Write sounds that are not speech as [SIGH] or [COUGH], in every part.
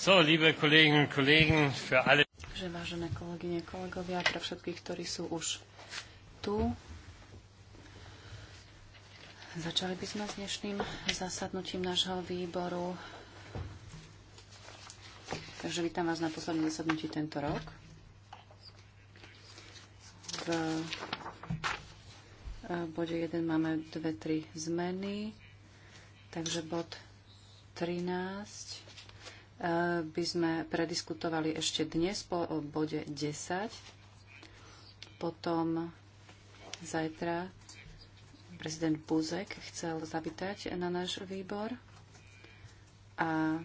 So, liebe Kolleginnen und Kollegen, für alle... Že vážené kolegyne, kolegovia, pre všetkých, ktorí sú už tu, začali by sme s dnešným zasadnutím nášho výboru. Takže vítam vás na poslednom zasadnutí tento rok. V e, bode 1 máme 2-3 zmeny. Takže bod 13 by sme prediskutovali ešte dnes po bode 10. Potom zajtra prezident Buzek chcel zavítať na náš výbor a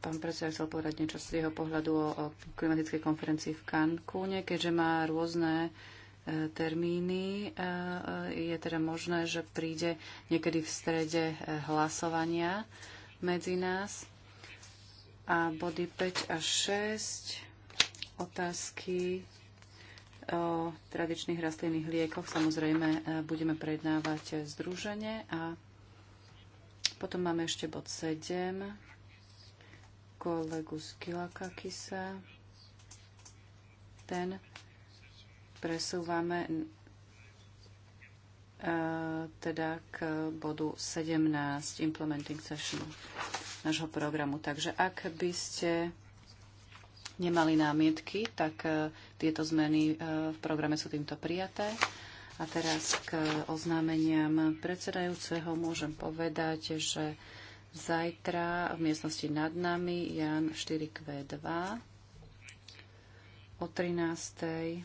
pán predseda chcel povedať niečo z jeho pohľadu o, o klimatickej konferencii v Cancúne, keďže má rôzne uh, termíny. Je teda možné, že príde niekedy v strede e, hlasovania medzi nás. A body 5 a 6 otázky o tradičných rastlinných liekoch samozrejme e, budeme prednávať združenie a potom máme ešte bod 7 kolegu z Ten presúvame e, teda k bodu 17 Implementing Session nášho programu. Takže ak by ste nemali námietky, tak e, tieto zmeny e, v programe sú týmto prijaté. A teraz k oznámeniam predsedajúceho môžem povedať, že zajtra v miestnosti nad nami Jan 4Q2 o 13.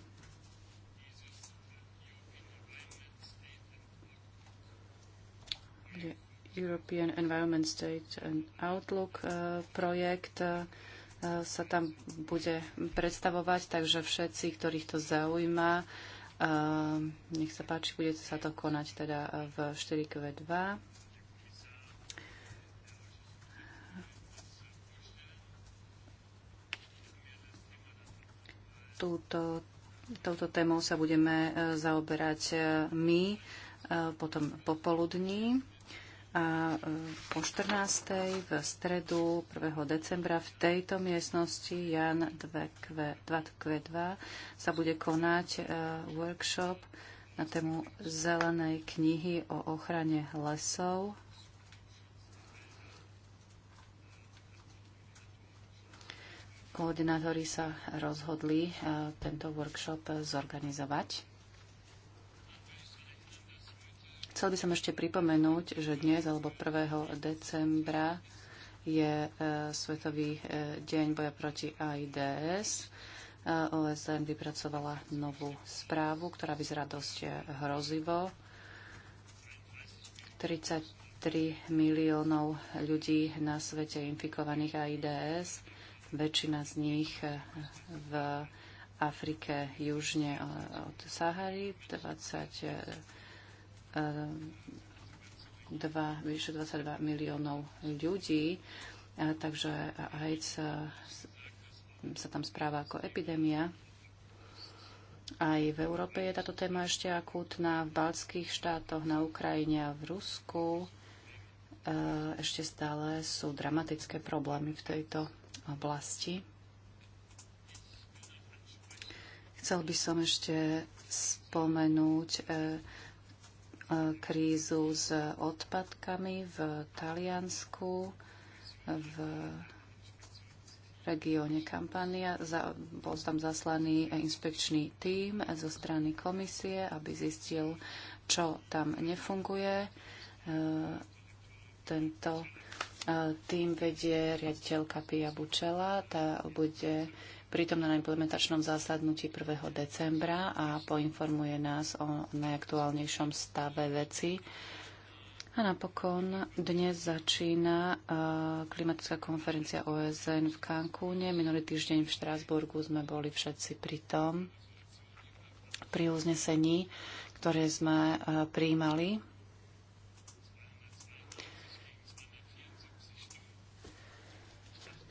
European Environment State and Outlook e, projekt e, sa tam bude predstavovať, takže všetci, ktorých to zaujíma, e, nech sa páči, bude sa to konať teda v 4Q2. Túto, touto témou sa budeme zaoberať my potom popoludní a e, po 14. v stredu 1. decembra v tejto miestnosti Jan 2Q2 sa bude konať e, workshop na tému zelenej knihy o ochrane lesov. Koordinátori sa rozhodli e, tento workshop zorganizovať. Chcel by som ešte pripomenúť, že dnes alebo 1. decembra je e, Svetový e, deň boja proti AIDS. E, OSN vypracovala novú správu, ktorá vyzerá dosť e, hrozivo. 33 miliónov ľudí na svete infikovaných AIDS, väčšina z nich e, v Afrike južne e, od Sahary, 20 2, ehm, vyše 22 miliónov ľudí, takže AIDS e, sa tam správa ako epidémia. Aj v Európe je táto téma ešte akútna, v baltských štátoch, na Ukrajine a v Rusku e, ešte stále sú dramatické problémy v tejto oblasti. Chcel by som ešte spomenúť e, krízu s odpadkami v Taliansku, v regióne Kampania. Za, bol tam zaslaný inspekčný tím zo strany komisie, aby zistil, čo tam nefunguje. E, tento e, tým vedie riaditeľka Pia Bučela. Tá bude pritom na implementačnom zásadnutí 1. decembra a poinformuje nás o najaktuálnejšom stave veci. A napokon dnes začína e, klimatická konferencia OSN v Cancúne. Minulý týždeň v Štrásburgu sme boli všetci pri tom, pri uznesení, ktoré sme e, prijímali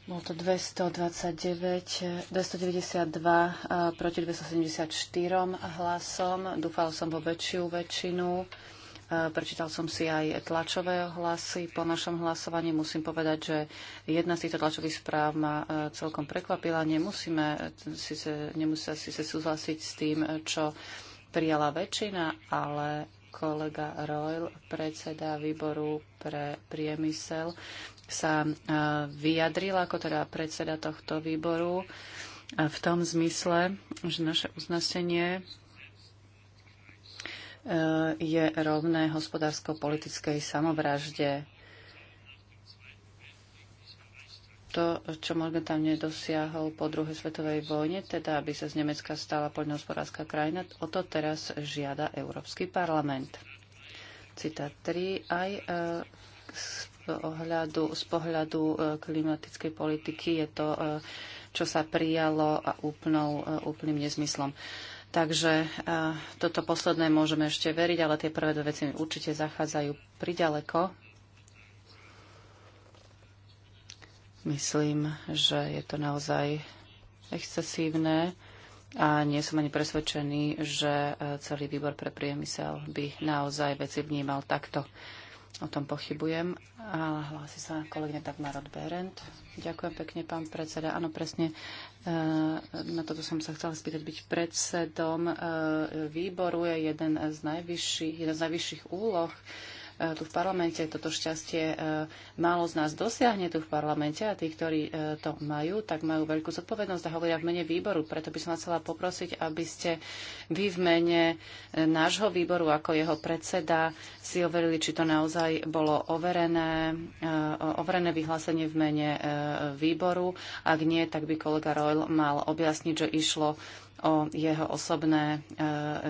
Bolo to 229, 292 eh, proti 274 hlasom. Dúfal som vo väčšiu väčšinu. Eh, prečítal som si aj tlačové hlasy. Po našom hlasovaní musím povedať, že jedna z týchto tlačových správ ma eh, celkom prekvapila. Nemusíme síce, nemusia sa súhlasiť s tým, čo prijala väčšina, ale kolega Royl, predseda výboru pre priemysel, sa e, vyjadril ako teda predseda tohto výboru e, v tom zmysle, že naše uznesenie e, je rovné hospodársko-politickej samovražde to, čo tam nedosiahol po druhej svetovej vojne, teda aby sa z Nemecka stala poľnohospodárska krajina, o to teraz žiada Európsky parlament. Citát 3. Aj e, ohľadu, z pohľadu e, klimatickej politiky je to, e, čo sa prijalo a úplnou, e, úplným nezmyslom. Takže toto posledné môžeme ešte veriť, ale tie prvé dve veci mi určite zachádzajú priďaleko. Myslím, že je to naozaj excesívne a nie som ani presvedčený, že celý výbor pre priemysel by naozaj veci vnímal takto. O tom pochybujem. A hlási sa kolegyňa Dagmar Berend. Ďakujem pekne, pán predseda. Áno, presne e, na toto som sa chcela spýtať. Byť predsedom e, výboru je jeden z najvyšších, jeden z najvyšších úloh E, tu v parlamente. Toto šťastie e, málo z nás dosiahne tu v parlamente a tí, ktorí e, to majú, tak majú veľkú zodpovednosť a hovoria v mene výboru. Preto by som vás chcela poprosiť, aby ste vy v mene nášho výboru ako jeho predseda si overili, či to naozaj bolo overené, overené vyhlásenie v mene výboru. Ak nie, tak by kolega Royal mal objasniť, že išlo o jeho osobné e,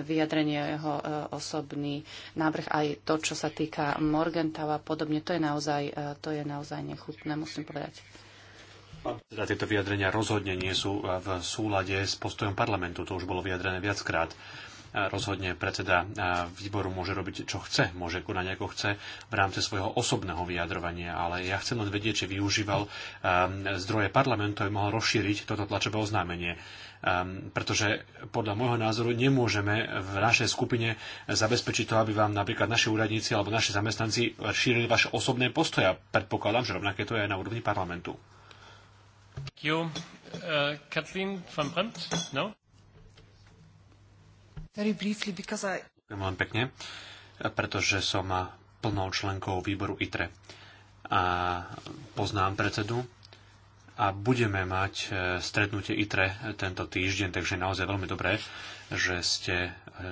vyjadrenie, o jeho e, osobný návrh, aj to, čo sa týka Morgentau a podobne. To je naozaj, e, to je naozaj nechutné, musím povedať. Teda tieto vyjadrenia rozhodne nie sú v súlade s postojom parlamentu, to už bolo vyjadrené viackrát rozhodne predseda výboru môže robiť, čo chce, môže konať ako chce v rámci svojho osobného vyjadrovania, ale ja chcem len vedieť, či využíval zdroje parlamentu, aby mohol rozšíriť toto tlačové oznámenie um, pretože podľa môjho názoru nemôžeme v našej skupine zabezpečiť to, aby vám napríklad naši úradníci alebo naši zamestnanci šírili vaše osobné postoja. Predpokladám, že rovnaké to je aj na úrovni parlamentu. You, uh, Kathleen van Brandt? No? Very briefly, because I... Ďakujem vám pekne, pretože som plnou členkou výboru ITRE. A poznám predsedu a budeme mať e, stretnutie ITRE e, tento týždeň, takže je naozaj veľmi dobré, že ste, e,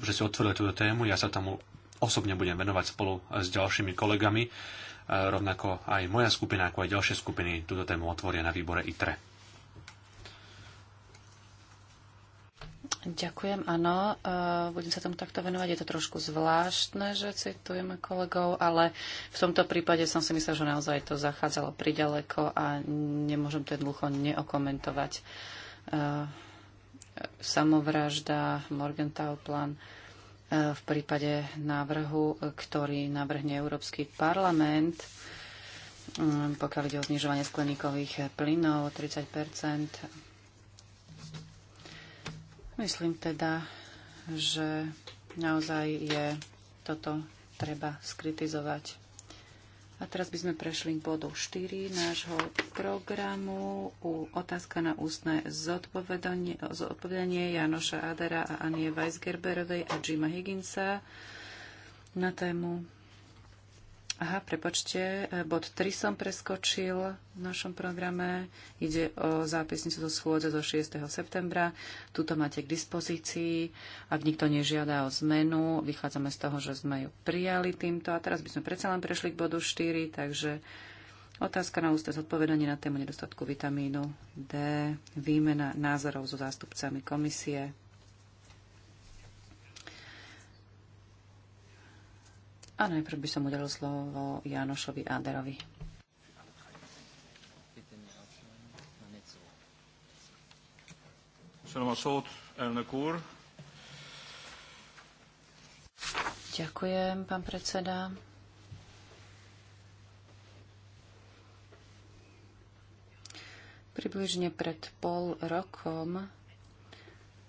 že ste otvorili túto tému. Ja sa tomu osobne budem venovať spolu s ďalšími kolegami. Rovnako aj moja skupina, ako aj ďalšie skupiny túto tému otvoria na výbore ITRE. Ďakujem, áno. E, budem sa tomu takto venovať. Je to trošku zvláštne, že citujeme kolegov, ale v tomto prípade som si myslel, že naozaj to zachádzalo priďaleko a nemôžem to jednoducho neokomentovať. E, samovražda, Morgenthau uh, e, v prípade návrhu, ktorý navrhne Európsky parlament, mm, pokiaľ ide o znižovanie skleníkových plynov o 30 Myslím teda, že naozaj je toto treba skritizovať. A teraz by sme prešli k bodu 4 nášho programu. U otázka na ústne zodpovedanie, zodpovedanie Janoša Adera a Anie Weisgerberovej a Jima Higginsa na tému Aha, prepočte, e, bod 3 som preskočil v našom programe. Ide o zápisnicu zo schôdze zo 6. septembra. Tuto máte k dispozícii. Ak nikto nežiada o zmenu, vychádzame z toho, že sme ju prijali týmto. A teraz by sme predsa len prešli k bodu 4, takže otázka na ústne zodpovedanie na tému nedostatku vitamínu D, výmena názorov so zástupcami komisie. A najprv by som udelil slovo Janošovi Áderovi. Ďakujem, pán predseda. Približne pred pol rokom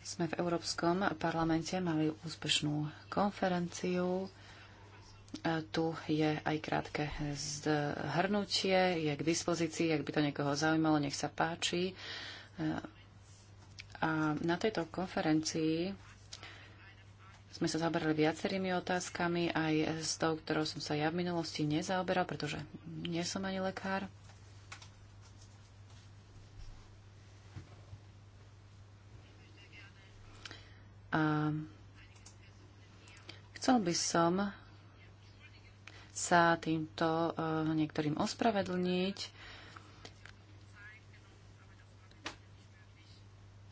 sme v Európskom parlamente mali úspešnú konferenciu tu je aj krátke zhrnutie, je k dispozícii, ak by to niekoho zaujímalo, nech sa páči. A na tejto konferencii sme sa zaoberali viacerými otázkami, aj s tou, ktorou som sa ja v minulosti nezaoberal, pretože nie som ani lekár. A chcel by som sa týmto eh, niektorým ospravedlniť.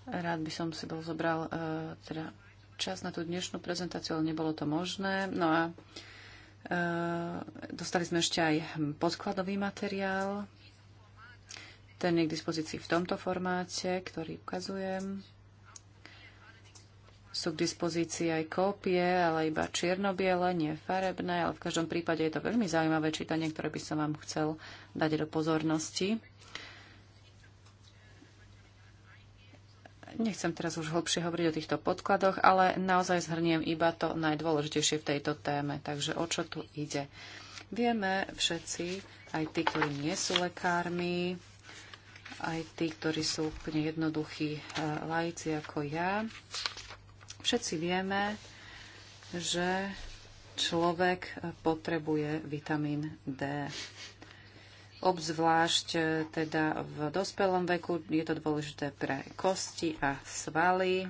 Rád by som si bol zobral eh, teda čas na tú dnešnú prezentáciu, ale nebolo to možné. No a eh, dostali sme ešte aj podkladový materiál. Ten je k dispozícii v tomto formáte, ktorý ukazujem sú k dispozícii aj kópie, ale iba čiernobiele, nie farebné, ale v každom prípade je to veľmi zaujímavé čítanie, ktoré by som vám chcel dať do pozornosti. Nechcem teraz už hlbšie hovoriť o týchto podkladoch, ale naozaj zhrniem iba to najdôležitejšie v tejto téme. Takže o čo tu ide? Vieme všetci, aj tí, ktorí nie sú lekármi, aj tí, ktorí sú úplne jednoduchí eh, lajci ako ja, Všetci vieme, že človek potrebuje vitamín D. Obzvlášť eh, teda v dospelom veku je to dôležité pre kosti a svaly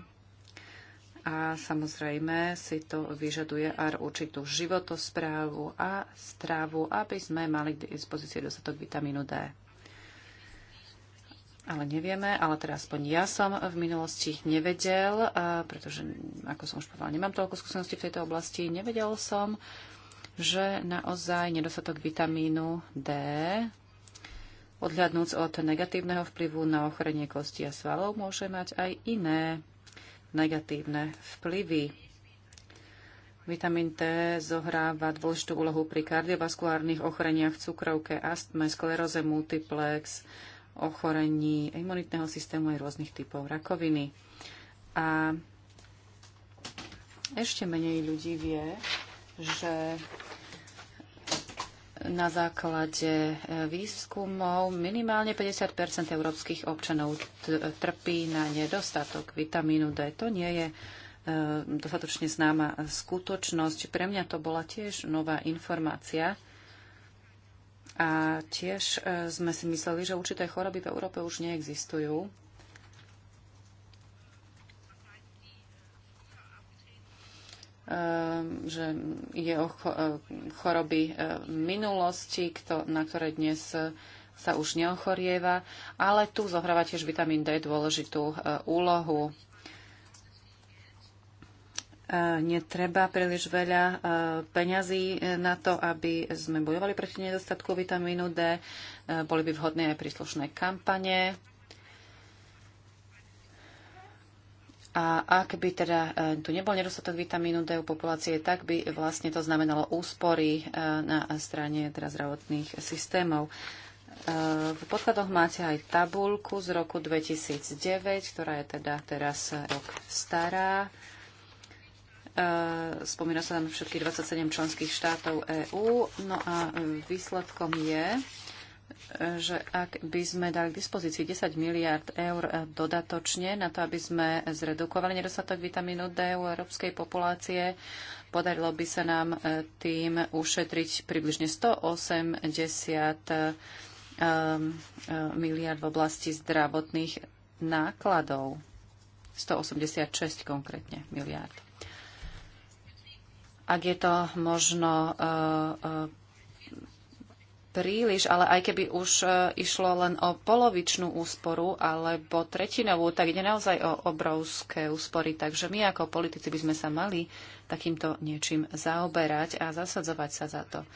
a samozrejme si to vyžaduje aj určitú životosprávu a strávu, aby sme mali k dispozícii dostatok vitamínu D ale nevieme, ale teda aspoň ja som v minulosti nevedel, pretože, ako som už povedala, nemám toľko skúseností v tejto oblasti, nevedel som, že naozaj nedostatok vitamínu D, odhľadnúc od negatívneho vplyvu na ochorenie kosti a svalov, môže mať aj iné negatívne vplyvy. Vitamín T zohráva dôležitú úlohu pri kardiovaskulárnych ochoreniach, cukrovke, astme, skleróze multiplex, ochorení imunitného systému aj rôznych typov rakoviny. A ešte menej ľudí vie, že na základe eh, výskumov minimálne 50 európskych občanov trpí na nedostatok vitamínu D. To nie je eh, dostatočne známa skutočnosť. Pre mňa to bola tiež nová informácia. A tiež e, sme si mysleli, že určité choroby v Európe už neexistujú. Ehm, že je o e, choroby e, minulosti, na ktoré dnes sa už neochorieva, ale tu zohráva tiež vitamín D dôležitú úlohu netreba príliš veľa e, peňazí e, na to, aby sme bojovali proti nedostatku vitamínu D. E, boli by vhodné aj príslušné kampane. A ak by teda tu nebol nedostatok vitamínu D u populácie, tak by vlastne to znamenalo úspory na strane teda zdravotných systémov. V podkladoch máte aj tabulku z roku 2009, ktorá je teda teraz rok stará. E, spomína sa tam všetkých 27 členských štátov EÚ. No a e, výsledkom je, e, že ak by sme dali k dispozícii 10 miliard eur dodatočne na to, aby sme zredukovali nedostatok vitamínu D u európskej populácie, podarilo by sa nám tým ušetriť približne 180 miliard v oblasti zdravotných nákladov. 186 konkrétne miliard ak je to možno eh, eh, príliš, ale aj keby už eh, išlo len o polovičnú úsporu alebo tretinovú, tak ide naozaj o obrovské úspory. Takže my ako politici by sme sa mali takýmto niečím zaoberať a zasadzovať sa za to.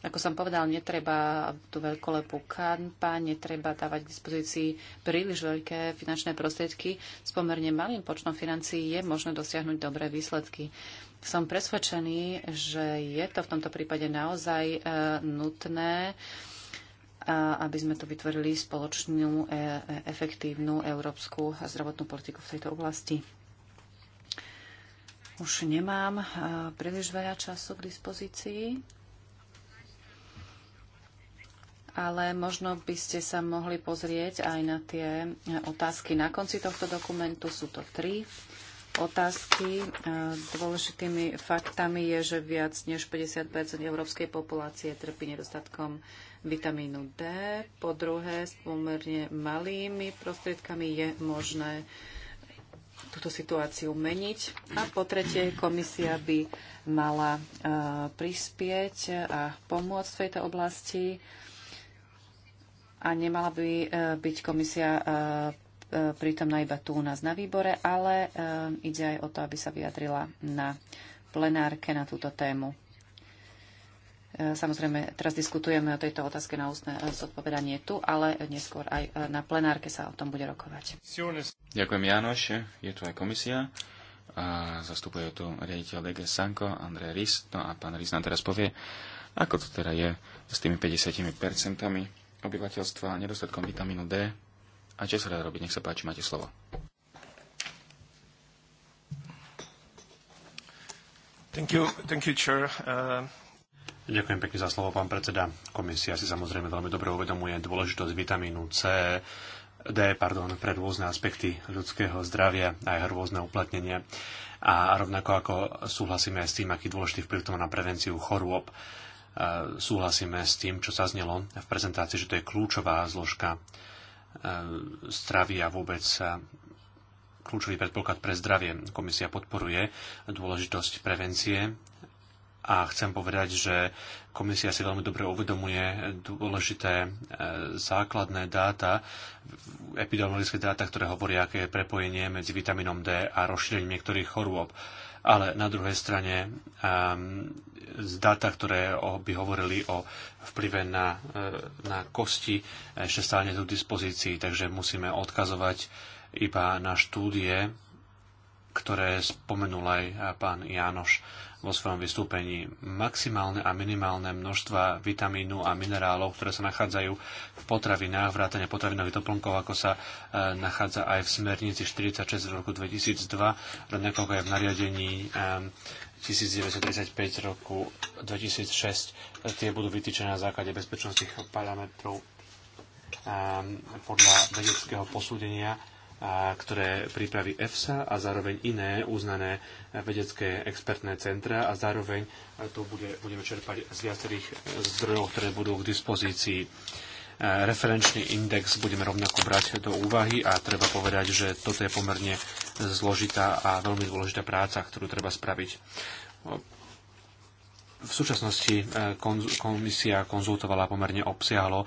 Ako som povedal, netreba tú veľkolepú kampa, netreba dávať k dispozícii príliš veľké finančné prostriedky. S pomerne malým počtom financií je možné dosiahnuť dobré výsledky som presvedčený, že je to v tomto prípade naozaj e, nutné, aby sme tu vytvorili spoločnú, e, e, efektívnu európsku zdravotnú politiku v tejto oblasti. Už nemám príliš veľa času k dispozícii, ale možno by ste sa mohli pozrieť aj na tie otázky na konci tohto dokumentu. Sú to tri otázky. Dôležitými faktami je, že viac než 50 európskej populácie trpí nedostatkom vitamínu D. Po druhé, s pomerne malými prostriedkami je možné túto situáciu meniť. A po tretie, komisia by mala uh, prispieť a pomôcť v tejto oblasti a nemala by uh, byť komisia uh, prítomná iba tu u nás na výbore, ale eh, ide aj o to, aby sa vyjadrila na plenárke na túto tému. Eh, samozrejme, teraz diskutujeme o tejto otázke na ústne zodpovedanie tu, ale neskôr aj eh, na plenárke sa o tom bude rokovať. Ďakujem, Janoš. Je tu aj komisia. A zastupuje tu riaditeľ DG Sanko, Andrej Rys. No a pán Rys nám teraz povie, ako to teda je s tými 50% obyvateľstva a nedostatkom vitamínu D a čo sa dá robiť. Nech sa páči, máte slovo. Thank you, thank you, chair. Uh... Ďakujem pekne za slovo, pán predseda. Komisia si samozrejme veľmi dobre uvedomuje dôležitosť vitamínu C, D, pardon, pre rôzne aspekty ľudského zdravia a aj rôzne uplatnenia. A rovnako ako súhlasíme aj s tým, aký dôležitý vplyv to má na prevenciu chorôb, uh, súhlasíme s tým, čo sa znelo v prezentácii, že to je kľúčová zložka E, stravy a vôbec e, kľúčový predpoklad pre zdravie. Komisia podporuje dôležitosť prevencie a chcem povedať, že komisia si veľmi dobre uvedomuje dôležité e, základné dáta, epidemiologické dáta, ktoré hovoria, aké je prepojenie medzi vitaminom D a rozšírením niektorých chorôb ale na druhej strane ehm, z data, ktoré by hovorili o vplyve na, e, na kosti, ešte stále nie sú k dispozícii, takže musíme odkazovať iba na štúdie, ktoré spomenul aj e, pán Jánoš vo svojom vystúpení. Maximálne a minimálne množstva vitamínu a minerálov, ktoré sa nachádzajú v potravinách, vrátane potravinových doplnkov, ako sa e, nachádza aj v smernici 46 z roku 2002, rovnako aj v nariadení 1935 e, roku 2006. Tie budú vytýčené na základe bezpečnostných parametrov e, podľa vedeckého posúdenia a ktoré pripraví EFSA a zároveň iné uznané vedecké expertné centra a zároveň to bude, budeme čerpať z viacerých zdrojov, ktoré budú k dispozícii. E, referenčný index budeme rovnako brať do úvahy a treba povedať, že toto je pomerne zložitá a veľmi dôležitá práca, ktorú treba spraviť v súčasnosti e, komisia konzultovala pomerne obsiahlo e,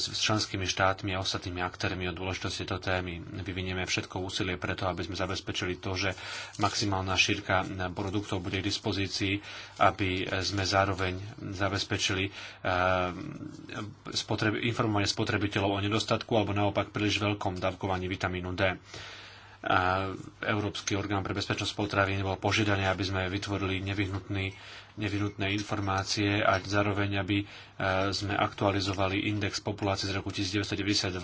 s členskými štátmi a ostatnými aktérmi o dôležitosti tejto témy. Vyvinieme všetko úsilie preto, aby sme zabezpečili to, že maximálna šírka e, produktov bude k dispozícii, aby sme zároveň zabezpečili informovanie spotrebiteľov o nedostatku alebo naopak príliš veľkom dávkovaní vitamínu D. Európsky orgán pre bezpečnosť potravín bol požiadaný, aby sme vytvorili nevyhnutný nevinutné informácie a zároveň, aby e, sme aktualizovali index populácie z roku 1992,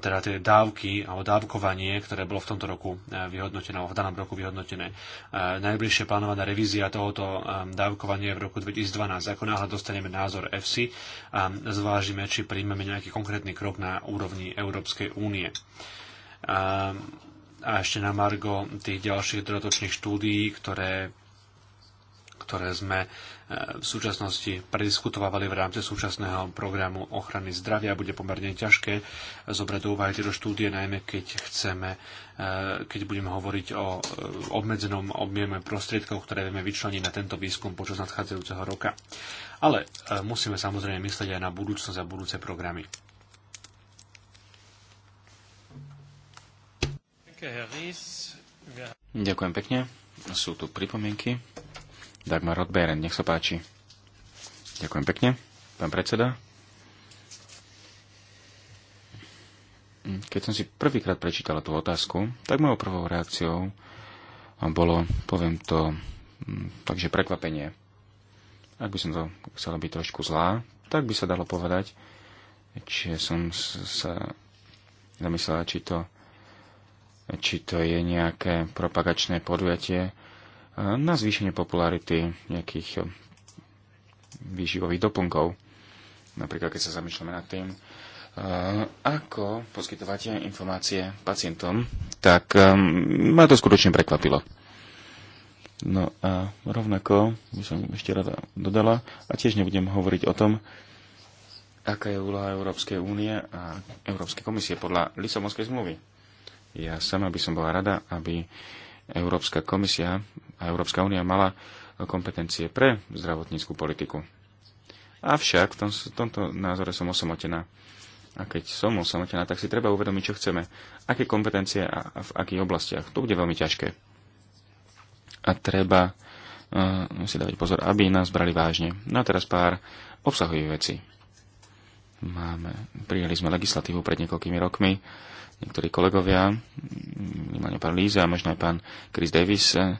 teda tie dávky alebo dávkovanie, ktoré bolo v tomto roku e, vyhodnotené, alebo v danom roku vyhodnotené. E, Najbližšie plánovaná revízia tohoto dávkovania je v roku 2012. Ako náhle dostaneme názor EFSI a zvážime, či príjmeme nejaký konkrétny krok na úrovni Európskej únie. A ešte na Margo tých ďalších dodatočných štúdií, ktoré, ktoré sme e, v súčasnosti prediskutovali v rámci súčasného programu ochrany zdravia. Bude pomerne ťažké zobrať do úvahy tieto štúdie, najmä keď chceme, e, keď budeme hovoriť o e, obmedzenom objeme prostriedkov, ktoré vieme vyčleniť na tento výskum počas nadchádzajúceho roka. Ale musíme samozrejme myslieť aj na budúcnosť a budúce programy. Ďakujem pekne. Sú tu pripomienky. Dagmar Rodberen, nech sa páči. Ďakujem pekne, pán predseda. Keď som si prvýkrát prečítala tú otázku, tak mojou prvou reakciou bolo, poviem to, mm, takže prekvapenie. Ak by som to chcela byť trošku zlá, tak by sa dalo povedať, či som sa zamyslela, či to či to je nejaké propagačné podujatie e, na zvýšenie popularity nejakých e, výživových doplnkov. Napríklad, keď sa zamýšľame nad tým, e, ako poskytovate informácie pacientom, tak ma to skutočne prekvapilo. No a rovnako by som ešte rada dodala a tiež nebudem hovoriť o tom, aká je úloha Európskej únie a Európskej komisie podľa Lisabonskej zmluvy ja sama by som bola rada, aby Európska komisia a Európska únia mala kompetencie pre zdravotníckú politiku. Avšak v, tom, v tomto názore som osamotená. A keď som osamotená, tak si treba uvedomiť, čo chceme, aké kompetencie a v akých oblastiach. To bude veľmi ťažké. A treba uh, si dávať pozor, aby nás brali vážne. No a teraz pár obsahových vecí. Máme, prijali sme legislatívu pred niekoľkými rokmi, niektorí kolegovia, minimálne pán Líza a možno aj pán Chris Davis, eh,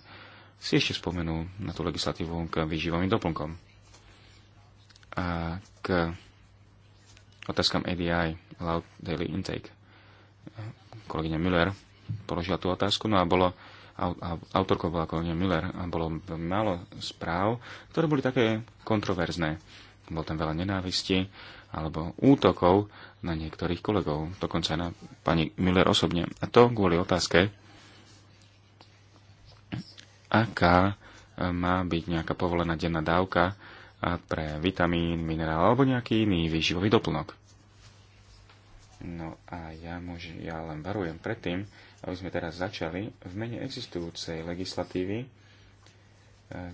si ešte spomenú na tú legislatívu k výživovým doplnkom. A k otázkam ADI, Loud Daily Intake. Kolegyňa Müller položila tú otázku, no a bolo autorkou bola kolegyňa Müller a bolo málo správ, ktoré boli také kontroverzné. Bolo tam veľa nenávisti alebo útokov na niektorých kolegov, dokonca na pani Miller osobne. A to kvôli otázke, aká e, má byť nejaká povolená denná dávka e, pre vitamín, minerál alebo nejaký iný výživový doplnok. No a ja, muž, ja len varujem predtým, aby sme teraz začali v mene existujúcej legislatívy e,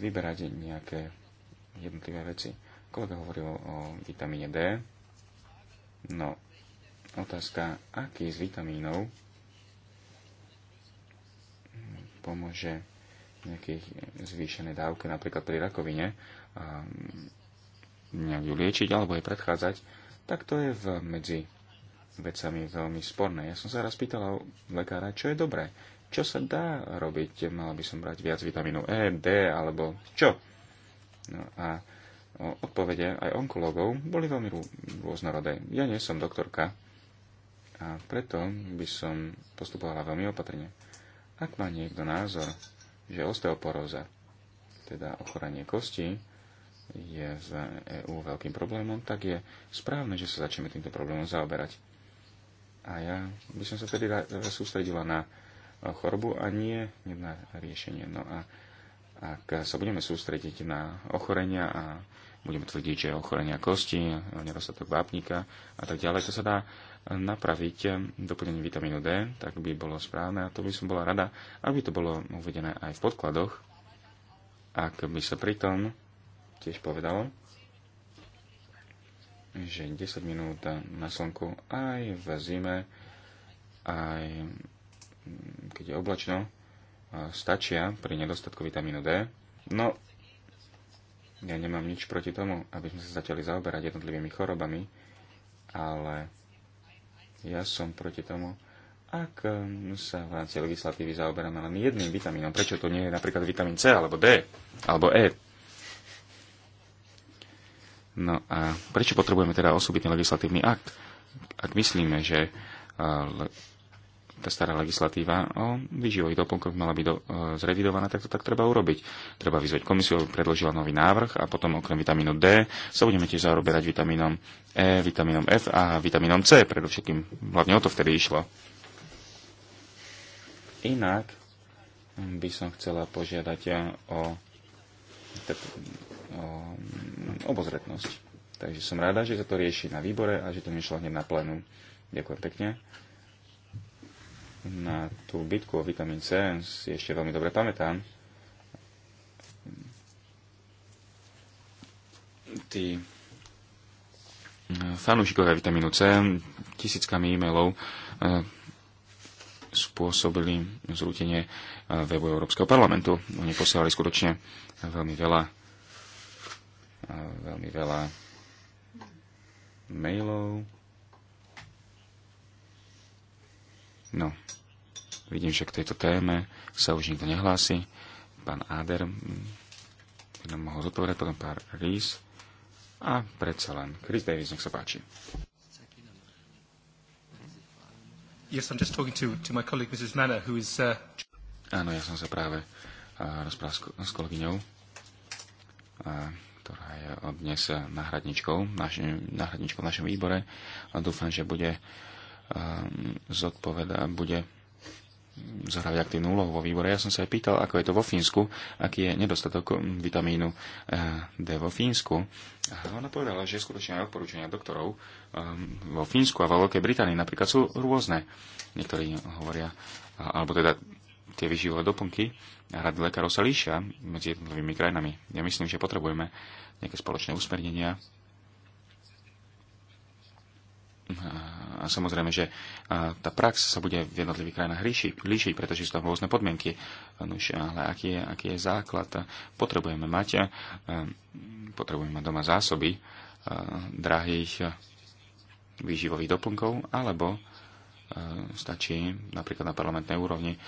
vyberať nejaké jednotlivé veci. Kolega hovoril o vitamíne D, No, otázka, aký z vitamínov pomôže nejakej zvýšenej dávke, napríklad pri rakovine, nejak ju liečiť alebo jej predchádzať, tak to je v medzi vecami veľmi sporné. Ja som sa raz pýtal lekára, čo je dobré, čo sa dá robiť, mal by som brať viac vitamínu E, D alebo čo. No a odpovede aj onkológov boli veľmi rôznorodé. Ja nie som doktorka a preto by som postupovala veľmi opatrne. Ak má niekto názor, že osteoporóza, teda ochorenie kosti, je z EÚ veľkým problémom, tak je správne, že sa začneme týmto problémom zaoberať. A ja by som sa tedy sústredila na chorobu a nie na riešenie. No a ak sa budeme sústrediť na ochorenia a budeme tvrdiť, že ochorenia kosti, nedostatok vápnika a tak ďalej, to sa dá napraviť doplnením vitamínu D, tak by bolo správne a to by som bola rada, aby to bolo uvedené aj v podkladoch, ak by sa pritom tiež povedalo, že 10 minút na slnku aj v zime, aj keď je oblačno, stačia pri nedostatku vitamínu D. No, ja nemám nič proti tomu, aby sme sa začali zaoberať jednotlivými chorobami, ale ja som proti tomu, ak um, sa v rámci legislatívy zaoberáme len jedným vitamínom. Prečo to nie je napríklad vitamín C, alebo D, alebo E? No a prečo potrebujeme teda osobitný legislatívny akt? Ak myslíme, že uh, tá stará legislatíva o výživových doplnkoch mala byť do, e, zrevidovaná, tak to tak treba urobiť. Treba vyzvať komisiu, aby predložila nový návrh a potom okrem vitamínu D sa budeme tiež zaoberať vitamínom E, vitamínom F a vitamínom C. Predovšetkým hlavne o to vtedy išlo. Inak by som chcela požiadať o, o obozretnosť. Takže som rada, že sa to rieši na výbore a že to nešlo hneď na plénu. Ďakujem pekne na tú bitku o vitamín C si ešte veľmi dobre pamätám. Tí eh, fanúšikovia vitamínu C tisíckami e-mailov eh, spôsobili zrútenie eh, webu Európskeho parlamentu. Oni posielali skutočne veľmi veľa veľmi veľa mailov No, vidím, že k tejto téme sa už nikto nehlási. Pán Áder mm, by nám mohol zodpovedať, potom pár Rís a predsa len Chris Davis, nech sa páči. Yes, I'm just talking to, to my colleague Mrs. Manner, who is... Uh... Áno, ja som sa práve uh, rozprával s, kolegyňou, uh, ktorá je dnes uh, náhradničkou, naši, náhradničkou v našom výbore. A dúfam, že bude uh, Ehm, zodpoveda, bude zohrávať aktívnu úlohu vo výbore. Ja som sa aj pýtal, ako je to vo Fínsku, aký je nedostatok vitamínu eh, D vo Fínsku. A ona povedala, že skutočne aj odporúčania doktorov ehm, vo Fínsku a vo Veľkej Británii napríklad sú rôzne. Niektorí hovoria, alebo teda tie vyživové doplnky a rady lekárov sa líšia medzi jednotlivými krajinami. Ja myslím, že potrebujeme nejaké spoločné usmernenia, a samozrejme, že tá prax sa bude v jednotlivých krajinách líšiť, líšiť pretože sú tam rôzne podmienky. No ale aký je, aký je základ? Potrebujeme mať, potrebujeme mať doma zásoby drahých výživových doplnkov, alebo stačí napríklad na parlamentnej úrovni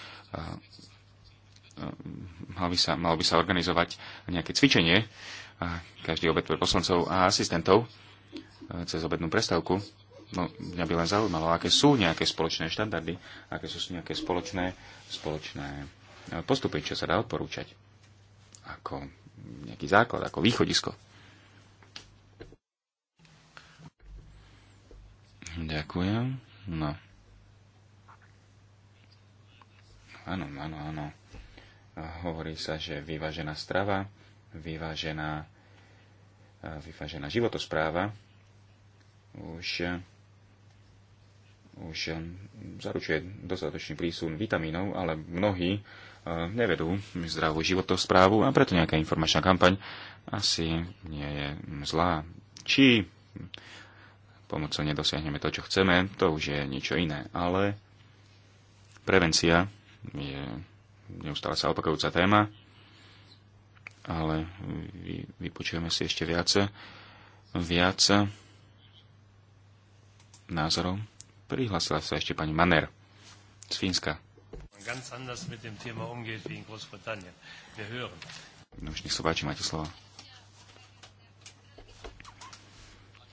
mal by sa, malo by sa organizovať nejaké cvičenie, každý obed pre poslancov a asistentov cez obednú prestávku no, mňa by len zaujímalo, aké sú nejaké spoločné štandardy, aké sú nejaké spoločné, spoločné eh, postupy, čo sa dá odporúčať ako nejaký základ, ako východisko. Ďakujem. No. Áno, áno, áno. Hovorí sa, že vyvážená strava, vyvážená, eh, vyvážená životospráva už už eh, zaručuje dostatočný prísun vitamínov, ale mnohí eh, nevedú zdravú životosprávu a preto nejaká informačná kampaň asi nie je mm, zlá. Či pomocou nedosiahneme to, čo chceme, to už je niečo iné, ale prevencia je neustále sa opakujúca téma, ale vypočujeme si ešte viac, viac názorov Prihlasila sa ešte pani Maner z Fínska. No už nech sa páči, máte slovo.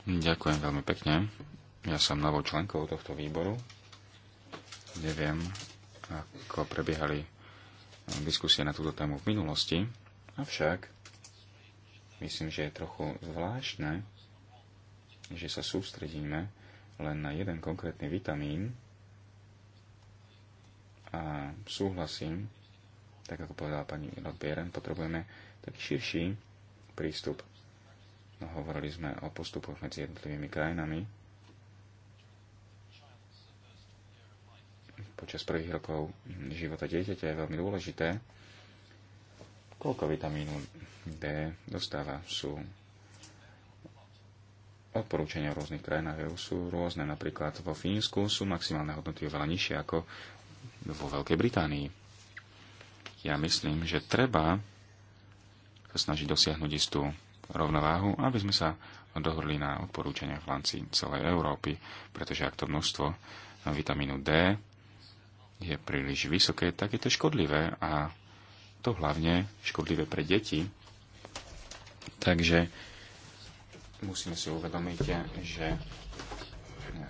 Ďakujem veľmi pekne. Ja som novou členkou tohto výboru. Neviem, ako prebiehali eh, diskusie na túto tému v minulosti, avšak myslím, že je trochu zvláštne, že sa sústredíme len na jeden konkrétny vitamín a súhlasím, tak ako povedala pani Lodbieren, potrebujeme taký širší prístup. No, hovorili sme o postupoch medzi jednotlivými krajinami. Počas prvých rokov života dieťaťa je veľmi dôležité, koľko vitamínu D dostáva. Sú odporúčania v rôznych krajinách EU sú rôzne. Napríklad vo Fínsku sú maximálne hodnoty oveľa nižšie ako vo Veľkej Británii. Ja myslím, že treba sa snažiť dosiahnuť istú rovnováhu, aby sme sa dohodli na odporúčania v lanci celej Európy, pretože ak to množstvo vitamínu D je príliš vysoké, tak je to škodlivé a to hlavne škodlivé pre deti. Takže musíme si uvedomiť, že eh,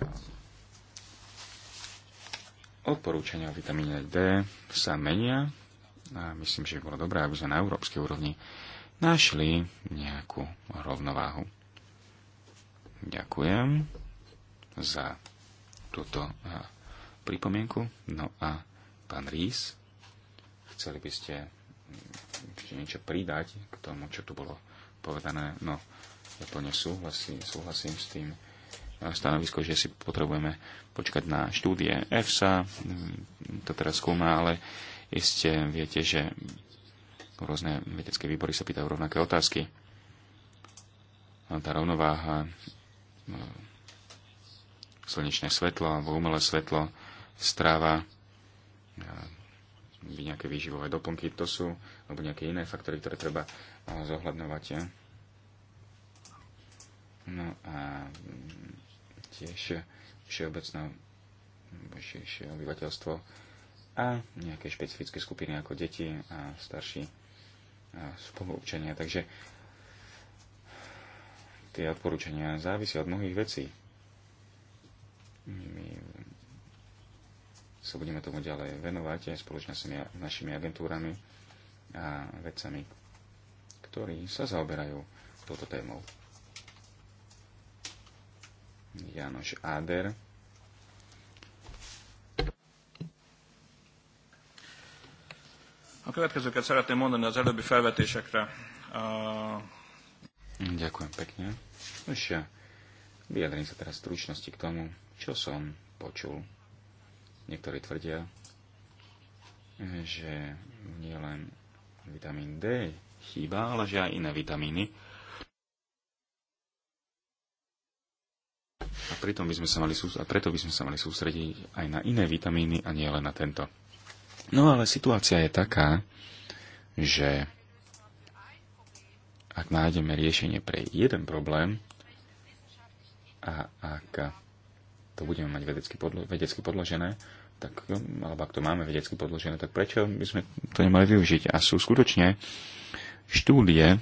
odporúčania o vitamíne D sa menia a myslím, že by bolo dobré, aby sme na európskej úrovni našli nejakú rovnováhu. Ďakujem za túto eh, pripomienku. No a pán Rís, chceli by ste hm, ešte niečo pridať k tomu, čo tu bolo povedané? No, ja súhlasím, súhlasím s tým stanovisko, že si potrebujeme počkať na štúdie EFSA, to teraz skúma, ale iste viete, že rôzne vedecké výbory sa pýtajú rovnaké otázky. Tá rovnováha, e, slnečné svetlo alebo umelé svetlo, strava, e, nejaké výživové doplnky, to sú, alebo nejaké iné faktory, ktoré treba e, zohľadňovať. Ja? No a mm, tiež všeobecné, širšie obyvateľstvo a nejaké špecifické skupiny ako deti a starší a spoluobčania. Takže tie odporúčania závisia od mnohých vecí. My sa budeme tomu ďalej venovať aj spoločne s našimi agentúrami a vedcami, ktorí sa zaoberajú touto témou. Janoš Áder. A következőket szeretném mondani az előbbi felvetésekre. A... Ďakujem pekne. Už ja vyjadrím sa teraz stručnosti k tomu, čo som počul. Niektorí tvrdia, že nielen vitamín D chýba, ale že aj iné vitamíny pritom by sme sa mali sústrediť, preto by sme sa mali sústrediť aj na iné vitamíny a nie len na tento. No ale situácia je taká, že ak nájdeme riešenie pre jeden problém a ak to budeme mať vedecky, podlo- vedecky podložené, tak, alebo ak to máme vedecky podložené, tak prečo by sme to nemali využiť? A sú skutočne štúdie,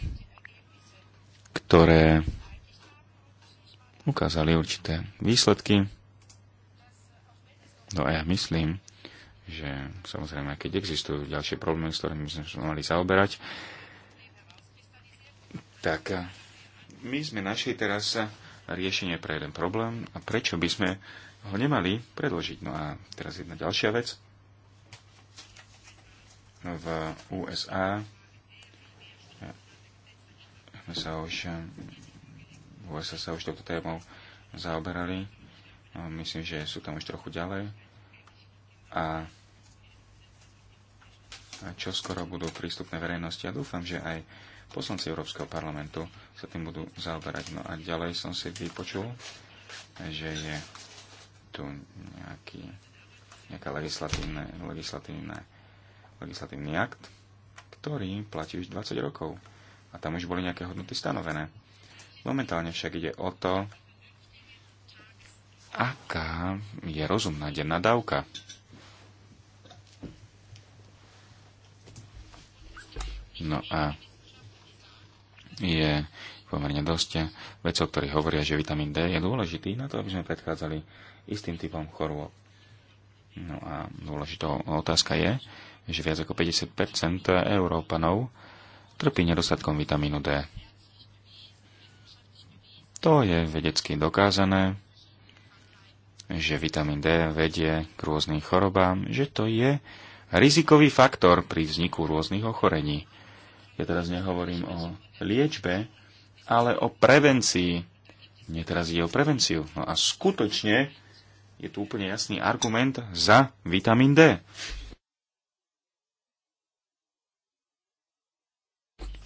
ktoré ukázali určité výsledky. No a ja myslím, že samozrejme, keď existujú ďalšie problémy, s ktorými sme sa mali zaoberať, tak eh, my sme našli teraz eh, riešenie pre jeden problém a prečo by sme ho nemali predložiť. No a teraz jedna ďalšia vec. V USA eh, sme sa už USA sa už touto témou zaoberali. Myslím, že sú tam už trochu ďalej. A čo skoro budú prístupné verejnosti. A ja dúfam, že aj poslanci Európskeho parlamentu sa tým budú zaoberať. No a ďalej som si vypočul, že je tu nejaký, nejaká legislatívne, legislatívne, legislatívny akt, ktorý platí už 20 rokov. A tam už boli nejaké hodnoty stanovené. Momentálne však ide o to, aká je rozumná denná dávka. No a je pomerne dosť vecov, ktorí hovoria, že vitamín D je dôležitý na to, aby sme predchádzali istým typom chorôb. No a dôležitá otázka je, že viac ako 50 Európanov trpí nedostatkom vitamínu D. To je vedecky dokázané, že vitamín D vedie k rôznym chorobám, že to je rizikový faktor pri vzniku rôznych ochorení. Ja teraz nehovorím o liečbe, ale o prevencii. Mne teraz ide o prevenciu. No a skutočne je tu úplne jasný argument za vitamín D.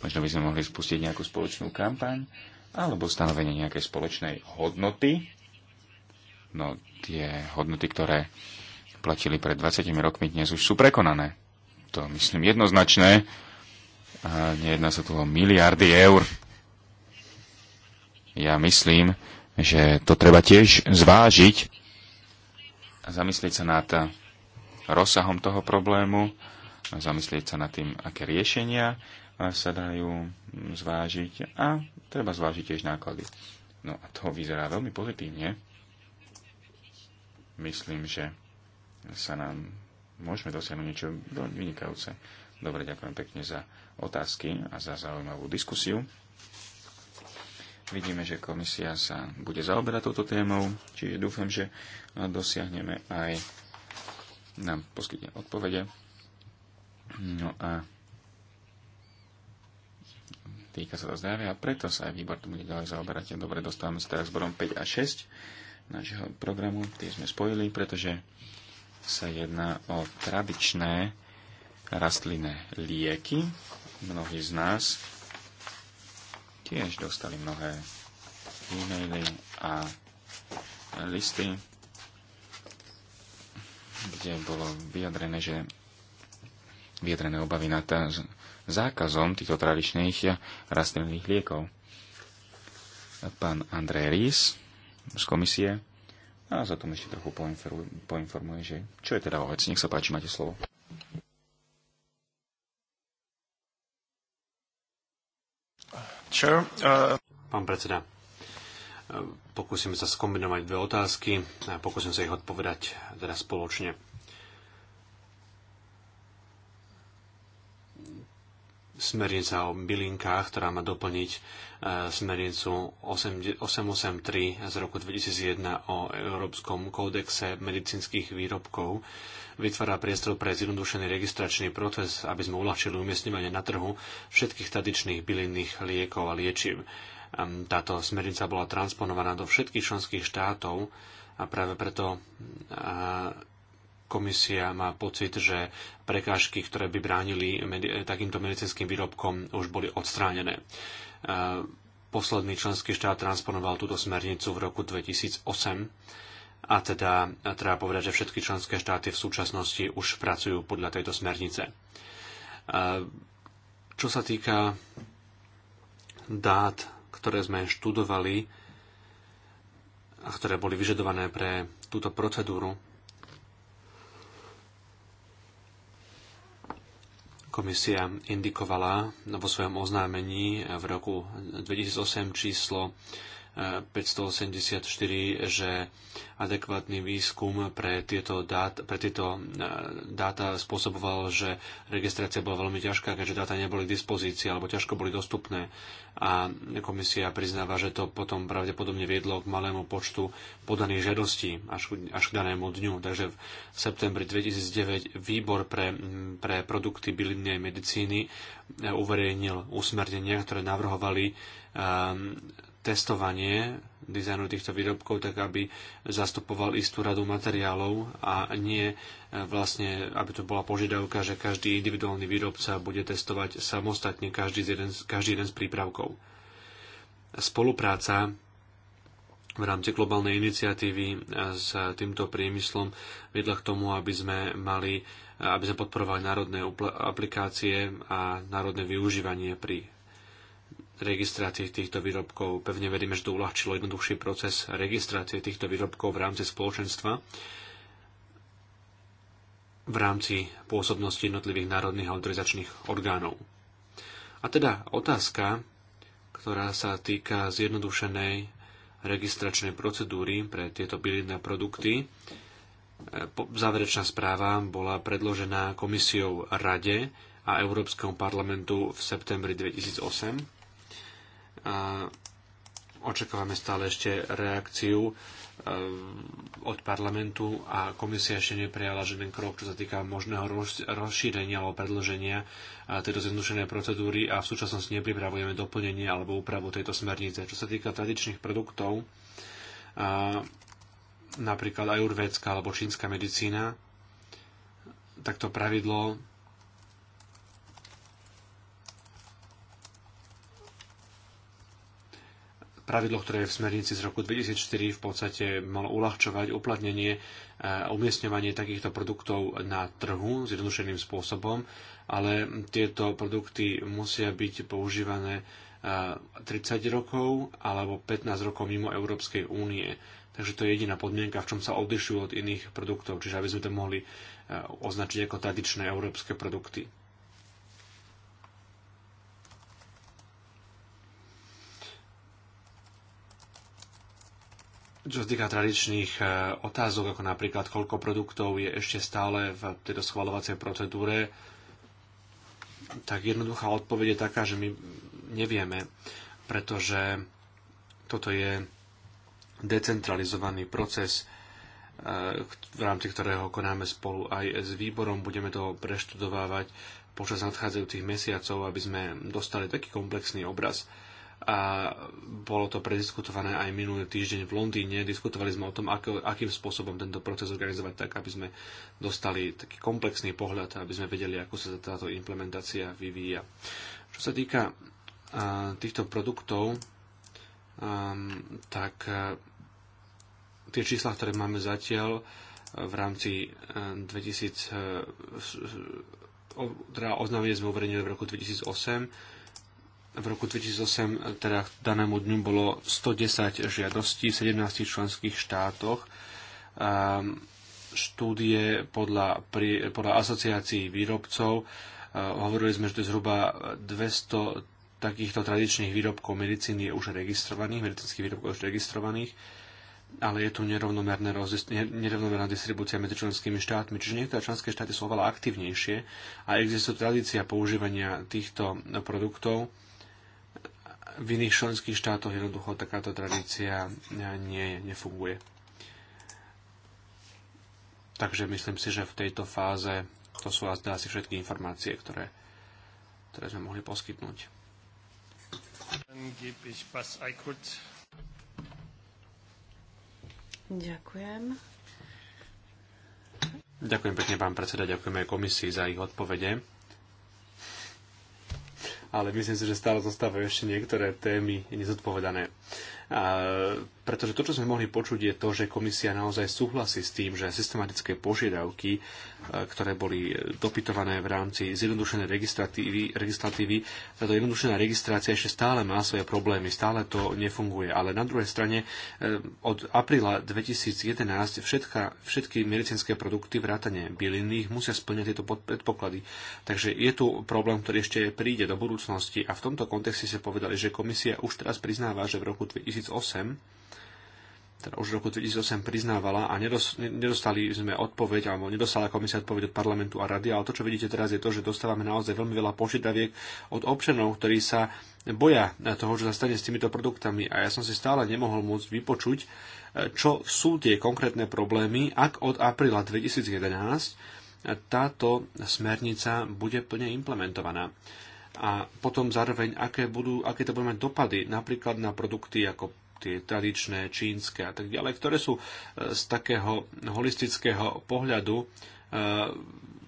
Možno by sme mohli spustiť nejakú spoločnú kampaň, alebo stanovenie nejakej spoločnej hodnoty. No tie hodnoty, ktoré platili pred 20 rokmi, dnes už sú prekonané. To myslím jednoznačné. A nejedná sa tu o miliardy eur. Ja myslím, že to treba tiež zvážiť a zamyslieť sa nad rozsahom toho problému, zamyslieť sa nad tým, aké riešenia sa dajú zvážiť a treba zvážiť tiež náklady. No a to vyzerá veľmi pozitívne. Myslím, že sa nám môžeme dosiahnuť niečo veľmi vynikajúce. Dobre, ďakujem pekne za otázky a za zaujímavú diskusiu. Vidíme, že komisia sa bude zaoberať touto témou, čiže dúfam, že dosiahneme aj nám poskytne odpovede. No a týka sa to zdravia a preto sa aj výbor tu bude ďalej zaoberať. Dobre, dostávame sa teraz bodom 5 a 6 nášho programu, tie sme spojili, pretože sa jedná o tradičné rastlinné lieky. Mnohí z nás tiež dostali mnohé e-maily a listy, kde bolo vyjadrené, že vyjadrené obavy na tá zákazom týchto tradičných rastlinných liekov. Pán Andrej Rís z komisie a za tom ešte trochu poinformuje, že čo je teda o vec. Nech sa páči, máte slovo. Čo? Uh... Pán predseda, pokúsim sa skombinovať dve otázky a pokúsim sa ich odpovedať teda spoločne. smernica o bylinkách, ktorá má doplniť e, smernicu 883 z roku 2001 o Európskom kódexe medicínskych výrobkov, vytvára priestor pre zjednodušený registračný proces, aby sme uľahčili umiestňovanie na trhu všetkých tradičných bylinných liekov a liečiv. Táto smernica bola transponovaná do všetkých členských štátov a práve preto komisia má pocit, že prekážky, ktoré by bránili eh, takýmto medicínskym výrobkom, už boli odstránené. Eh, posledný členský štát transponoval túto smernicu v roku 2008 a teda a treba povedať, že všetky členské štáty v súčasnosti už pracujú podľa tejto smernice. Eh, čo sa týka dát, ktoré sme študovali a ktoré boli vyžadované pre túto procedúru, Komisia indikovala vo svojom oznámení v roku 2008 číslo 584, že adekvátny výskum pre tieto, dát, pre tieto e, dáta spôsoboval, že registrácia bola veľmi ťažká, keďže dáta neboli k dispozícii alebo ťažko boli dostupné. A komisia priznáva, že to potom pravdepodobne viedlo k malému počtu podaných žiadostí až, až k danému dňu. Takže v septembri 2009 výbor pre, pre produkty bylinnej medicíny e, uverejnil usmernenia, ktoré navrhovali um, testovanie dizajnu týchto výrobkov, tak aby zastupoval istú radu materiálov a nie e, vlastne, aby to bola požiadavka, že každý individuálny výrobca bude testovať samostatne každý, z jeden, každý jeden z prípravkov. Spolupráca v rámci globálnej iniciatívy e, s týmto priemyslom viedla k tomu, aby sme mali e, aby sme podporovali národné aplikácie a národné využívanie pri registrácie týchto výrobkov. Pevne veríme, že to uľahčilo jednoduchší proces registrácie týchto výrobkov v rámci spoločenstva v rámci pôsobnosti jednotlivých národných autorizačných orgánov. A teda otázka, ktorá sa týka zjednodušenej registračnej procedúry pre tieto bylinné produkty, záverečná správa bola predložená komisiou Rade a Európskeho parlamentu v septembri 2008 a očakávame stále ešte reakciu e, od parlamentu a komisia ešte neprijala žiaden krok, čo sa týka možného rozšírenia alebo predloženia e, tejto zjednodušenej procedúry a v súčasnosti nepripravujeme doplnenie alebo úpravu tejto smernice. Čo sa týka tradičných produktov, e, napríklad aj urvédska alebo čínska medicína, tak to pravidlo pravidlo, ktoré je v smernici z roku 2004 v podstate malo uľahčovať uplatnenie a eh, umiestňovanie takýchto produktov na trhu zjednodušeným spôsobom, ale tieto produkty musia byť používané 30 eh, rokov alebo 15 rokov mimo Európskej únie. Takže to je jediná podmienka, v čom sa odlišujú od iných produktov, čiže aby sme to mohli eh, označiť ako tradičné európske produkty. Čo sa týka tradičných e, otázok, ako napríklad koľko produktov je ešte stále v tejto schvalovacej procedúre, tak jednoduchá odpoveď je taká, že my nevieme, pretože toto je decentralizovaný proces, e, v rámci ktorého konáme spolu aj s výborom. Budeme to preštudovávať počas nadchádzajúcich mesiacov, aby sme dostali taký komplexný obraz a bolo to prediskutované aj minulý týždeň v Londýne. Diskutovali sme o tom, ako, akým spôsobom tento proces organizovať tak, aby sme dostali taký komplexný pohľad, aby sme vedeli, ako sa táto implementácia vyvíja. Čo sa týka a, týchto produktov, a, tak a, tie čísla, ktoré máme zatiaľ v rámci 2000, teda oznámenie sme uverejnili v roku 2008, v roku 2008 teda k danému dňu bolo 110 žiadostí v 17 členských štátoch. Štúdie podľa, pri, podľa asociácií výrobcov hovorili sme, že to je zhruba 200 takýchto tradičných výrobkov medicíny je už registrovaných, medicínskych výrobkov už registrovaných, ale je tu nerovnomerná, nerovnomerná distribúcia medzi členskými štátmi, čiže niektoré členské štáty sú oveľa aktívnejšie a existuje tradícia používania týchto produktov v iných členských štátoch jednoducho takáto tradícia e, nie je, nefunguje. Takže myslím si, že v tejto fáze to sú asi všetky informácie, ktoré, ktoré sme mohli poskytnúť. Ďakujem. Ďakujem pekne, pán predseda, ďakujem aj komisii za ich odpovede ale myslím si, že stále zostávajú ešte niektoré témy nezodpovedané pretože to, čo sme mohli počuť, je to, že komisia naozaj súhlasí s tým, že systematické požiadavky, e, ktoré boli dopytované v rámci zjednodušenej registratívy, registratívy táto jednodušená registrácia ešte stále má svoje problémy, stále to nefunguje. Ale na druhej strane e, od apríla 2011 všetka, všetky medicínske produkty vrátane bylinných musia splňať tieto predpoklady. Takže je tu problém, ktorý ešte príde do budúcnosti a v tomto kontexte sa povedali, že komisia už teraz priznáva, že v roku 2000 2008, teda už v roku 2008 priznávala a nedostali sme odpoveď, alebo nedostala komisia odpoveď od parlamentu a rady, ale to, čo vidíte teraz, je to, že dostávame naozaj veľmi veľa požiadaviek od občanov, ktorí sa boja toho, čo sa stane s týmito produktami. A ja som si stále nemohol môcť vypočuť, e, čo sú tie konkrétne problémy, ak od apríla 2011 e, táto smernica bude plne implementovaná a potom zároveň, aké, budú, aké to budú mať dopady napríklad na produkty ako tie tradičné, čínske a tak ďalej, ktoré sú e, z takého holistického pohľadu e,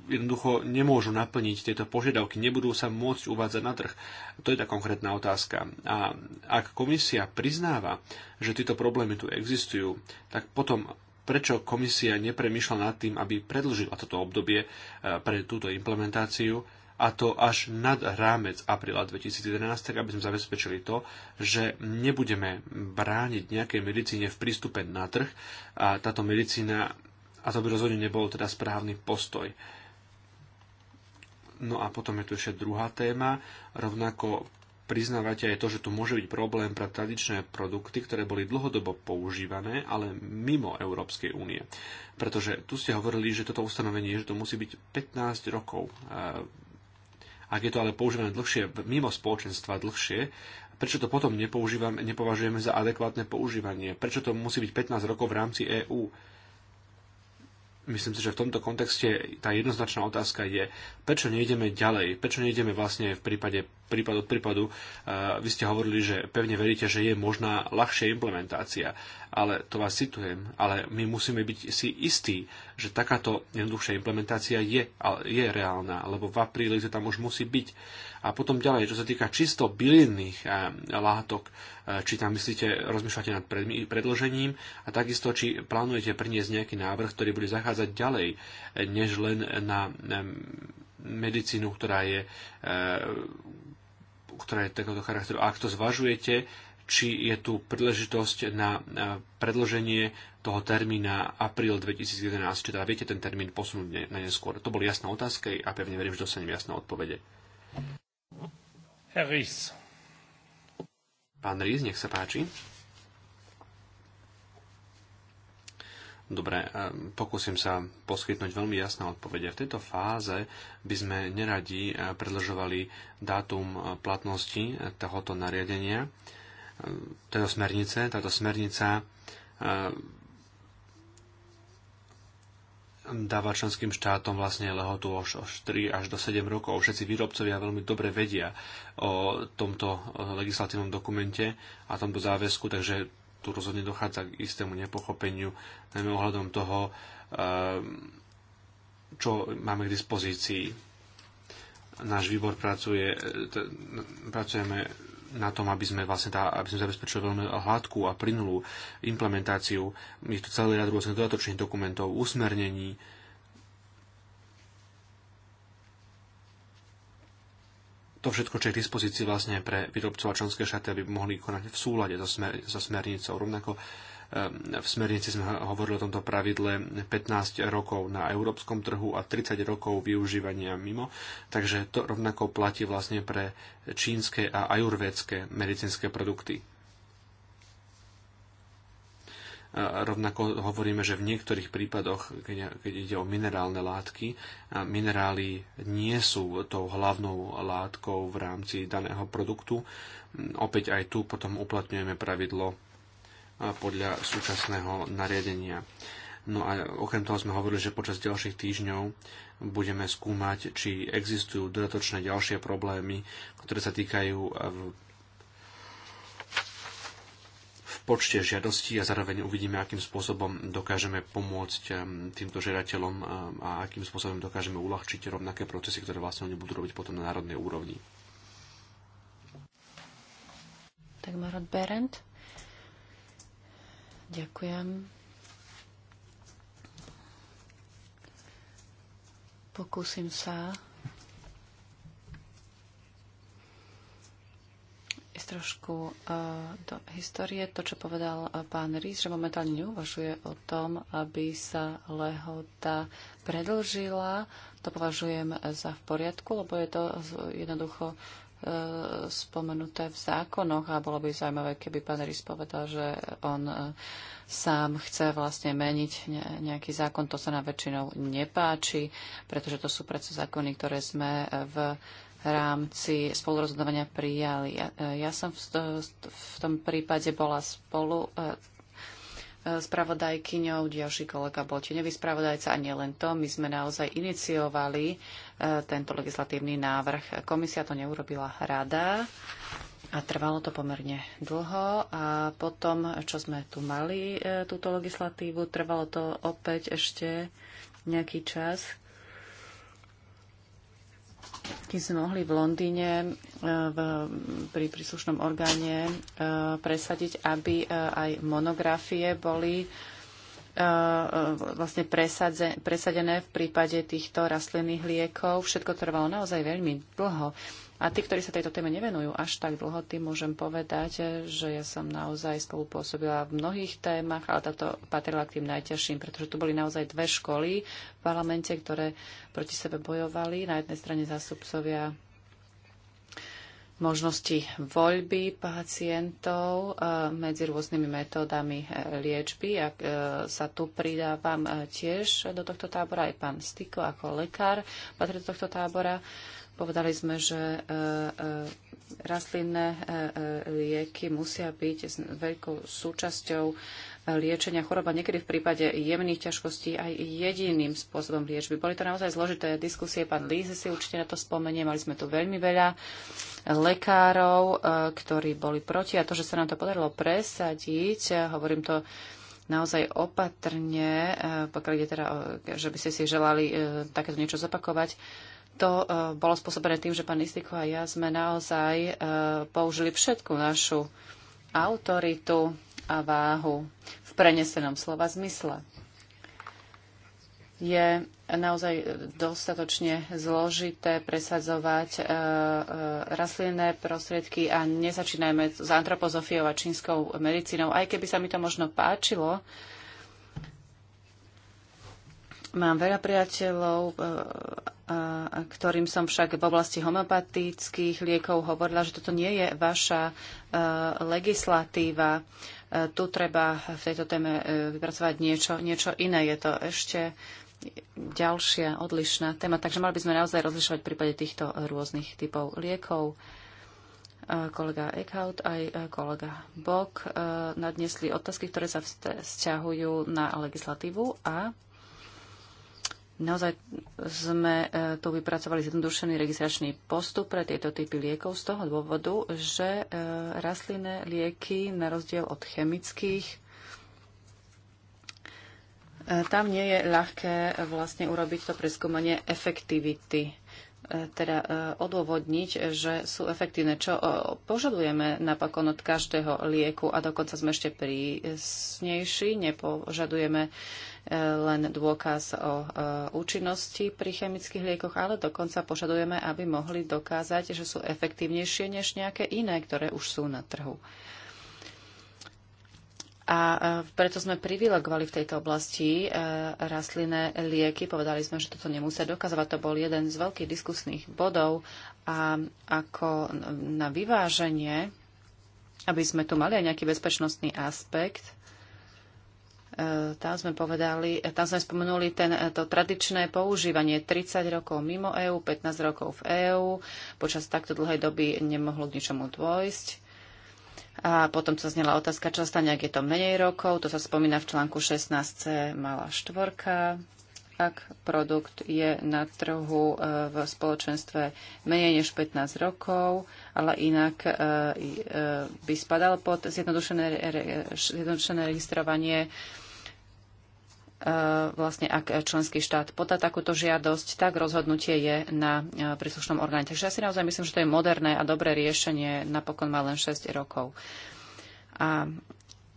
jednoducho nemôžu naplniť tieto požiadavky, nebudú sa môcť uvádzať na trh. To je tá konkrétna otázka. A ak komisia priznáva, že tieto problémy tu existujú, tak potom prečo komisia nepremýšľa nad tým, aby predlžila toto obdobie e, pre túto implementáciu a to až nad rámec apríla 2011, tak aby sme zabezpečili to, že nebudeme brániť nejakej medicíne v prístupe na trh a táto medicína, a to by rozhodne nebol teda správny postoj. No a potom je tu ešte druhá téma, rovnako priznávate aj to, že tu môže byť problém pre tradičné produkty, ktoré boli dlhodobo používané, ale mimo Európskej únie. Pretože tu ste hovorili, že toto ustanovenie, že to musí byť 15 rokov eh, ak je to ale používané dlhšie, mimo spoločenstva dlhšie, prečo to potom nepoužívame, nepovažujeme za adekvátne používanie? Prečo to musí byť 15 rokov v rámci EÚ? Myslím si, že v tomto kontexte tá jednoznačná otázka je, prečo nejdeme ďalej, prečo nejdeme vlastne v prípade prípad od prípadu. Uh, vy ste hovorili, že pevne veríte, že je možná ľahšia implementácia ale to vás citujem, ale my musíme byť si istí, že takáto jednoduchšia implementácia je, je reálna, lebo v apríli to tam už musí byť. A potom ďalej, čo sa týka čisto bylinných eh, látok, eh, či tam myslíte, rozmýšľate nad predložením a takisto, či plánujete priniesť nejaký návrh, ktorý bude zachádzať ďalej, eh, než len na medicínu, ktorá je ktorá je takéhoto charakteru. A ak to zvažujete, či je tu príležitosť na predloženie toho termína apríl 2011, či teda viete ten termín posunúť na neskôr. To boli jasná otázka a pevne verím, že dostanem jasné odpovede. Herr Ries. Pán Ries, nech sa páči. Dobre, e, pokúsim sa poskytnúť veľmi jasné odpovede. V tejto fáze by sme neradi e, predlžovali dátum e, platnosti tohoto nariadenia tejto teda smernice. Táto smernica eh, dáva členským štátom vlastne lehotu až, 4 3 až do 7 rokov. Všetci výrobcovia veľmi dobre vedia o tomto eh, legislatívnom dokumente a tomto záväzku, takže tu rozhodne dochádza k istému nepochopeniu, najmä ohľadom toho, eh, čo máme k dispozícii. Náš výbor pracuje, pracujeme na tom, aby sme, vlastne tá, aby sme zabezpečili veľmi hladkú a plynulú implementáciu. Je tu celý rád rôznych dodatočných dokumentov, usmernení, to všetko, čo je k dispozícii vlastne pre výrobcov a členské šaty, aby mohli konať v súlade so, smer- so smernicou. Rovnako Ehm, v smernici sme hovorili o tomto pravidle 15 rokov na európskom trhu a 30 rokov využívania mimo, takže to rovnako platí vlastne pre čínske a ajurvédske medicínske produkty. A rovnako hovoríme, že v niektorých prípadoch, keď ide o minerálne látky, minerály nie sú tou hlavnou látkou v rámci daného produktu. Opäť aj tu potom uplatňujeme pravidlo podľa súčasného nariadenia. No a okrem toho sme hovorili, že počas ďalších týždňov budeme skúmať, či existujú dodatočné ďalšie problémy, ktoré sa týkajú v, v počte žiadostí a zároveň uvidíme, akým spôsobom dokážeme pomôcť týmto žiadateľom a akým spôsobom dokážeme uľahčiť rovnaké procesy, ktoré vlastne oni budú robiť potom na národnej úrovni. Tak Marot Berendt. Ďakujem. Pokúsim sa ísť trošku e, do histórie. To, čo povedal e, pán Rís, že momentálne neuvažuje o tom, aby sa lehota predlžila, to považujem za v poriadku, lebo je to jednoducho E, spomenuté v zákonoch a bolo by zaujímavé, keby pán Rys povedal, že on e, sám chce vlastne meniť nejaký zákon. To sa nám väčšinou nepáči, pretože to sú predsa zákony, ktoré sme e, v rámci spolurozhodovania prijali. Ja, ja som v, v tom prípade bola spolu spravodajkyňou, ďalší kolega bol tieňový spravodajca a nielen to. My sme naozaj iniciovali e, tento legislatívny návrh. Komisia to neurobila rada a trvalo to pomerne dlho a potom, čo sme tu mali e, túto legislatívu, trvalo to opäť ešte nejaký čas, keď sme mohli v Londýne e, v, pri príslušnom orgáne e, presadiť, aby e, aj monografie boli vlastne presadené v prípade týchto rastlinných liekov. Všetko trvalo naozaj veľmi dlho. A tí, ktorí sa tejto téme nevenujú až tak dlho, tým môžem povedať, že ja som naozaj spolupôsobila v mnohých témach, ale táto patrila k tým najťažším, pretože tu boli naozaj dve školy v parlamente, ktoré proti sebe bojovali. Na jednej strane zástupcovia možnosti voľby pacientov eh, medzi rôznymi metódami eh, liečby. Ja eh, sa tu pridávam tiež do tohto tábora aj pán Stiko ako lekár patrí do tohto tábora. Povedali sme, že e, e, rastlinné e, lieky musia byť s veľkou súčasťou liečenia choroba. Niekedy v prípade jemných ťažkostí aj jediným spôsobom liečby. Boli to naozaj zložité diskusie. Pán Líze si určite na to spomenie. Mali sme tu veľmi veľa lekárov, ktorí boli proti. A to, že sa nám to podarilo presadiť, hovorím to naozaj opatrne, pokiaľ ide teda, že by ste si želali takéto niečo zopakovať, to e, bolo spôsobené tým, že pán Istiko a ja sme naozaj e, použili všetku našu autoritu a váhu v prenesenom slova zmysle. Je naozaj dostatočne zložité presadzovať e, rastlinné prostriedky a nezačínajme s antropozofiou a čínskou medicínou. Aj keby sa mi to možno páčilo, Mám veľa priateľov, e, ktorým som však v oblasti homopatických liekov hovorila, že toto nie je vaša e, legislatíva. E, tu treba v tejto téme vypracovať niečo, niečo iné. Je to ešte ďalšia odlišná téma. Takže mali by sme naozaj rozlišovať v prípade týchto rôznych typov liekov. Kolega Eckhout aj kolega Bok nadnesli otázky, ktoré sa vzťahujú na legislatívu a Naozaj sme e, tu vypracovali zjednodušený registračný postup pre tieto typy liekov z toho dôvodu, že e, rastlinné lieky na rozdiel od chemických e, tam nie je ľahké vlastne urobiť to preskúmanie efektivity. E, teda e, odôvodniť, že sú efektívne. Čo e, požadujeme napokon od každého lieku a dokonca sme ešte prísnejší, nepožadujeme len dôkaz o účinnosti pri chemických liekoch, ale dokonca požadujeme, aby mohli dokázať, že sú efektívnejšie než nejaké iné, ktoré už sú na trhu. A e, preto sme privilegovali v tejto oblasti e, rastlinné lieky. Povedali sme, že toto nemusia dokazovať. To bol jeden z veľkých diskusných bodov. A ako na vyváženie, aby sme tu mali aj nejaký bezpečnostný aspekt, e, tam sme povedali, tam sme spomenuli ten, to tradičné používanie 30 rokov mimo EÚ, 15 rokov v EÚ, počas takto dlhej doby nemohlo k ničomu dôjsť. A potom sa znela otázka, čo stane, ak je to menej rokov. To sa spomína v článku 16c malá štvorka. Ak produkt je na trhu e, v spoločenstve menej než 15 rokov, ale inak e, e, by spadal pod zjednodušené, zjednodušené registrovanie E, vlastne ak členský štát podá takúto žiadosť, tak rozhodnutie je na e, príslušnom orgáne. Takže ja si naozaj myslím, že to je moderné a dobré riešenie, napokon má len 6 rokov. A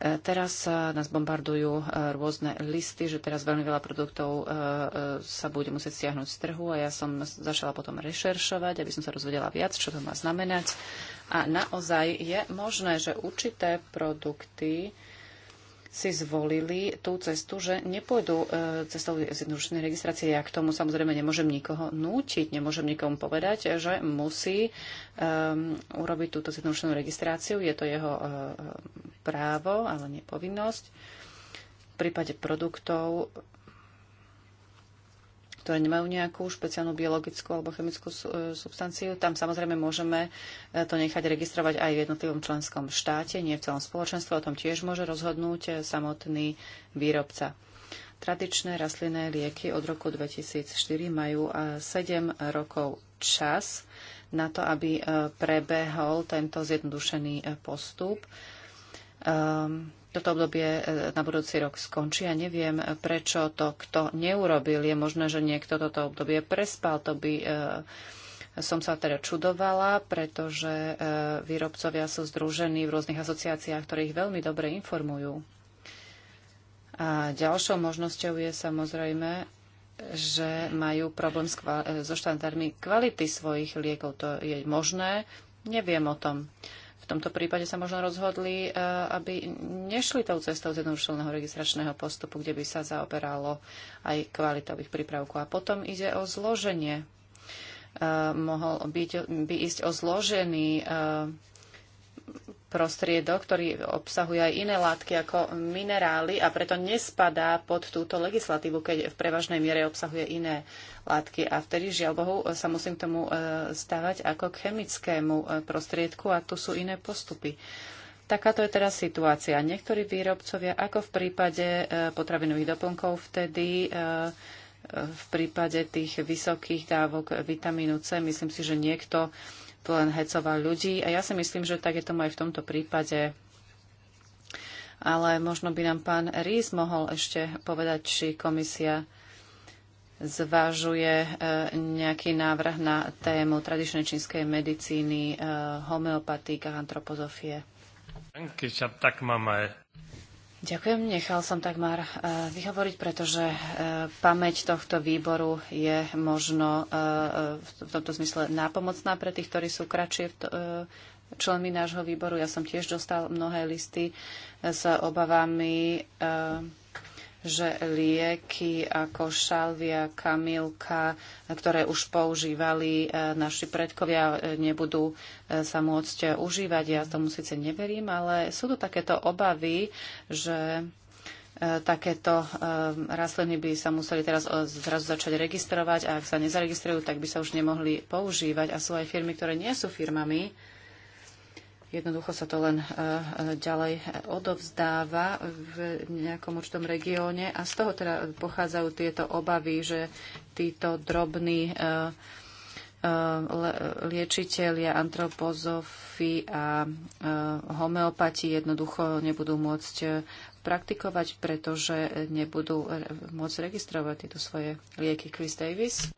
e, Teraz nás bombardujú rôzne listy, že teraz veľmi veľa produktov sa bude musieť stiahnuť z trhu a ja som začala potom rešeršovať, aby som sa rozvedela viac, čo to má znamenať. A naozaj je možné, že určité produkty si zvolili tú cestu, že nepôjdu e, cestou zjednodušenej registrácie. Ja k tomu samozrejme nemôžem nikoho nútiť, nemôžem nikomu povedať, že musí e, urobiť túto zjednodušenú registráciu. Je to jeho e, právo, ale nepovinnosť. V prípade produktov ktoré nemajú nejakú špeciálnu biologickú alebo chemickú e, substanciu. Tam samozrejme môžeme e, to nechať registrovať aj v jednotlivom členskom štáte, nie v celom spoločenstve. O tom tiež môže rozhodnúť e, samotný výrobca. Tradičné rastlinné lieky od roku 2004 majú 7 rokov čas na to, aby prebehol tento zjednodušený postup. Ehm, toto obdobie e, na budúci rok skončí a neviem, prečo to kto neurobil. Je možné, že niekto toto obdobie prespal. To by e, som sa teda čudovala, pretože e, výrobcovia sú združení v rôznych asociáciách, ktoré ich veľmi dobre informujú. A ďalšou možnosťou je samozrejme, že majú problém so štandardmi kvality svojich liekov. To je možné, neviem o tom v tomto prípade sa možno rozhodli, e, aby nešli tou cestou zjednodušeného registračného postupu, kde by sa zaoberalo aj kvalitových prípravkov. A potom ide o zloženie. E, mohol byť, by ísť o zložený e, prostriedok, ktorý obsahuje aj iné látky ako minerály a preto nespadá pod túto legislatívu, keď v prevažnej miere obsahuje iné látky. A vtedy, žiaľ Bohu, sa musím k tomu e, stavať ako k chemickému e, prostriedku a tu sú iné postupy. Takáto je teraz situácia. Niektorí výrobcovia, ako v prípade e, potravinových doplnkov, vtedy v prípade tých vysokých dávok vitamínu C, myslím si, že niekto len hecoval ľudí. A ja si myslím, že tak je tomu aj v tomto prípade. Ale možno by nám pán Rís mohol ešte povedať, či komisia zvažuje e, nejaký návrh na tému tradičnej čínskej medicíny, e, homeopatík a antropozofie. Tak mám aj Ďakujem, nechal som takmar eh, vyhovoriť, pretože eh, pamäť tohto výboru je možno eh, v tomto zmysle nápomocná pre tých, ktorí sú kratšie členmi nášho výboru. Ja som tiež dostal mnohé listy s obavami že lieky ako šalvia, kamilka, ktoré už používali e, naši predkovia, e, nebudú e, sa môcť užívať. Ja tomu síce neverím, ale sú tu takéto obavy, že takéto rastliny by sa museli teraz zrazu začať registrovať a ak sa nezaregistrujú, tak by sa už nemohli používať. A sú aj firmy, ktoré nie sú firmami, Jednoducho sa to len e, ďalej odovzdáva v nejakom určitom regióne a z toho teda pochádzajú tieto obavy, že títo drobní e, e, liečitelia, antropozofi a homeopati jednoducho nebudú môcť praktikovať, pretože nebudú môcť registrovať tieto svoje lieky. Chris Davis.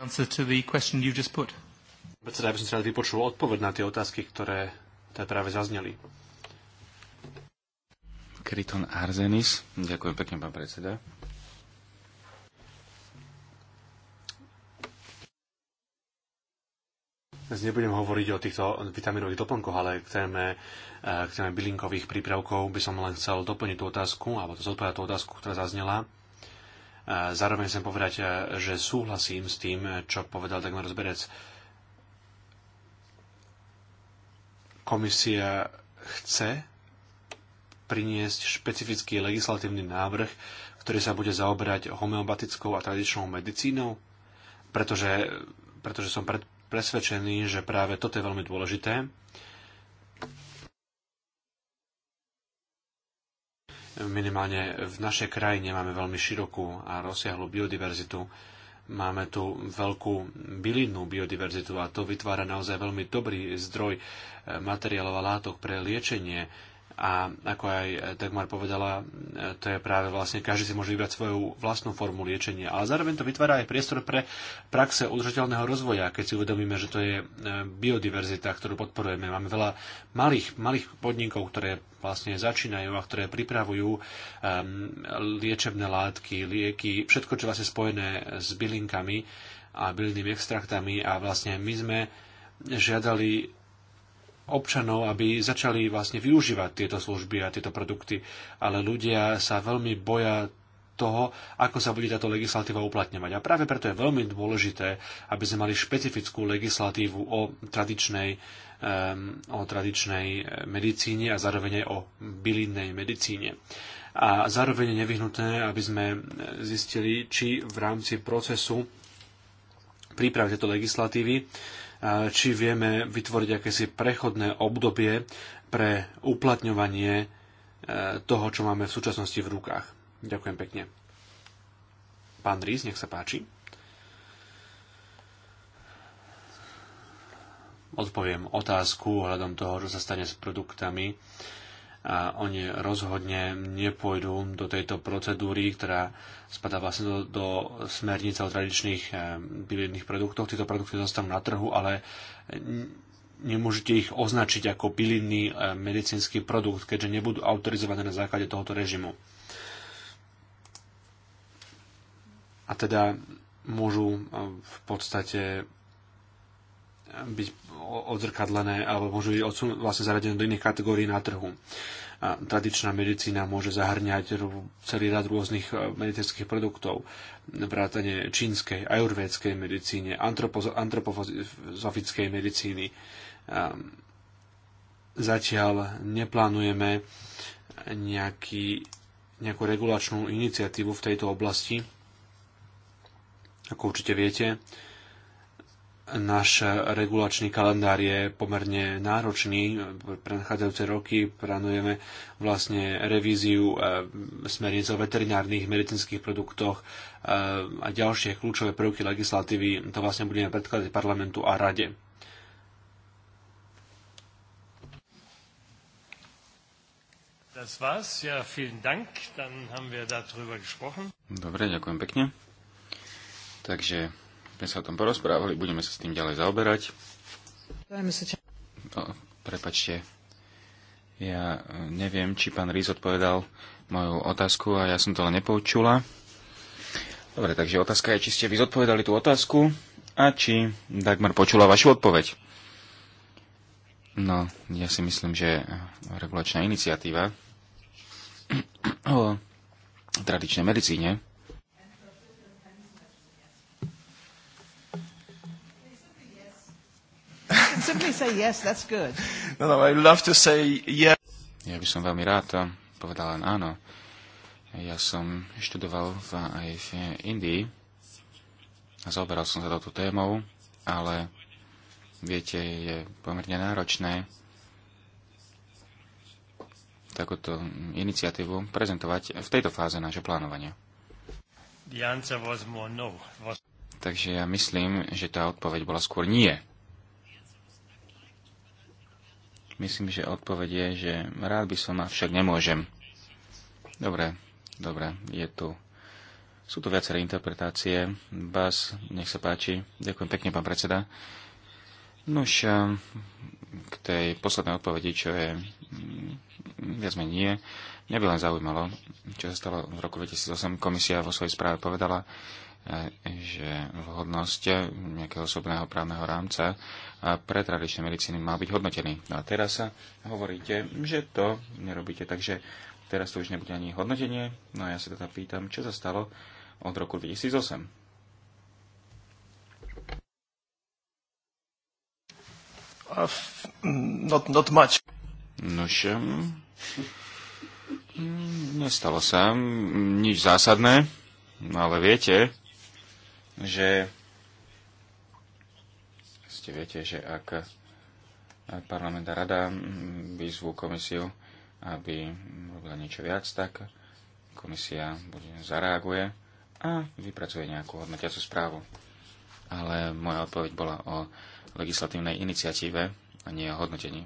Predseda, ja by som si rád vypočul odpoveď na tie otázky, ktoré ktoré práve zazneli. Kriton Arzenis. Ďakujem pekne, pán predseda. Dnes nebudem hovoriť o týchto vitaminových doplnkoch, ale k téme, k téme bylinkových prípravkov by som len chcel doplniť tú otázku, alebo to zodpovedať tú otázku, ktorá zaznela. Eh, zároveň chcem povedať, eh, že súhlasím s tým, eh, čo povedal takmer rozberec. Komisia chce priniesť špecifický legislatívny návrh, ktorý sa bude zaoberať homeopatickou a tradičnou medicínou, pretože, pretože som pred, presvedčený, že práve toto je veľmi dôležité. Minimálne v našej krajine máme veľmi širokú a rozsiahlu biodiverzitu, Máme tu veľkú bylinnú biodiverzitu a to vytvára naozaj veľmi dobrý zdroj eh, materiálov a látok pre liečenie a ako aj Dagmar povedala, to je práve vlastne, každý si môže vybrať svoju vlastnú formu liečenia. Ale zároveň to vytvára aj priestor pre praxe udržateľného rozvoja, keď si uvedomíme, že to je e, biodiverzita, ktorú podporujeme. Máme veľa malých, malých podnikov, ktoré vlastne začínajú a ktoré pripravujú um, liečebné látky, lieky, všetko, čo vlastne spojené s bylinkami a bylinnými extraktami a vlastne my sme žiadali občanov, aby začali vlastne využívať tieto služby a tieto produkty, ale ľudia sa veľmi boja toho, ako sa bude táto legislatíva uplatňovať. A práve preto je veľmi dôležité, aby sme mali špecifickú legislatívu o tradičnej, um, o tradičnej medicíne a zároveň aj o bylinnej medicíne. A zároveň je nevyhnutné, aby sme zistili, či v rámci procesu prípravy tejto legislatívy či vieme vytvoriť akési prechodné obdobie pre uplatňovanie e, toho, čo máme v súčasnosti v rukách. Ďakujem pekne. Pán Rís, nech sa páči. Odpoviem otázku ohľadom toho, čo sa stane s produktami, a oni rozhodne nepôjdu do tejto procedúry, ktorá spadá vlastne do, do smernice o tradičných eh, bylinných produktoch. Tieto produkty zostanú na trhu, ale nemôžete ich označiť ako bylinný eh, medicínsky produkt, keďže nebudú autorizované na základe tohoto režimu. A teda môžu eh, v podstate byť odzrkadlené alebo môžu byť odsun- vlastne zaradené do iných kategórií na trhu. A tradičná medicína môže zahrňať celý rad rôznych e, medicínskych produktov, vrátane čínskej, ajurvédskej medicíne, antropo- antropozofickej medicíny. Ehm, zatiaľ neplánujeme nejaký, nejakú regulačnú iniciatívu v tejto oblasti. Ako určite viete, Náš regulačný kalendár je pomerne náročný. Pre nachádzajúce roky plánujeme vlastne revíziu e, smerníc o veterinárnych medicínskych produktoch e, a ďalšie kľúčové prvky legislatívy. To vlastne budeme predkladať parlamentu a rade. Das war's. Ja, vielen Dank. Dann haben wir darüber gesprochen. Dobre, ďakujem pekne. Takže sme sa o tom porozprávali, budeme sa s tým ďalej zaoberať. O, prepačte, ja e, neviem, či pán Ríz odpovedal moju otázku a ja som to len nepoučula. Dobre, takže otázka je, či ste vy zodpovedali tú otázku a či Dagmar počula vašu odpoveď. No, ja si myslím, že regulačná iniciatíva [CLEARS THROAT] o tradičnej medicíne [LAUGHS] Simply say yes, that's good. No, no, I love to say yes. Ja by som veľmi rád povedal len áno. Ja som študoval v, aj v Indii a zaoberal som sa touto témou, ale viete, je pomerne náročné takúto iniciatívu prezentovať v tejto fáze nášho plánovania. No. Takže ja myslím, že tá odpoveď bola skôr nie. Myslím, že odpoveď je, že rád by som, avšak nemôžem. Dobre, dobre, je tu. Sú tu viaceré interpretácie. Bas, nech sa páči. Ďakujem pekne, pán predseda. Nož, k tej poslednej odpovedi, čo je mm, viac menej nie, mňa by len zaujímalo, čo sa stalo v roku 2008. Komisia vo svojej správe povedala, E, že vhodnosť nejakého osobného právneho rámca pre tradičné medicíny mal byť hodnotený. No a teraz sa hovoríte, že to nerobíte, takže teraz to už nebude ani hodnotenie. No a ja sa teda pýtam, čo sa stalo od roku 2008. Uh, not, not much. Nož, um, nestalo sa nič zásadné, ale viete, že ste viete, že ak parlament a rada vyzvú komisiu, aby robila niečo viac, tak komisia bude zareaguje a vypracuje nejakú hodnotiacu správu. Ale moja odpoveď bola o legislatívnej iniciatíve a nie o hodnotení,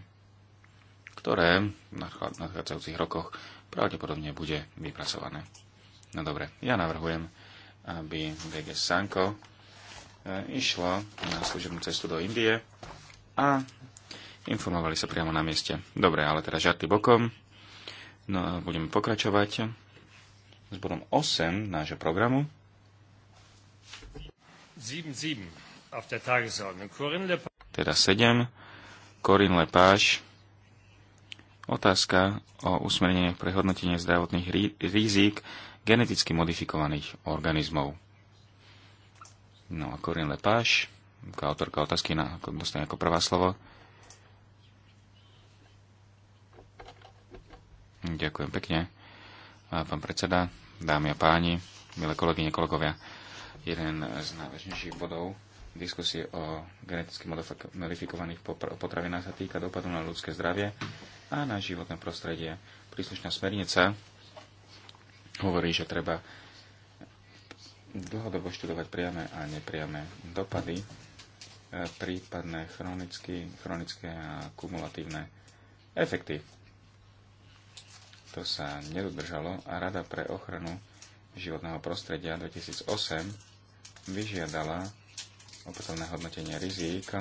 ktoré v nadchádzajúcich rokoch pravdepodobne bude vypracované. No dobre, ja navrhujem, aby DG Sanko e, išlo na služebnú cestu do Indie a informovali sa priamo na mieste. Dobre, ale teda žarty bokom. No a budeme pokračovať s bodom 8 nášho programu. 7, 7 auf der Tagesordnung. Corinne Lepage. Teda 7. Corinne Lepage. Otázka o usmerneniach pre hodnotenie zdravotných rizik geneticky modifikovaných organizmov. No a Corinne Lepage, ako autorka otázky, na, ako dostane ako prvá slovo. Ďakujem pekne. A pán predseda, dámy a páni, milé kolegyne, kolegovia, jeden z najväčších bodov diskusie o geneticky modifikovaných potravinách sa týka dopadu na ľudské zdravie a na životné prostredie. Príslušná smernica hovorí, že treba dlhodobo študovať priame a nepriame dopady, e, prípadné chronické, chronické a kumulatívne efekty. To sa nedodržalo a Rada pre ochranu životného prostredia 2008 vyžiadala opätovné hodnotenie rizík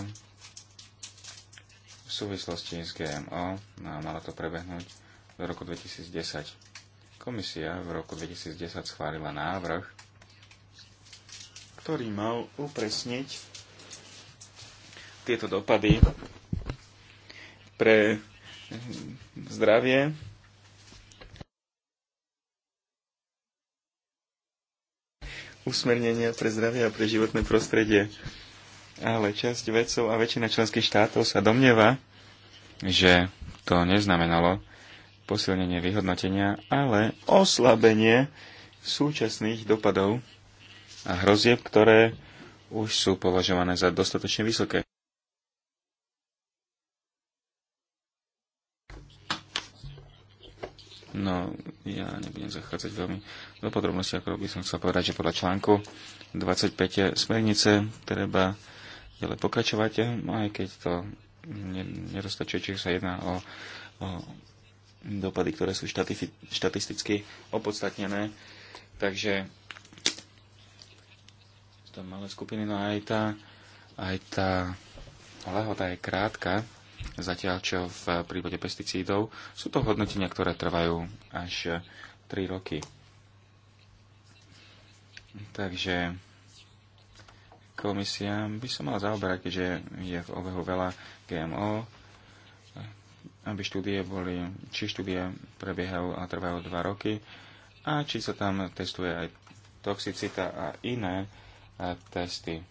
v súvislosti s GMO a malo to prebehnúť do roku 2010 Komisia v roku 2010 schválila návrh, ktorý mal upresniť tieto dopady pre zdravie usmernenia pre zdravie a pre životné prostredie. Ale časť vedcov a väčšina členských štátov sa domnieva, že to neznamenalo posilnenie vyhodnotenia, ale oslabenie súčasných dopadov a hrozieb, ktoré už sú považované za dostatočne vysoké. No, ja nebudem zachádzať veľmi do podrobnosti, ako by som chcel povedať, že podľa článku 25 smernice treba ďalej pokračovať, aj keď to nedostačuje, či sa jedná o, o dopady, ktoré sú štatisticky opodstatnené. Takže to malé skupiny, no aj tá, aj tá lehota je krátka, zatiaľ čo v prípade pesticídov sú to hodnotenia, ktoré trvajú až 3 roky. Takže komisia by sa mala zaoberať, keďže je v obehu veľa GMO, aby štúdie boli, či štúdie prebiehajú a trvajú 2 roky a či sa tam testuje aj toxicita a iné testy.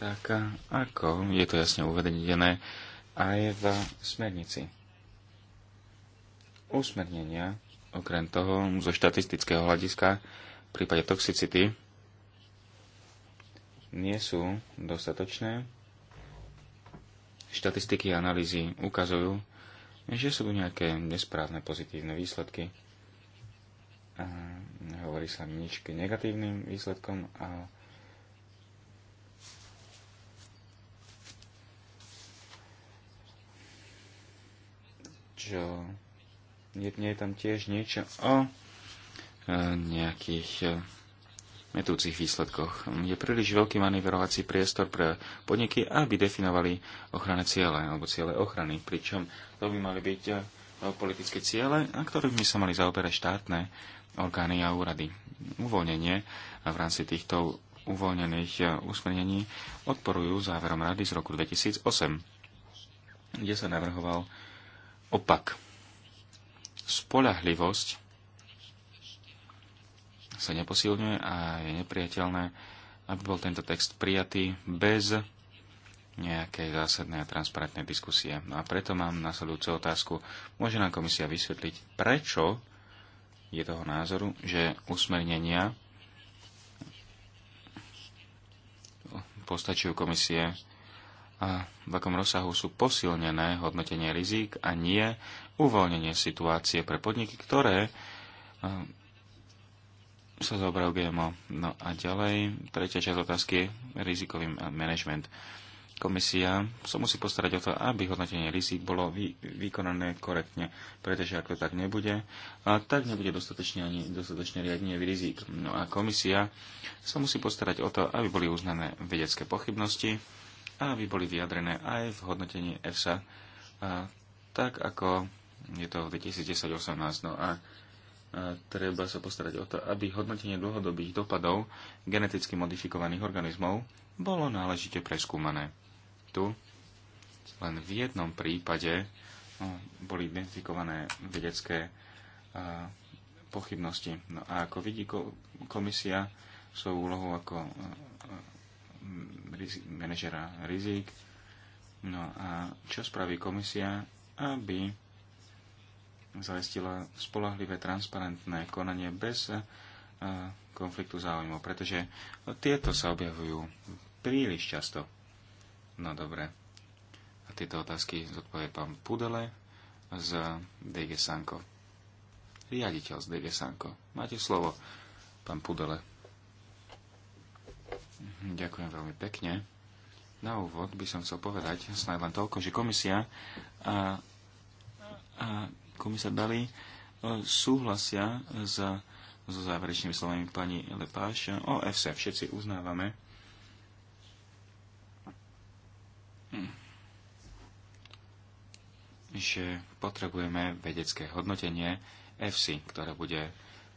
Tak ako je to jasne uvedené aj v smernici. Usmernenia, okrem toho, zo štatistického hľadiska, v prípade toxicity, nie sú dostatočné štatistiky a analýzy ukazujú, že sú tu nejaké nesprávne pozitívne výsledky. A hovorí sa nič k negatívnym výsledkom a čo nie, nie je tam tiež niečo o e, nejakých e, metúcich výsledkoch. Je príliš veľký manevrovací priestor pre podniky, aby definovali ochranné ciele alebo ciele ochrany, pričom to by mali byť eh, politické ciele, na ktorých by sa mali zaoberať štátne orgány a úrady. Uvoľnenie v rámci týchto uvoľnených eh, usmernení odporujú záverom rady z roku 2008, kde sa navrhoval opak. Spolahlivosť sa neposilňuje a je nepriateľné, aby bol tento text prijatý bez nejakej zásadnej a transparentnej diskusie. No a preto mám nasledujúcu otázku. Môže nám komisia vysvetliť, prečo je toho názoru, že usmernenia postačujú komisie a v akom rozsahu sú posilnené hodnotenie rizík a nie uvoľnenie situácie pre podniky, ktoré sa zaoberajú GMO. No a ďalej, tretia časť otázky je rizikový management. Komisia sa musí postarať o to, aby hodnotenie rizik bolo vy, vykonané korektne, pretože ak to tak nebude, a tak nebude dostatočne ani dostatočne riadenie rizik. No a komisia sa musí postarať o to, aby boli uznané vedecké pochybnosti a aby boli vyjadrené aj v hodnotení EFSA, a tak ako je to v 2018. No a treba sa postarať o to, aby hodnotenie dlhodobých dopadov geneticky modifikovaných organizmov bolo náležite preskúmané. Tu len v jednom prípade no, boli identifikované vedecké a, pochybnosti. No a ako vidí komisia svoju úlohu ako manažera rizik, no a čo spraví komisia, aby zaistila spolahlivé, transparentné konanie bez eh, konfliktu záujmov, pretože tieto sa objavujú príliš často. No dobre. A tieto otázky zodpovie pán Pudele z DG Sanko. Riaditeľ z DG Sanko. Máte slovo, pán Pudele. Ďakujem veľmi pekne. Na úvod by som chcel povedať snáď len toľko, že komisia a, a komisár Dali e, súhlasia s, so záverečnými slovami pani Lepáš o FC. Všetci uznávame. Hm. že potrebujeme vedecké hodnotenie FC, ktoré bude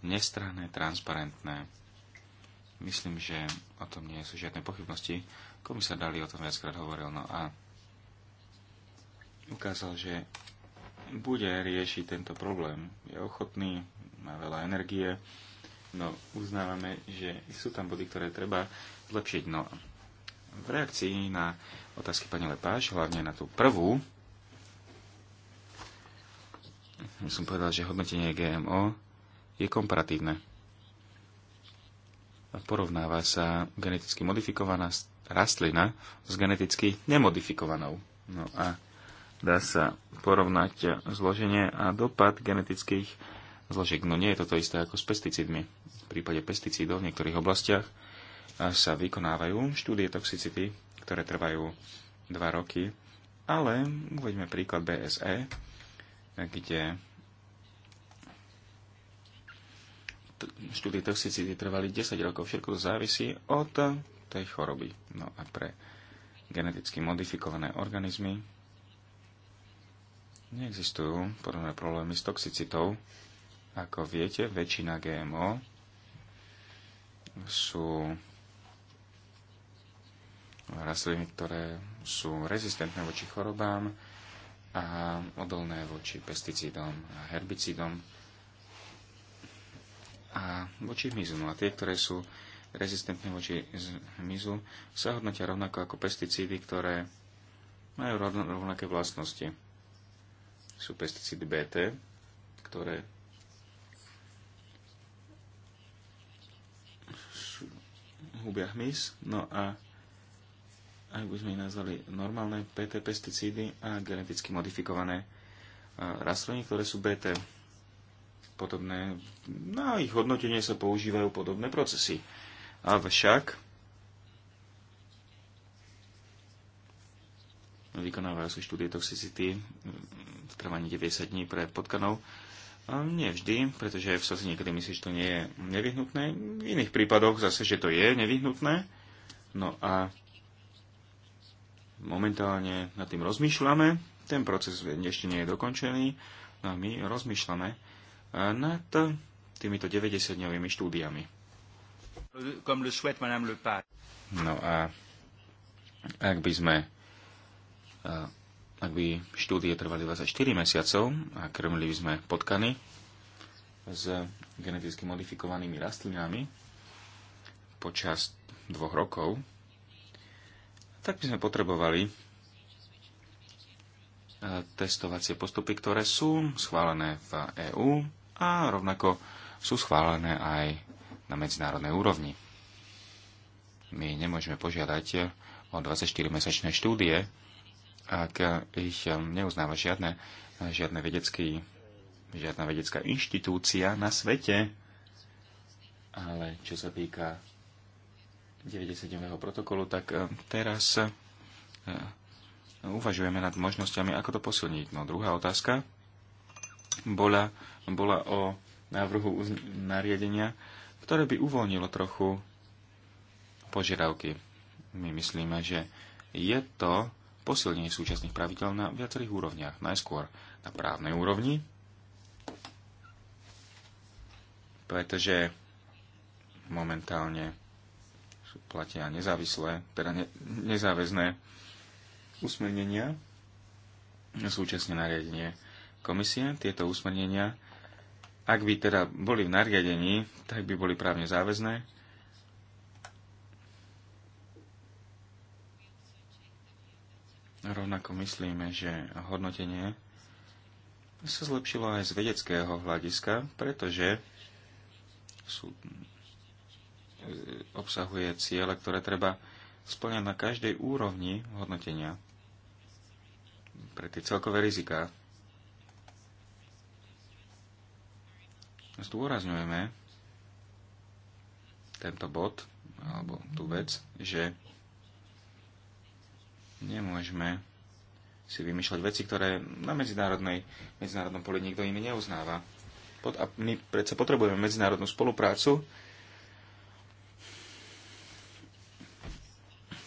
nestranné, transparentné. Myslím, že o tom nie sú žiadne pochybnosti. Komisár Dali o tom viackrát hovoril. No a ukázal, že bude riešiť tento problém. Je ochotný, má veľa energie, no uznávame, že sú tam body, ktoré treba zlepšiť. No v reakcii na otázky pani Lepáš, hlavne na tú prvú, som povedal, že hodnotenie GMO je komparatívne. Porovnáva sa geneticky modifikovaná rastlina s geneticky nemodifikovanou. No a Dá sa porovnať zloženie a dopad genetických zložiek. No nie je toto isté ako s pesticídmi. V prípade pesticídov v niektorých oblastiach sa vykonávajú štúdie toxicity, ktoré trvajú 2 roky, ale uvedme príklad BSE, kde štúdie toxicity trvali 10 rokov. Všetko to závisí od tej choroby. No a pre geneticky modifikované organizmy neexistujú podobné problémy s toxicitou. Ako viete, väčšina GMO sú rastliny, ktoré sú rezistentné voči chorobám a odolné voči pesticídom a herbicídom a voči hmyzu. No a tie, ktoré sú rezistentné voči hmyzu, sa hodnotia rovnako ako pesticídy, ktoré majú rovnaké vlastnosti sú pesticídy BT, ktoré sú hubia hmyz. No a aj by sme ich nazvali normálne PT pesticídy a geneticky modifikované rastliny, ktoré sú BT podobné. Na ich hodnotenie sa používajú podobné procesy. Avšak vykonávajú sa štúdie toxicity trvanie 90 dní pred potkanou. Nie vždy, pretože v si niekedy myslíš, že to nie je nevyhnutné. V iných prípadoch zase, že to je nevyhnutné. No a momentálne nad tým rozmýšľame. Ten proces ešte nie je dokončený. No a my rozmýšľame e, nad týmito 90-dňovými štúdiami. No a ak by sme e, ak by štúdie trvali 24 mesiacov a krmili by sme potkany s geneticky modifikovanými rastlinami počas dvoch rokov, tak by sme potrebovali eh, testovacie postupy, ktoré sú schválené v EÚ a rovnako sú schválené aj na medzinárodnej úrovni. My nemôžeme požiadať o 24-mesačné štúdie, ak ich um, neuznáva žiadne, žiadne vedecký, žiadna vedecká inštitúcia na svete, ale čo sa týka 97. protokolu, tak um, teraz uh, uvažujeme nad možnosťami, ako to posilniť. No druhá otázka bola, bola o návrhu nariadenia, ktoré by uvoľnilo trochu požiadavky. My myslíme, že je to posilnenie súčasných pravidel na viacerých úrovniach. Najskôr na právnej úrovni, pretože momentálne sú platia nezávislé, teda ne, nezáväzné usmernenia, súčasne nariadenie komisie. Tieto usmernenia, ak by teda boli v nariadení, tak by boli právne záväzné Rovnako myslíme, že hodnotenie sa zlepšilo aj z vedeckého hľadiska, pretože sú, e, obsahuje ciele, ktoré treba splňať na každej úrovni hodnotenia pre tie celkové riziká. Zdôrazňujeme tento bod, alebo tú vec, že Nemôžeme si vymýšľať veci, ktoré na medzinárodnej, medzinárodnom poli nikto iný neuznáva. Pod, a my predsa potrebujeme medzinárodnú spoluprácu,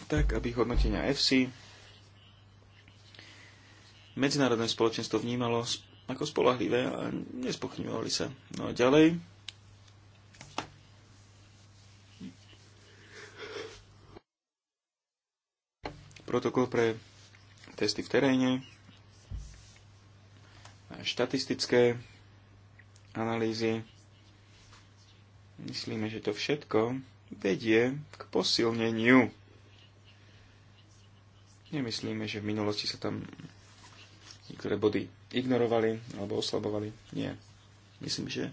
tak, aby hodnotenia FC medzinárodné spoločenstvo vnímalo ako spolahlivé a nespochňovali sa. No a ďalej, protokol pre testy v teréne, štatistické analýzy. Myslíme, že to všetko vedie k posilneniu. Nemyslíme, že v minulosti sa tam niektoré body ignorovali alebo oslabovali. Nie. Myslím, že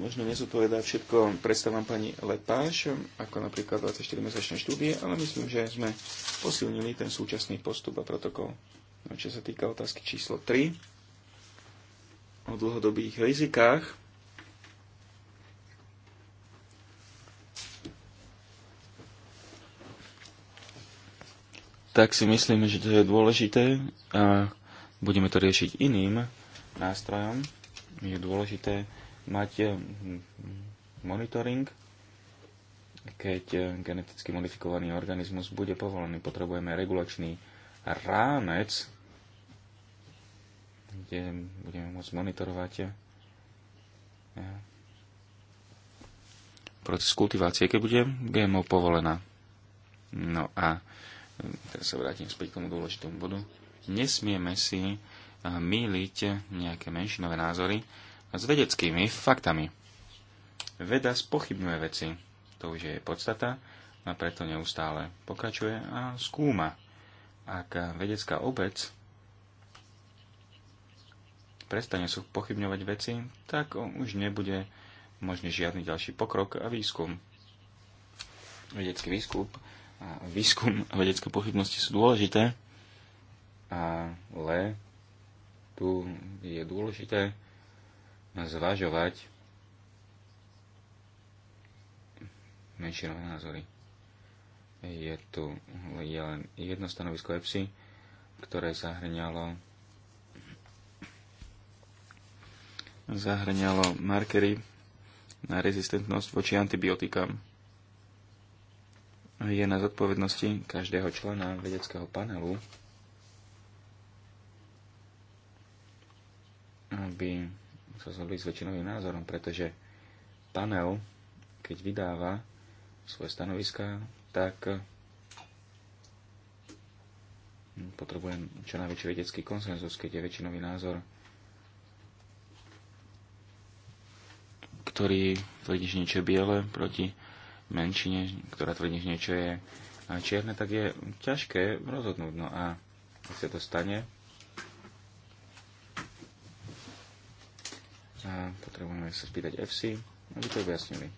možno nezodpovedá všetko predstavám pani Lepáš, ako napríklad 24-mesačné štúdie, ale myslím, že sme posilnili ten súčasný postup a protokol. No, čo sa týka otázky číslo 3 o dlhodobých rizikách, tak si myslíme, že to je dôležité a budeme to riešiť iným nástrojom. Je dôležité mať eh, monitoring, keď eh, geneticky modifikovaný organizmus bude povolený. Potrebujeme regulačný rámec, kde budeme môcť monitorovať eh, proces kultivácie, keď bude GMO povolená. No a teraz sa vrátim späť k tomu dôležitému bodu. Nesmieme si míliť nejaké menšinové názory, s vedeckými faktami. Veda spochybňuje veci, to už je podstata, a preto neustále pokračuje a skúma. Ak vedecká obec prestane sú pochybňovať veci, tak už nebude možný žiadny ďalší pokrok a výskum. Vedecký výskum a výskum a vedecké pochybnosti sú dôležité, ale tu je dôležité zvažovať menšinové názory. Je tu je len jedno stanovisko EPSI, ktoré zahrňalo zahrňalo markery na rezistentnosť voči antibiotikám. Je na zodpovednosti každého člena vedeckého panelu, aby sa zhodli s väčšinovým názorom, pretože panel, keď vydáva svoje stanoviská, tak hm, potrebujem čo najväčší vedecký konsenzus, keď je väčšinový názor, ktorý tvrdí, že niečo je biele proti menšine, ktorá tvrdí, že niečo je čierne, tak je ťažké rozhodnúť. No a ak sa to stane, A potrebujeme sa spýtať FC, aby to objasnili.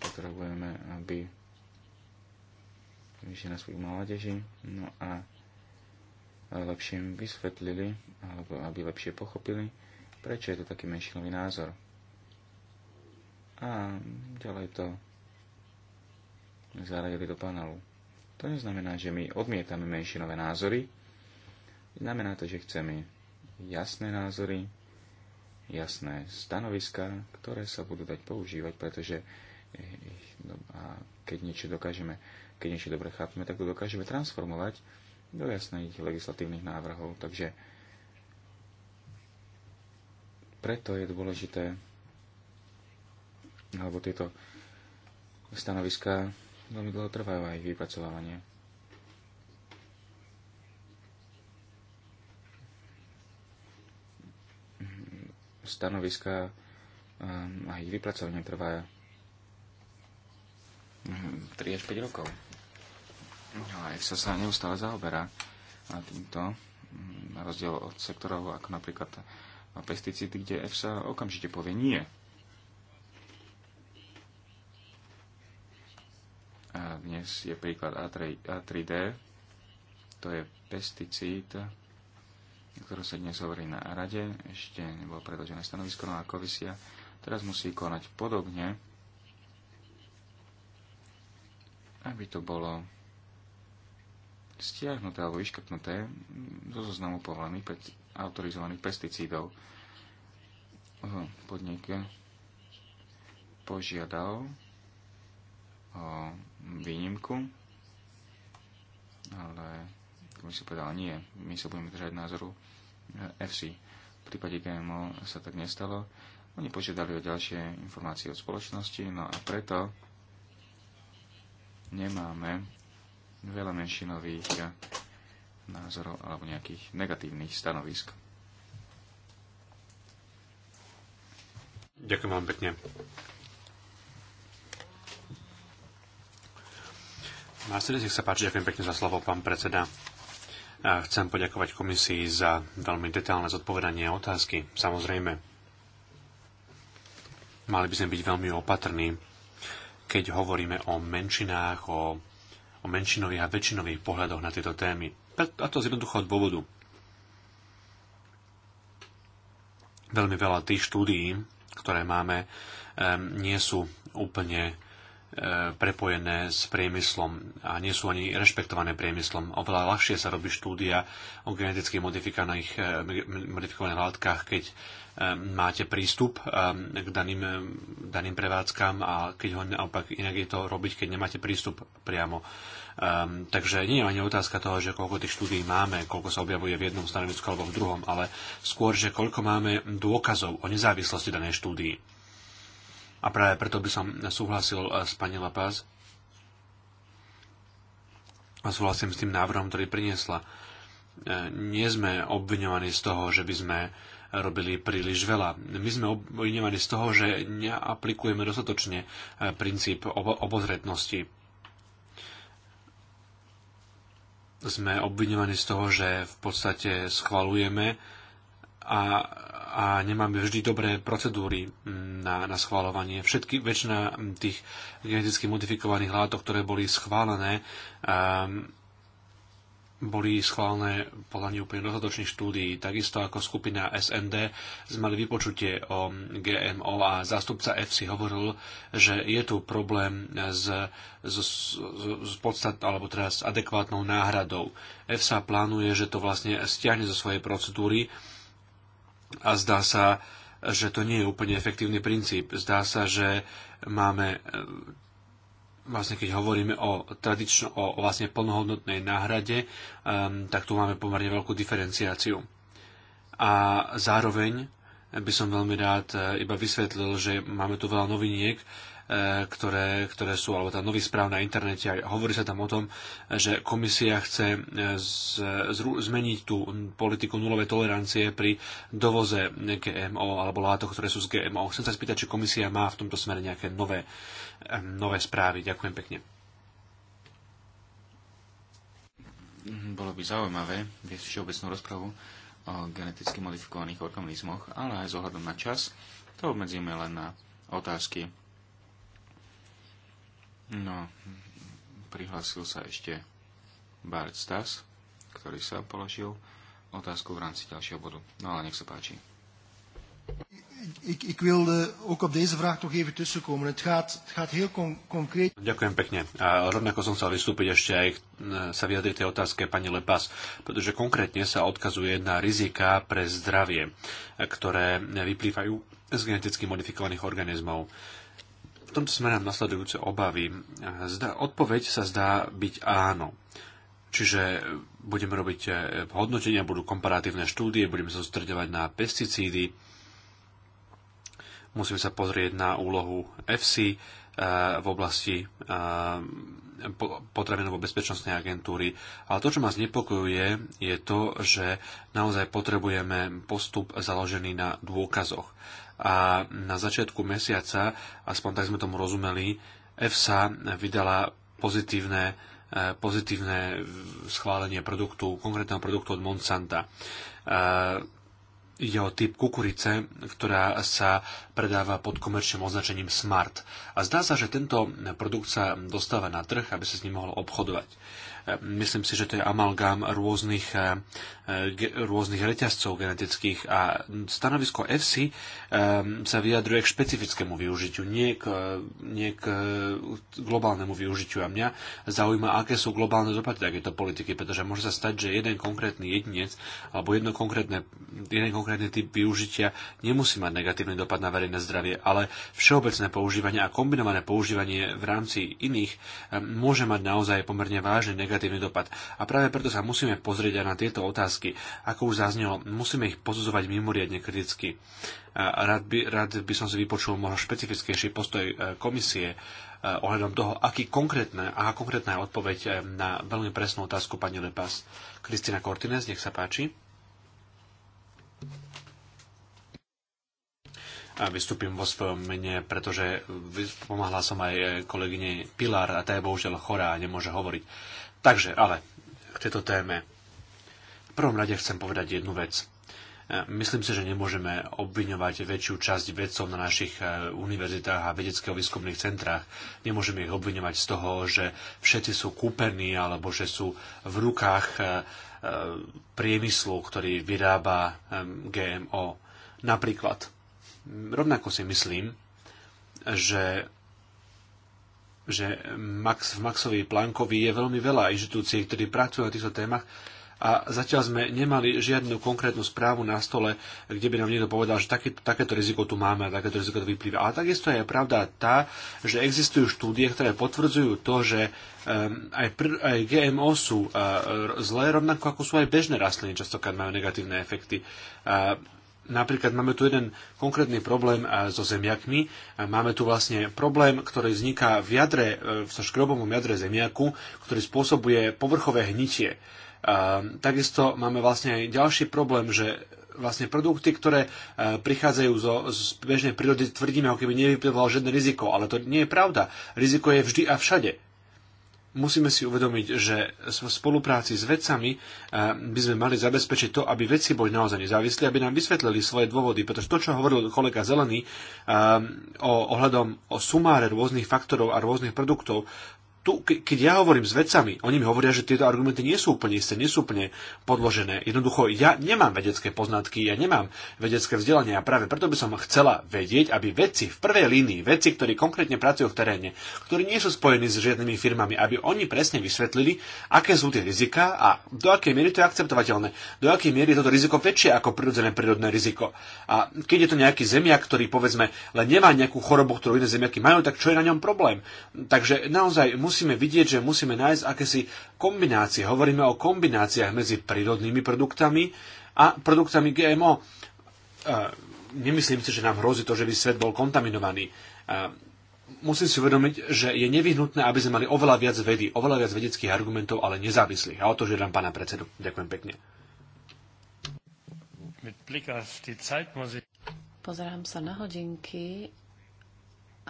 Potrebujeme, aby vyšli na svojich mládeži, no a lepšie im vysvetlili, alebo aby lepšie pochopili, prečo je to taký menšinový názor. A ďalej to zaradili do panelu. To neznamená, že my odmietame menšinové názory, znamená to, že chceme jasné názory, jasné stanoviská, ktoré sa budú dať používať, pretože eh, no, a keď niečo dokážeme, keď niečo dobre chápeme, tak to dokážeme transformovať do jasných legislatívnych návrhov. Takže preto je dôležité, alebo tieto stanoviská veľmi dlho trvajú aj vypracovávanie. stanoviska um, a ich vypracovanie trvá 3 um, až 5 rokov. No a EFSA sa neustále zaoberá týmto, um, na rozdiel od sektorov ako napríklad pesticídy, kde EFSA okamžite povie nie. A dnes je príklad A3, A3D, to je pesticíd, ktorú sa dnes hovorí na rade, ešte nebolo predložené stanovisko, no komisia teraz musí konať podobne, aby to bolo stiahnuté alebo vyškrtnuté zo zoznamu povolených autorizovaných pesticídov. Podnik požiadal o výnimku, ale komisia povedala nie, my sa budeme držať názoru eh, FC. V prípade GMO sa tak nestalo. Oni požiadali o ďalšie informácie od spoločnosti, no a preto nemáme veľa menšinových názorov alebo nejakých negatívnych stanovisk. Ďakujem vám pekne. Následne, nech sa páči, ďakujem pekne za slovo, pán predseda. A chcem poďakovať komisii za veľmi detálne zodpovedanie a otázky. Samozrejme, mali by sme byť veľmi opatrní, keď hovoríme o menšinách, o, o menšinových a väčšinových pohľadoch na tieto témy. A to z jednoduchého dôvodu. Veľmi veľa tých štúdií, ktoré máme, nie sú úplne E, prepojené s priemyslom a nie sú ani rešpektované priemyslom. Oveľa ľahšie sa robí štúdia o geneticky modifikovaných, e, modifikovaných látkach, keď e, máte prístup k daným, daným prevádzkam a keď ho naopak inak je to robiť, keď nemáte prístup priamo. Um, takže nie je ani otázka toho, že koľko tých štúdií máme, koľko sa objavuje v jednom stanovisku alebo v druhom, ale skôr, že koľko máme dôkazov o nezávislosti danej štúdii. A práve preto by som súhlasil eh, s pani Lapaz a súhlasím s tým návrhom, ktorý priniesla. Eh, nie sme obviňovaní z toho, že by sme robili príliš veľa. My sme obviňovaní z toho, že neaplikujeme dostatočne eh, princíp obozretnosti. Sme obviňovaní z toho, že v podstate schvalujeme a, a nemáme vždy dobré procedúry mm, na, na schváľovanie. Všetky, väčšina mm, tých geneticky modifikovaných látok, ktoré boli schválené, um, boli schválené podľa neúplne dostatočných štúdií. Takisto ako skupina SND sme mali vypočutie o mm, GMO a zástupca EFSI hovoril, že je tu problém s, s, s podstat, alebo teda s adekvátnou náhradou. EFSA plánuje, že to vlastne stiahne zo svojej procedúry a zdá sa, že to nie je úplne efektívny princíp. Zdá sa, že máme e, vlastne keď hovoríme o, tradično, o vlastne plnohodnotnej náhrade, um, tak tu máme pomerne veľkú diferenciáciu. A zároveň by som veľmi rád e, iba vysvetlil, že máme tu veľa noviniek, Eh, ktoré, ktoré sú, alebo tá nový správ na internete a hovorí sa tam o tom, že komisia chce eh, z, z, zmeniť tú politiku nulovej tolerancie pri dovoze GMO alebo látok, ktoré sú z GMO. Chcem sa spýtať, či komisia má v tomto smere nejaké nové, eh, nové správy. Ďakujem pekne. Mhm, bolo by zaujímavé viesť všeobecnú rozpravu o geneticky modifikovaných organizmoch, ale aj z ohľadom na čas to obmedzíme len na otázky No, prihlásil sa ešte Bart Stas, ktorý sa položil otázku v rámci ďalšieho bodu. No ale nech sa páči. Ik, ik wilde ook op deze vraag toch even tussenkomen. Het gaat, het gaat heel con concreet. Ďakujem pekne. A rovnako som chcel vystúpiť ešte aj e, sa vyjadriť tej otázke pani Lepas, pretože konkrétne sa odkazuje na rizika pre zdravie, e, ktoré vyplývajú z geneticky modifikovaných organizmov tomto smere nasledujúce obavy. Zda, odpoveď sa zdá byť áno. Čiže budeme robiť eh, hodnotenia, budú komparatívne štúdie, budeme sa sústredovať na pesticídy, musíme sa pozrieť na úlohu FC eh, v oblasti eh, potravinovo bezpečnostnej agentúry. Ale to, čo ma znepokojuje, je to, že naozaj potrebujeme postup založený na dôkazoch a na začiatku mesiaca, aspoň tak sme tomu rozumeli, EFSA vydala pozitívne, e, pozitívne schválenie produktu, konkrétneho produktu od Monsanta. E, ide o typ kukurice, ktorá sa predáva pod komerčným označením Smart. A zdá sa, že tento produkt sa dostáva na trh, aby sa s ním mohlo obchodovať. Myslím si, že to je amalgám rôznych, eh, rôznych reťazcov genetických a stanovisko FC eh, sa vyjadruje k špecifickému využitiu, nie k, nie k eh, globálnemu využitiu. A mňa zaujíma, aké sú globálne dopady takéto politiky, pretože môže sa stať, že jeden konkrétny jedinec alebo jedno konkrétne, jeden konkrétny typ využitia nemusí mať negatívny dopad na verejné zdravie, ale všeobecné používanie a kombinované používanie v rámci iných môže mať naozaj pomerne vážny negatívny negatívny dopad. A práve preto sa musíme pozrieť aj na tieto otázky. Ako už zaznelo, musíme ich posudzovať mimoriadne kriticky. Rád by, rád by som si vypočul možno špecifickejší postoj e, komisie e, ohľadom toho, aký konkrétne, aká konkrétna je odpoveď e, na veľmi presnú otázku pani Lepas. Kristina Cortines, nech sa páči. A vystúpim vo svojom mene, pretože pomáhala som aj kolegyne Pilar a tá je bohužiaľ chorá a nemôže hovoriť. Takže, ale k tejto téme. V prvom rade chcem povedať jednu vec. E, myslím si, že nemôžeme obviňovať väčšiu časť vedcov na našich e, univerzitách a vedeckého-výskumných centrách. Nemôžeme ich obviňovať z toho, že všetci sú kúpení alebo že sú v rukách e, priemyslu, ktorý vyrába GMO. Napríklad, rovnako si myslím, že že Max, v Maxovi Plankovi je veľmi veľa inštitúcií, ktorí pracujú na týchto témach a zatiaľ sme nemali žiadnu konkrétnu správu na stole, kde by nám niekto povedal, že také, takéto riziko tu máme a takéto riziko tu vyplýva. Ale takisto je pravda tá, že existujú štúdie, ktoré potvrdzujú to, že um, aj, pr- aj GMO sú uh, zlé, rovnako ako sú aj bežné rastliny, častokrát majú negatívne efekty. Uh, Napríklad máme tu jeden konkrétny problém e, so zemiakmi. E, máme tu vlastne problém, ktorý vzniká v jadre, e, v škrobovom jadre zemiaku, ktorý spôsobuje povrchové hnitie. Takisto máme vlastne aj ďalší problém, že vlastne produkty, ktoré prichádzajú zo, z bežnej prírody, tvrdíme, ako keby nevyplývalo žiadne riziko, ale to nie je pravda. Riziko je vždy a všade musíme si uvedomiť, že v spolupráci s vedcami eh, by sme mali zabezpečiť to, aby vedci boli naozaj nezávislí, aby nám vysvetlili svoje dôvody, pretože to, čo hovoril kolega Zelený eh, o, ohľadom o sumáre rôznych faktorov a rôznych produktov, tu, keď ja hovorím s vedcami, oni mi hovoria, že tieto argumenty nie sú úplne isté, nie sú úplne podložené. Jednoducho, ja nemám vedecké poznatky, ja nemám vedecké vzdelanie a práve preto by som chcela vedieť, aby vedci v prvej línii, vedci, ktorí konkrétne pracujú v teréne, ktorí nie sú spojení s žiadnymi firmami, aby oni presne vysvetlili, aké sú tie rizika a do akej miery to je akceptovateľné, do akej miery je toto riziko väčšie ako prirodzené prírodné riziko. A keď je to nejaký zemiak, ktorý povedzme len nemá nejakú chorobu, ktorú iné zemiaky majú, tak čo je na ňom problém? Takže naozaj musí musíme vidieť, že musíme nájsť akési kombinácie. Hovoríme o kombináciách medzi prírodnými produktami a produktami GMO. E, nemyslím si, že nám hrozí to, že by svet bol kontaminovaný e, musím si uvedomiť, že je nevyhnutné, aby sme mali oveľa viac vedy, oveľa viac vedeckých argumentov, ale nezávislých. A o to žiadam pána predsedu. Ďakujem pekne. Pozerám sa na hodinky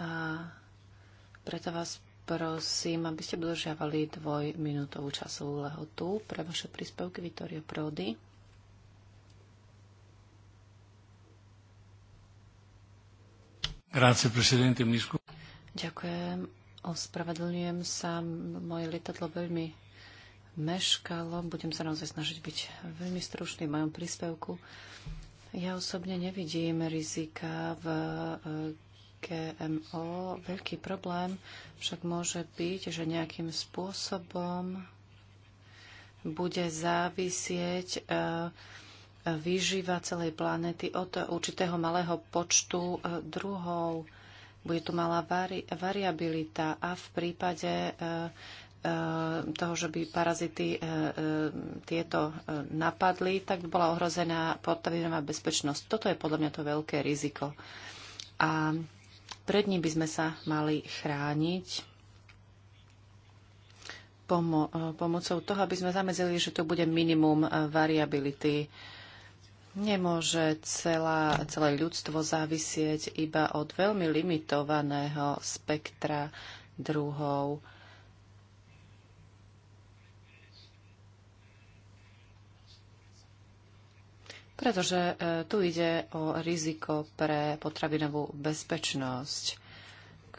a preto vás Prosím, aby ste dodržiavali dvojminútovú časovú lehotu pre vaše príspevky Vittorio Prodi. Grazie, presidente, misku. Ďakujem. Ospravedlňujem sa. Moje lietadlo veľmi meškalo. Budem sa naozaj snažiť byť veľmi stručný v mojom príspevku. Ja osobne nevidím rizika v e, GMO. Veľký problém však môže byť, že nejakým spôsobom bude závisieť e, výživa celej planéty od určitého malého počtu e, druhov. Bude tu malá vari- variabilita a v prípade e, toho, že by parazity tieto napadli, tak by bola ohrozená potravinová bezpečnosť. Toto je podľa mňa to veľké riziko. A pred ním by sme sa mali chrániť pomo- eh, pomocou toho, aby sme zamedzili, že to bude minimum eh, variability. Nemôže celá, celé ľudstvo závisieť iba od veľmi limitovaného spektra druhov pretože e, tu ide o riziko pre potravinovú bezpečnosť,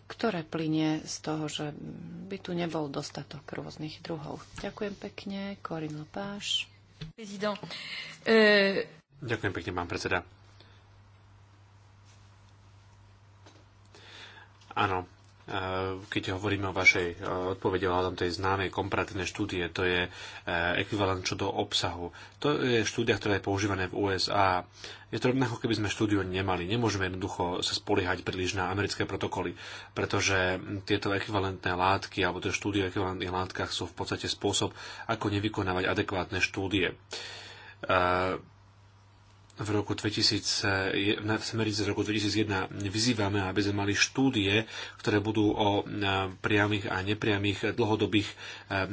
ktoré plinie z toho, že by tu nebol dostatok rôznych druhov. Ďakujem pekne, Korin Lopáš. E, Ďakujem pekne, pán predseda. Áno, keď hovoríme o vašej e, odpovede ohľadom tej známej komparatívnej štúdie, to je e, ekvivalent čo do obsahu. To je štúdia, ktorá je používaná v USA. Je to rovnako, keby sme štúdiu nemali. Nemôžeme jednoducho sa spoliehať príliš na americké protokoly, pretože tieto ekvivalentné látky alebo tie štúdie o ekvivalentných látkach sú v podstate spôsob, ako nevykonávať adekvátne štúdie. Uh, v roku 2000, v z roku 2001 vyzývame, aby sme mali štúdie, ktoré budú o e, priamých a nepriamých dlhodobých e,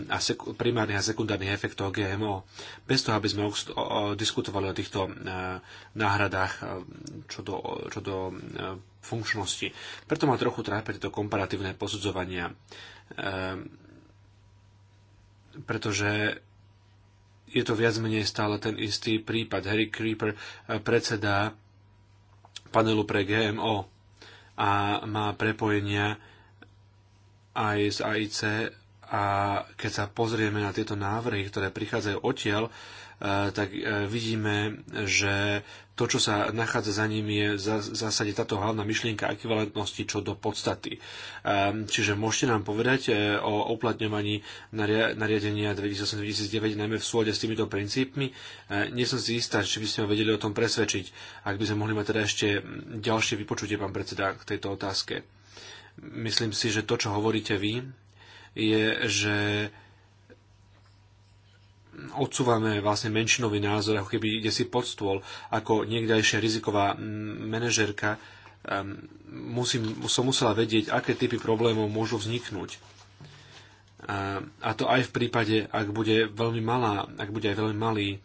a primárnych a sekundárnych efektoch GMO. Bez toho, aby sme diskutovali o týchto e, náhradách čo do, čo do funkčnosti. Preto ma trochu trápia tieto komparatívne posudzovania. Pretože je to viac menej stále ten istý prípad. Harry Creeper eh, predsedá panelu pre GMO a má prepojenia aj z AIC a keď sa pozrieme na tieto návrhy, ktoré prichádzajú odtiaľ, tak e, vidíme, že to, čo sa nachádza za ním, je v zásade táto hlavná myšlienka ekvivalentnosti čo do podstaty. E, čiže môžete nám povedať e, o uplatňovaní nariadenia 2008-2009 najmä v súlade s týmito princípmi. Nie som si istá, či by ste ma vedeli o tom presvedčiť, ak by sme mohli mať teda ešte ďalšie vypočutie, pán predseda, k tejto otázke. Myslím si, že to, čo hovoríte vy, je, že odsúvame vlastne menšinový názor, ako keby ide si pod stôl, ako niekdajšia riziková manažerka, musím, som musela vedieť, aké typy problémov môžu vzniknúť. A, to aj v prípade, ak bude veľmi malá, ak bude aj veľmi malý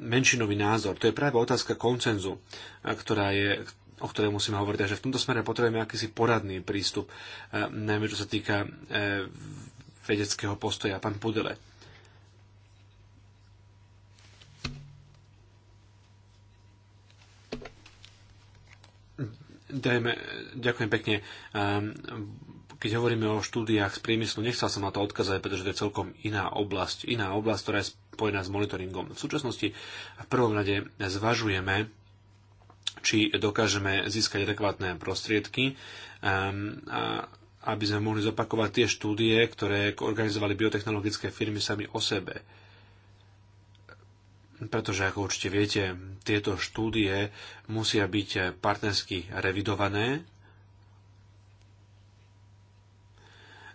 menšinový názor. To je práve otázka koncenzu, ktorá je, o ktorej musíme hovoriť. Takže v tomto smere potrebujeme akýsi poradný prístup, najmä čo sa týka e, vedeckého postoja. Pán Pudele. Dajme, ďakujem pekne. Ehm, keď hovoríme o štúdiách z priemyslu, nechcel som na to odkazať, pretože to je celkom iná oblasť, iná oblasť, ktorá je spojená s monitoringom. V súčasnosti v prvom rade zvažujeme, či dokážeme získať adekvátne prostriedky, ehm, aby sme mohli zopakovať tie štúdie, ktoré organizovali biotechnologické firmy sami o sebe pretože ako určite viete, tieto štúdie musia byť partnersky revidované.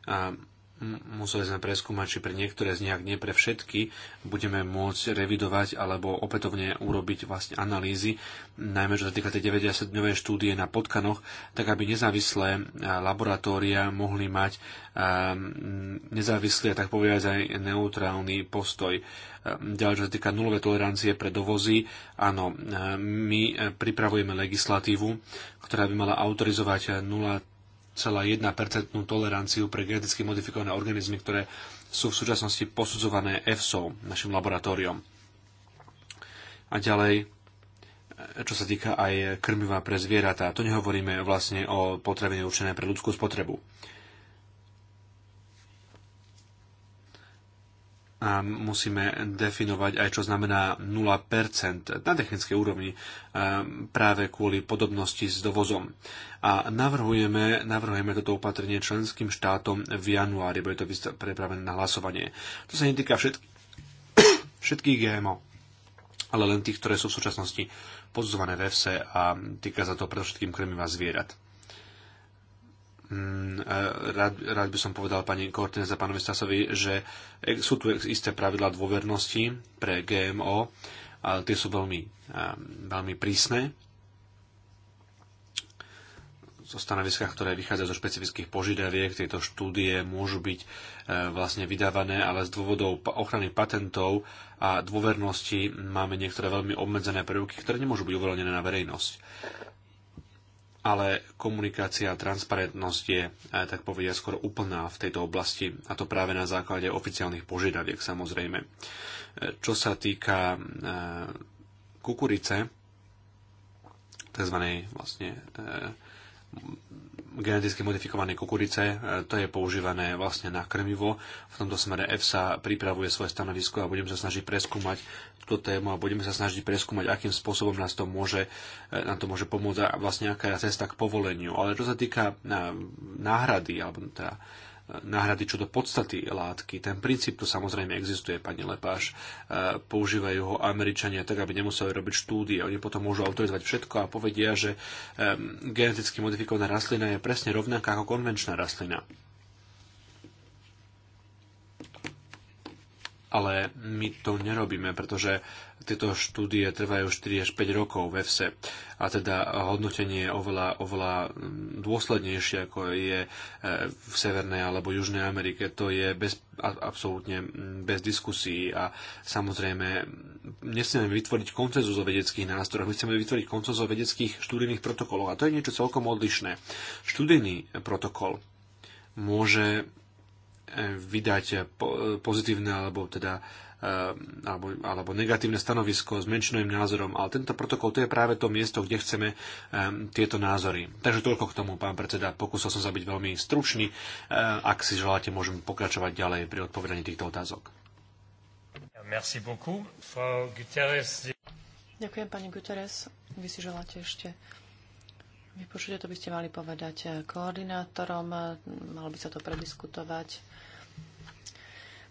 A museli sme preskúmať, či pre niektoré z nich, ak nie pre všetky, budeme môcť revidovať alebo opätovne urobiť vlastne analýzy, najmä čo sa týka tej 90-dňovej štúdie na potkanoch, tak aby nezávislé e, laboratória mohli mať e, nezávislý a tak povedať aj neutrálny postoj. E, ďalej, čo sa týka nulové tolerancie pre dovozy, áno, my pripravujeme legislatívu, ktorá by mala autorizovať 0 toleranciu pre geneticky modifikované organizmy, ktoré sú v súčasnosti posudzované EFSO, našim laboratóriom. A ďalej, e, čo sa týka aj krmiva pre zvieratá, to nehovoríme vlastne o potravine určené pre ľudskú spotrebu. a musíme definovať aj, čo znamená 0% na technickej úrovni e, práve kvôli podobnosti s dovozom. A navrhujeme, navrhujeme toto opatrenie členským štátom v januári, bude to prepravené na hlasovanie. To sa netýka všetk- [COUGHS] všetkých GMO, ale len tých, ktoré sú v súčasnosti pozvané v EFSE e a týka sa to predovšetkým krmiva zvierat. Mm, rád, rád by som povedal pani Kortene za pánovi Stasovi, že sú tu isté pravidlá dôvernosti pre GMO, ale tie sú veľmi, veľmi prísne zo stanoviska, ktoré vychádzajú zo špecifických požiadaviek tieto štúdie, môžu byť e, vlastne vydávané, ale z dôvodov ochrany patentov a dôvernosti máme niektoré veľmi obmedzené prvky, ktoré nemôžu byť uvoľnené na verejnosť ale komunikácia a transparentnosť je, eh, tak povedia, skoro úplná v tejto oblasti, a to práve na základe oficiálnych požiadaviek samozrejme. Eh, čo sa týka eh, kukurice, tzv. vlastne geneticky modifikovanej kukurice. E, to je používané vlastne na krmivo. V tomto smere EFSA pripravuje svoje stanovisko a budeme sa snažiť preskúmať túto tému a budeme sa snažiť preskúmať, akým spôsobom nás to môže, e, nám to môže pomôcť a vlastne aká je cesta k povoleniu. Ale čo sa týka e, náhrady, alebo teda náhrady čo do podstaty látky. Ten princíp tu samozrejme existuje, pani Lepáš. E, používajú ho Američania tak, aby nemuseli robiť štúdie. Oni potom môžu autorizovať všetko a povedia, že geneticky modifikovaná rastlina je presne rovnaká ako konvenčná rastlina. ale my to nerobíme, pretože tieto štúdie trvajú 4 až 5 rokov v EFSE a teda hodnotenie je oveľa, oveľa mm, dôslednejšie ako je e, v Severnej alebo Južnej Amerike. To je bez, absolútne mm, bez diskusí a samozrejme mm, nechceme vytvoriť koncenzus o vedeckých nástrojoch, my chceme vytvoriť koncenzus o vedeckých štúdijných protokoloch a to je niečo celkom odlišné. Študijný protokol môže vydať pozitívne alebo teda eh, alebo, alebo negatívne stanovisko s menšinovým názorom, ale tento protokol to je práve to miesto, kde chceme um, tieto názory. Takže toľko k tomu, pán predseda. Pokúsil som sa byť veľmi stručný. Eh, ak si želáte, môžem pokračovať ďalej pri odpovedaní týchto otázok. Merci beaucoup. Guterres. Ďakujem, pani Guterres. Vy si želáte ešte vypočuť, to by ste mali povedať koordinátorom. Malo by sa to prediskutovať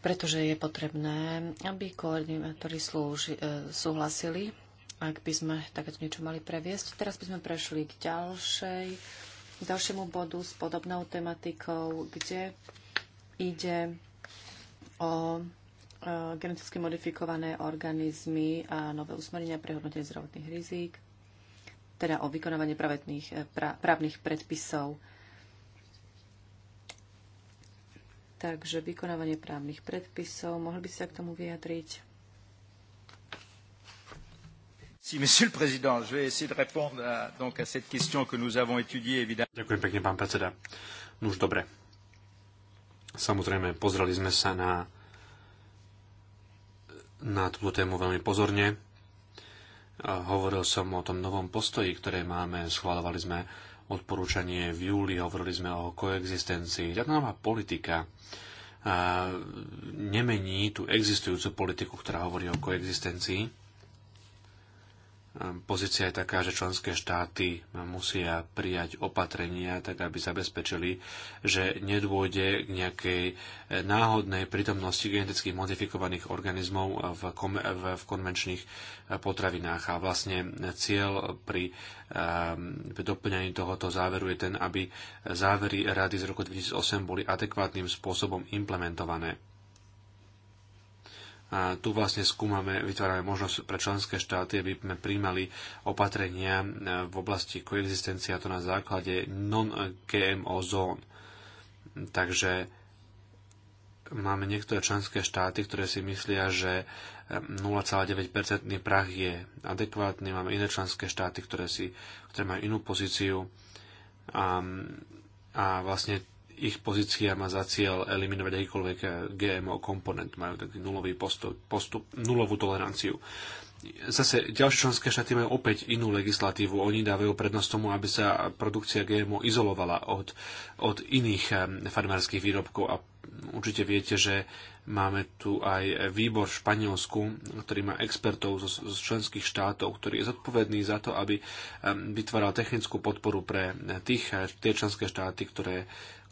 pretože je potrebné, aby koordinátori slúži, e, súhlasili, ak by sme takéto niečo mali previesť. Teraz by sme prešli k ďalšej, k ďalšiemu bodu s podobnou tematikou, kde ide o e, geneticky modifikované organizmy a nové usmerenia pre hodnotenie zdravotných rizík, teda o vykonávanie právnych, e, právnych predpisov Takže vykonávanie právnych predpisov. Mohli by sa k tomu vyjadriť? Ďakujem pekne, pán predseda. No už dobre. Samozrejme, pozreli sme sa na, na túto tému veľmi pozorne. Hovoril som o tom novom postoji, ktoré máme. Schválovali sme odporúčanie v júli, hovorili sme o koexistencii. Žiadna nová politika nemení tú existujúcu politiku, ktorá hovorí o koexistencii Ehm, pozícia je taká, že členské štáty musia prijať opatrenia, tak aby zabezpečili, že nedôjde k nejakej eh, náhodnej prítomnosti geneticky modifikovaných organizmov v, kom- v konvenčných eh, potravinách. A vlastne cieľ ehm, pri doplňaní tohoto záveru je ten, aby závery rady z roku 2008 boli adekvátnym spôsobom implementované. A tu vlastne skúmame, vytvárame možnosť pre členské štáty, aby sme príjmali opatrenia e, v oblasti koexistencia to na základe non-GMO zón. Takže máme niektoré členské štáty, ktoré si myslia, že 0,9% e, prach je adekvátny, máme iné členské štáty, ktoré, si, ktoré majú inú pozíciu a, a vlastne ich pozícia má za cieľ eliminovať akýkoľvek GMO komponent, majú taký nulový postup, postup nulovú toleranciu. Zase ďalšie členské štáty majú opäť inú legislatívu. Oni dávajú prednosť tomu, aby sa produkcia GMO izolovala od, od iných farmárskych výrobkov a určite viete, že Máme tu aj výbor v Španielsku, ktorý má expertov zo členských štátov, ktorý je zodpovedný za to, aby vytváral technickú podporu pre tých, tie členské štáty, ktoré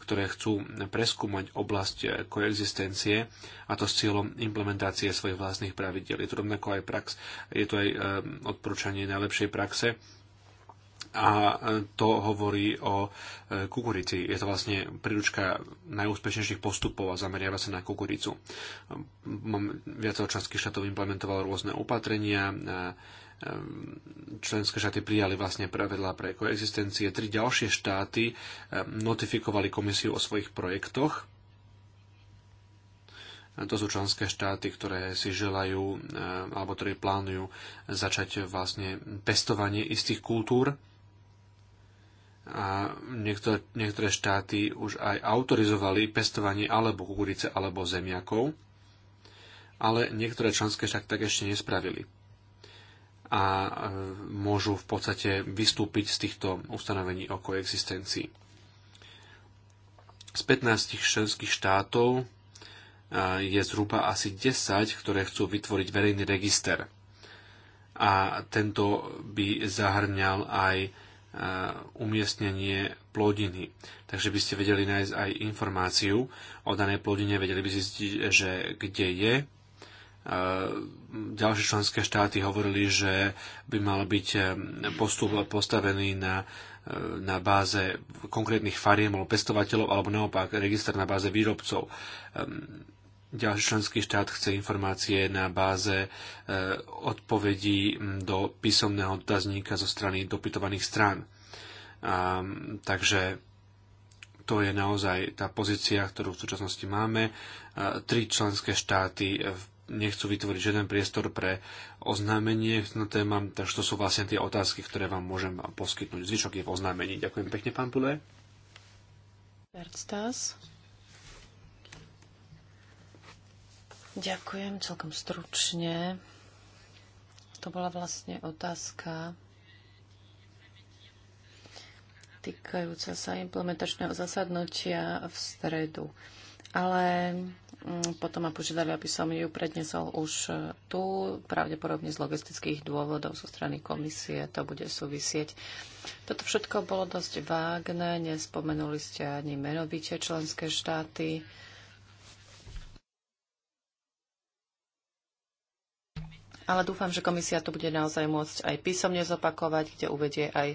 ktoré chcú preskúmať oblasť eh, koexistencie a to s cieľom implementácie svojich vlastných pravidel. Je to rovnako aj prax, je to aj eh, odporúčanie najlepšej praxe a eh, to hovorí o kukurici. Je to vlastne príručka najúspešnejších postupov a zameriava sa na kukuricu. Viacero členských štátov implementovalo rôzne opatrenia, Ehm, členské štáty prijali vlastne pravidlá pre koexistencie. Tri ďalšie štáty ehm, notifikovali komisiu o svojich projektoch. To sú členské štáty, ktoré si želajú ehm, alebo ktoré plánujú začať vlastne pestovanie istých kultúr. A niektoré, niektoré štáty už aj autorizovali pestovanie alebo kukurice alebo zemiakov, ale niektoré členské štáty tak ešte nespravili a e, môžu v podstate vystúpiť z týchto ustanovení o koexistencii. Z 15 členských štátov e, je zhruba asi 10, ktoré chcú vytvoriť verejný register. A tento by zahrňal aj e, umiestnenie plodiny. Takže by ste vedeli nájsť aj informáciu o danej plodine, vedeli by zistiť, že kde je, Ehm, ďalšie členské štáty hovorili, že by mal byť ehm, postup postavený na, ehm, na báze konkrétnych fariem alebo pestovateľov, alebo naopak register na báze výrobcov. Ďalší členský štát chce informácie na báze odpovedí do písomného dotazníka zo strany dopytovaných strán. A, takže to je naozaj tá pozícia, ktorú v súčasnosti máme. Tri členské štáty v nechcú vytvoriť žiaden priestor pre oznámenie na téma, takže to sú vlastne tie otázky, ktoré vám môžem poskytnúť. Zvyšok je v oznámení. Ďakujem pekne, pán Pule. Ďakujem celkom stručne. To bola vlastne otázka týkajúca sa implementačného zasadnutia v stredu ale mm, potom ma požiadali, aby som ju prednesol už e, tu, pravdepodobne z logistických dôvodov zo strany komisie to bude súvisieť. Toto všetko bolo dosť vágne, nespomenuli ste ani menovite členské štáty. Ale dúfam, že komisia to bude naozaj môcť aj písomne zopakovať, kde uvedie aj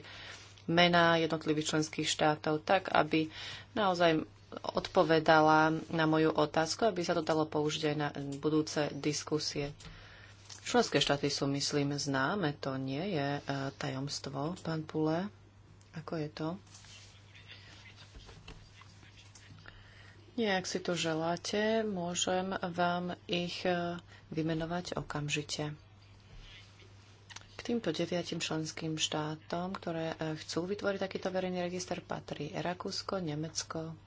mená jednotlivých členských štátov, tak aby naozaj odpovedala na moju otázku, aby sa to dalo použiť aj na budúce diskusie. Členské štáty sú, myslím, známe, to nie je e, tajomstvo, pán Pule. Ako je to? Nie, ak si to želáte, môžem vám ich e, vymenovať okamžite. K týmto deviatim členským štátom, ktoré e, chcú vytvoriť takýto verejný register, patrí Rakúsko, Nemecko,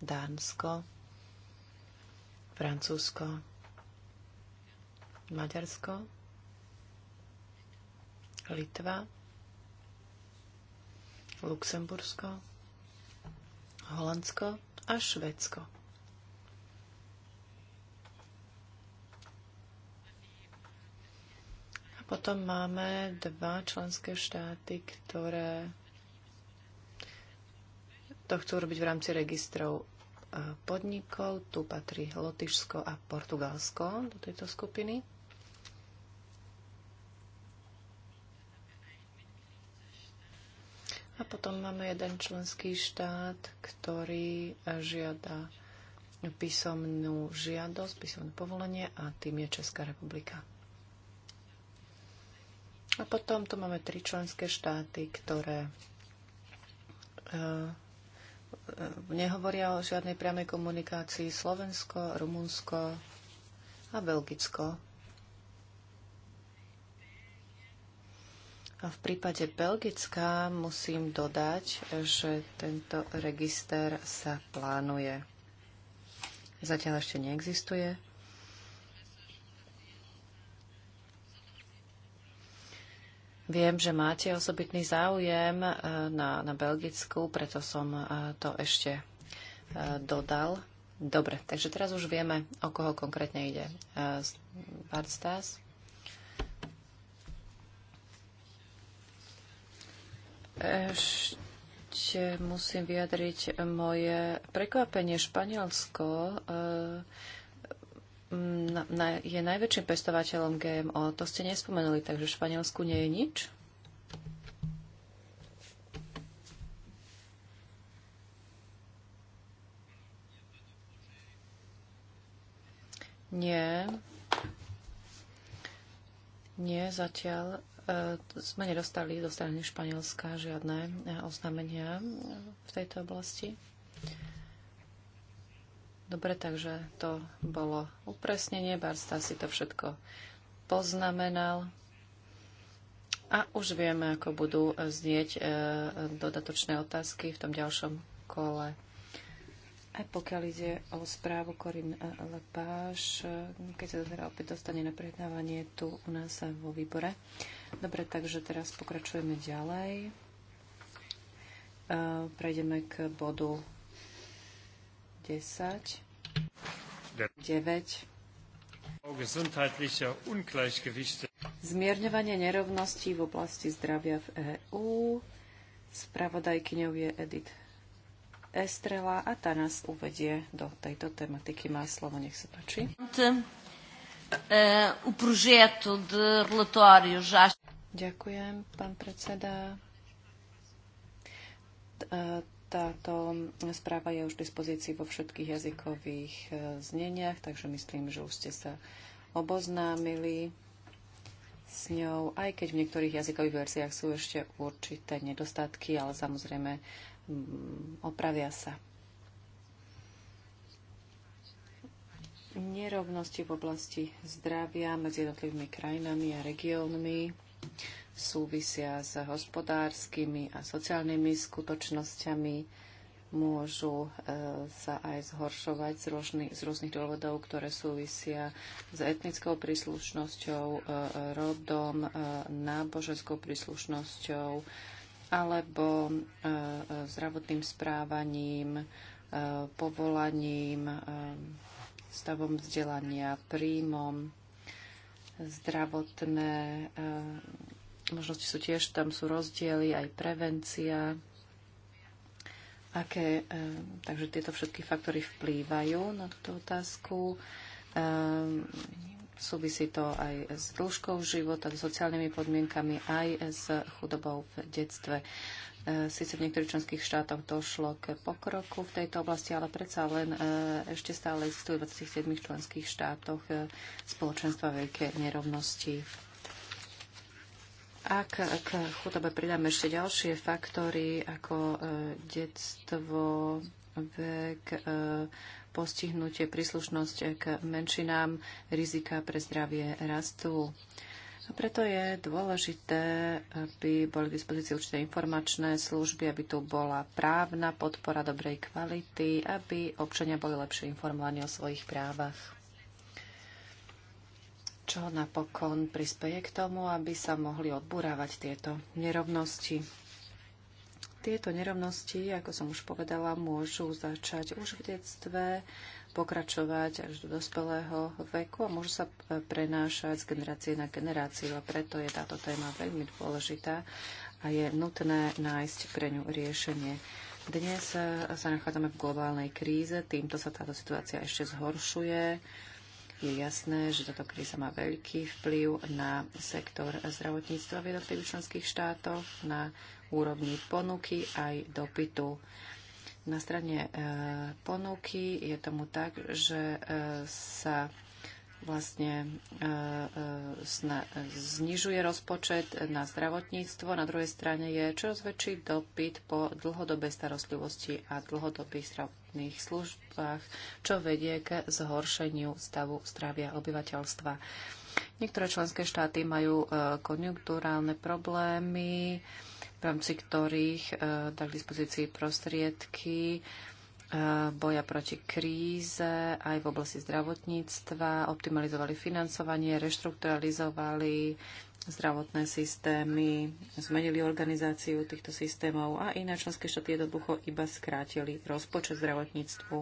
Dánsko, Francúzsko, Maďarsko, Litva, Luxembursko, Holandsko a Švedsko. A potom máme dva členské štáty, ktoré to chcú robiť v rámci registrov e, podnikov. Tu patrí Lotyšsko a Portugalsko do tejto skupiny. A potom máme jeden členský štát, ktorý e, žiada písomnú žiadosť, písomné povolenie a tým je Česká republika. A potom tu máme tri členské štáty, ktoré e, E, nehovoria o žiadnej priamej komunikácii Slovensko, Rumunsko a Belgicko. A v prípade Belgická musím dodať, že tento register sa plánuje. Zatiaľ ešte neexistuje. Viem, že máte osobitný záujem e, na, na Belgicku, preto som e, to ešte e, dodal. Dobre, takže teraz už vieme, o koho konkrétne ide. Bart Ešte musím vyjadriť moje prekvapenie. Španielsko Mm, je najväčším pestovateľom GMO. To ste nespomenuli, takže v Španielsku nie je nič? Nie. Nie, zatiaľ e, sme nedostali do strany Španielska žiadne e, oznámenia v tejto oblasti. Dobre, takže to bolo upresnenie. Barsta si to všetko poznamenal. A už vieme, ako budú eh, znieť eh, dodatočné otázky v tom ďalšom kole. Aj pokiaľ ide o správu Korin eh, Lepáš, keď sa teda opäť dostane na prejednávanie tu u nás vo výbore. Dobre, takže teraz pokračujeme ďalej. Prejdeme k bodu 10, 9. Zmierňovanie nerovností v oblasti zdravia v EÚ. Spravodajkyňou je Edith Estrela a tá nás uvedie do tejto tematiky. Má slovo, nech sa páči. Eh, Ďakujem, pán predseda eh, táto správa je už k dispozícii vo všetkých jazykových e, zneniach, takže myslím, že už ste sa oboznámili s ňou, aj keď v niektorých jazykových verziách sú ešte určité nedostatky, ale samozrejme mm, opravia sa. Nerovnosti v oblasti zdravia medzi jednotlivými krajinami a regiónmi súvisia s hospodárskymi a sociálnymi skutočnosťami, môžu e, sa aj zhoršovať z, rôznych, z rôznych dôvodov, ktoré súvisia s etnickou príslušnosťou, e, rodom, e, náboženskou príslušnosťou alebo zdravotným správaním, povolaním, stavom vzdelania, príjmom, zdravotné možnosti sú tiež, tam sú rozdiely, aj prevencia, aké, e, takže tieto všetky faktory vplývajú na túto otázku. E, súvisí to aj s dĺžkou života, s sociálnymi podmienkami, aj s chudobou v detstve. E, Sice v niektorých členských štátoch došlo k pokroku v tejto oblasti, ale predsa len ešte stále existujú v 27 členských štátoch spoločenstva veľké nerovnosti ak k chudobe pridáme ešte ďalšie faktory, ako e, detstvo, vek, e, postihnutie, príslušnosť k menšinám, rizika pre zdravie rastú. A preto je dôležité, aby boli k dispozícii určité informačné služby, aby tu bola právna podpora dobrej kvality, aby občania boli lepšie informovaní o svojich právach čo napokon prispieje k tomu, aby sa mohli odburávať tieto nerovnosti. Tieto nerovnosti, ako som už povedala, môžu začať už v detstve, pokračovať až do dospelého veku a môžu sa e, prenášať z generácie na generáciu a preto je táto téma veľmi dôležitá a je nutné nájsť pre ňu riešenie. Dnes e, sa nachádzame v globálnej kríze, týmto sa táto situácia ešte zhoršuje je jasné, že táto kríza má veľký vplyv na sektor zdravotníctva v jednotlivých členských štátoch, na úrovni ponuky aj dopytu. Na strane eh, ponuky je tomu tak, že eh, sa vlastne e, e, znižuje rozpočet na zdravotníctvo. Na druhej strane je čoraz väčší dopyt po dlhodobej starostlivosti a dlhodobých zdravotných službách, čo vedie k zhoršeniu stavu zdravia obyvateľstva. Niektoré členské štáty majú e, konjunkturálne problémy, v rámci ktorých dali k dispozícii prostriedky boja proti kríze aj v oblasti zdravotníctva, optimalizovali financovanie, reštrukturalizovali zdravotné systémy, zmenili organizáciu týchto systémov a iné členské štáty jednoducho iba skrátili rozpočet zdravotníctvu.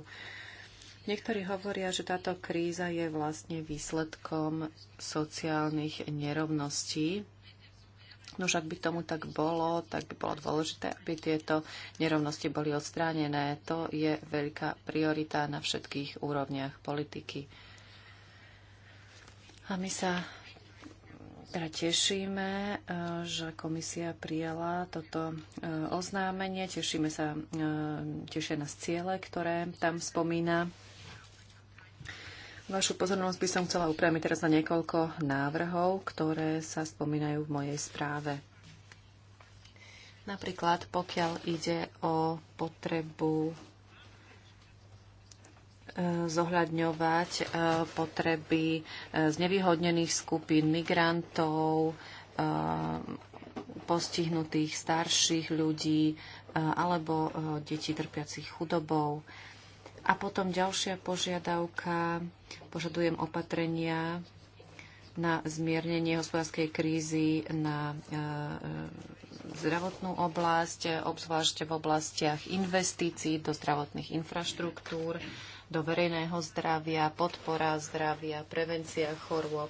Niektorí hovoria, že táto kríza je vlastne výsledkom sociálnych nerovností No, ak by tomu tak bolo, tak by bolo dôležité, aby tieto nerovnosti boli odstránené. To je veľká priorita na všetkých úrovniach politiky. A my sa teda tešíme, eh, že komisia prijala toto eh, oznámenie. Tešíme sa, eh, tešia nás ciele, ktoré tam spomína Vašu pozornosť by som chcela upriamiť teraz na niekoľko návrhov, ktoré sa spomínajú v mojej správe. Napríklad, pokiaľ ide o potrebu e, zohľadňovať e, potreby e, znevýhodnených skupín migrantov, postihnutých starších ľudí alebo detí trpiacich chudobou. A potom ďalšia požiadavka, požadujem opatrenia na zmiernenie hospodárskej krízy na e, e, zdravotnú oblasť, e, obzvlášť v oblastiach investícií do zdravotných infraštruktúr, do verejného zdravia, podpora zdravia, prevencia chorôb,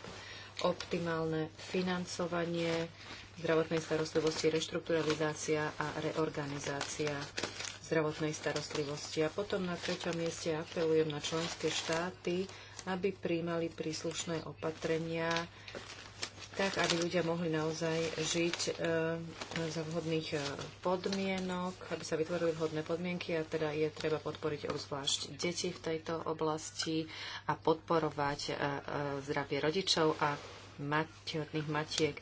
optimálne financovanie zdravotnej starostlivosti, reštrukturalizácia a reorganizácia zdravotnej starostlivosti. A potom na treťom mieste apelujem na členské štáty, aby príjmali príslušné opatrenia, tak aby ľudia mohli naozaj žiť e, za vhodných e, podmienok, aby sa vytvorili vhodné podmienky a teda je treba podporiť obzvlášť deti v tejto oblasti a podporovať e, e, zdravie rodičov a materných matiek.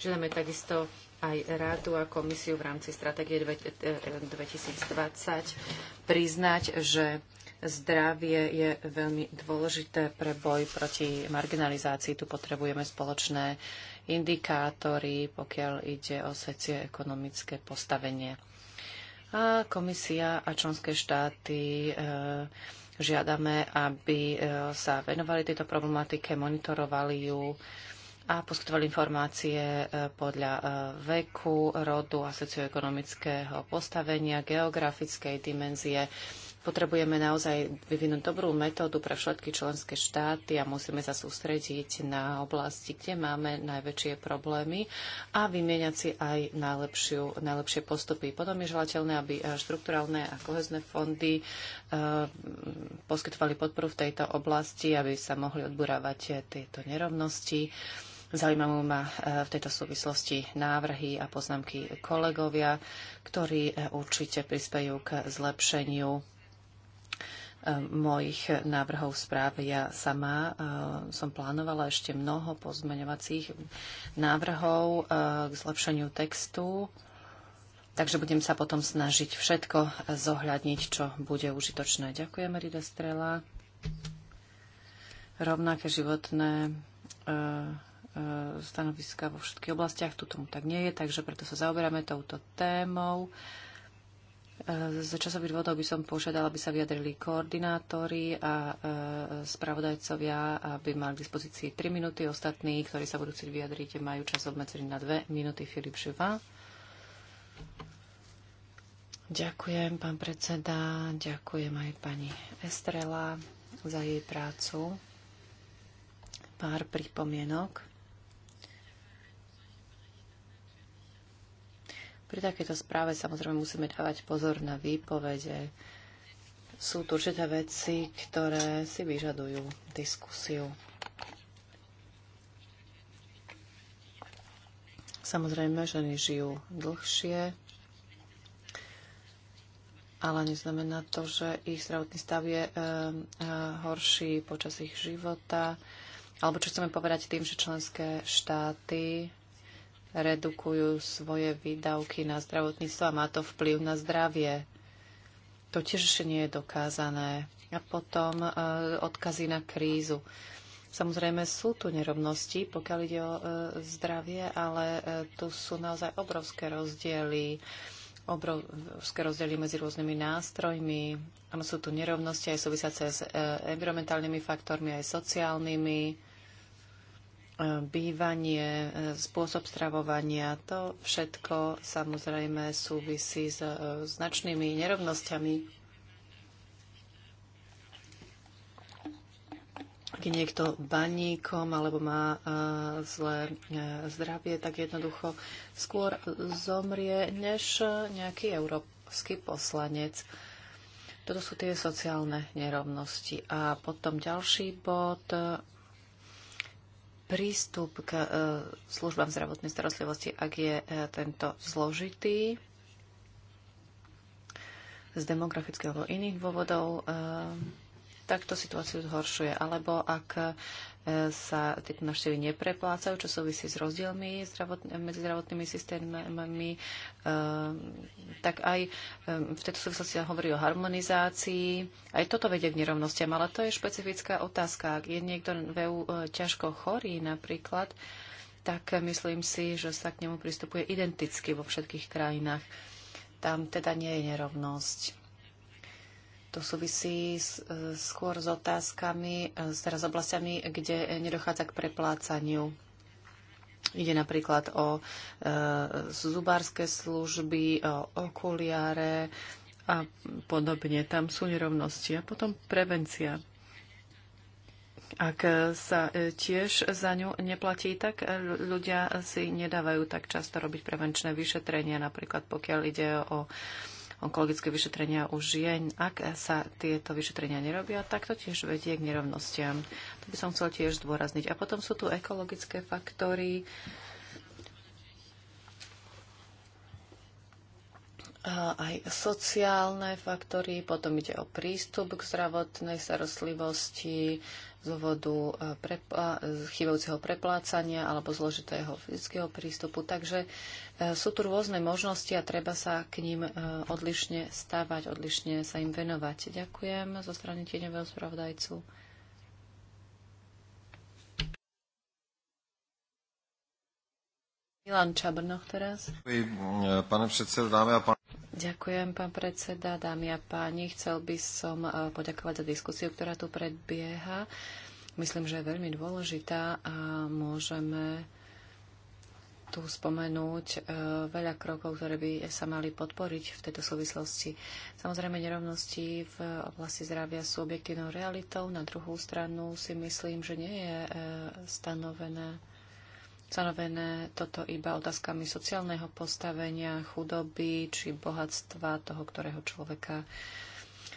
Želáme takisto aj rádu a komisiu v rámci stratégie 2020 e, e, priznať, že zdravie je veľmi dôležité pre boj proti marginalizácii. Tu potrebujeme spoločné indikátory, pokiaľ ide o socioekonomické postavenie. A komisia a členské štáty e, žiadame, aby e, sa venovali tejto problematike, monitorovali ju, e, a poskytovali informácie e, podľa e, veku, rodu a socioekonomického postavenia, geografickej dimenzie. Potrebujeme naozaj vyvinúť dobrú metódu pre všetky členské štáty a musíme sa sústrediť na oblasti, kde máme najväčšie problémy a vymieňať si aj najlepšiu, najlepšie postupy. Potom je želateľné, aby e, štrukturálne a kohezné fondy poskytovali podporu v tejto oblasti, aby sa mohli odburávať tieto nerovnosti Zaujímavú ma e, v tejto súvislosti návrhy a poznámky kolegovia, ktorí e, určite prispejú k zlepšeniu e, mojich návrhov správ. Ja sama som plánovala ešte mnoho pozmeňovacích návrhov k zlepšeniu textu, takže budem sa potom snažiť všetko zohľadniť, čo bude užitočné. Ďakujem, Rida Strela. Rovnaké životné stanoviska vo všetkých oblastiach. Tu tomu tak nie je, takže preto sa zaoberáme touto témou. Za časových dôvodov by som požiadala, aby sa vyjadrili koordinátori a e, spravodajcovia, aby mali k dispozícii 3 minúty. Ostatní, ktorí sa budú chcieť vyjadriť, majú čas obmedzený na 2 minúty. Filip Živa. Ďakujem, pán predseda. Ďakujem aj pani Estrela za jej prácu. Pár pripomienok. Pri takejto správe samozrejme musíme dávať pozor na výpovede. Sú tu určité veci, ktoré si vyžadujú diskusiu. Samozrejme, ženy žijú dlhšie, ale neznamená to, že ich zdravotný stav je e, e, horší počas ich života. Alebo čo chceme povedať tým, že členské štáty redukujú svoje výdavky na zdravotníctvo a má to vplyv na zdravie. To tiež ešte nie je dokázané. A potom e, odkazy na krízu. Samozrejme sú tu nerovnosti, pokiaľ ide o e, zdravie, ale e, tu sú naozaj obrovské rozdiely obrovské rozdiely medzi rôznymi nástrojmi. Áno, sú tu nerovnosti aj súvisiace s environmentálnymi faktormi, aj sociálnymi E, bývanie, e, spôsob stravovania, to všetko samozrejme súvisí s e, značnými nerovnosťami Keď niekto baníkom alebo má zlé zdravie, tak jednoducho skôr zomrie než nejaký európsky poslanec. Toto sú tie sociálne nerovnosti. A potom ďalší bod, prístup k e, službám zdravotnej starostlivosti, ak je e, tento zložitý z demografických alebo iných dôvodov, e, tak to situáciu zhoršuje. Alebo ak sa tieto návštevy nepreplácajú, čo súvisí s rozdielmi medzi zdravotnými systémami. Eh, tak aj eh, v tejto súvislosti sa hovorí o harmonizácii. Aj toto vedie k nerovnostiam, ale to je špecifická otázka. Ak je niekto v EU eh, ťažko chorý napríklad, tak myslím si, že sa k nemu pristupuje identicky vo všetkých krajinách. Tam teda nie je nerovnosť. To súvisí e, skôr s otázkami, e, teraz oblastiami, kde nedochádza k preplácaniu. Ide napríklad o e, zubárske služby, o okuliare a podobne. Tam sú nerovnosti. A potom prevencia. Ak e, sa tiež za ňu neplatí, tak ľudia si nedávajú tak často robiť prevenčné vyšetrenia, napríklad pokiaľ ide o onkologické vyšetrenia u žien. Ak sa tieto vyšetrenia nerobia, tak to tiež vedie k nerovnostiam. To by som chcel tiež zdôrazniť. A potom sú tu ekologické faktory. aj sociálne faktory, potom ide o prístup k zdravotnej starostlivosti, z dôvodu e, prepla- e, chýbajúceho preplácania alebo zložitého fyzického prístupu. Takže e, sú tu rôzne možnosti a treba sa k ním odlišne stávať, odlišne sa im venovať. Ďakujem zo strany tieňového spravodajcu. Milan Čabrnoch teraz. Pane predseda, dámy a Ďakujem, pán predseda, dámy a páni. Chcel by som e, poďakovať za diskusiu, ktorá tu predbieha. Myslím, že je veľmi dôležitá a môžeme tu spomenúť e, veľa krokov, ktoré by sa mali podporiť v tejto súvislosti. Samozrejme, nerovnosti v oblasti zdravia sú objektívnou realitou. Na druhú stranu si myslím, že nie je e, stanovené stanovené toto iba otázkami sociálneho postavenia, chudoby či bohatstva toho, ktorého človeka.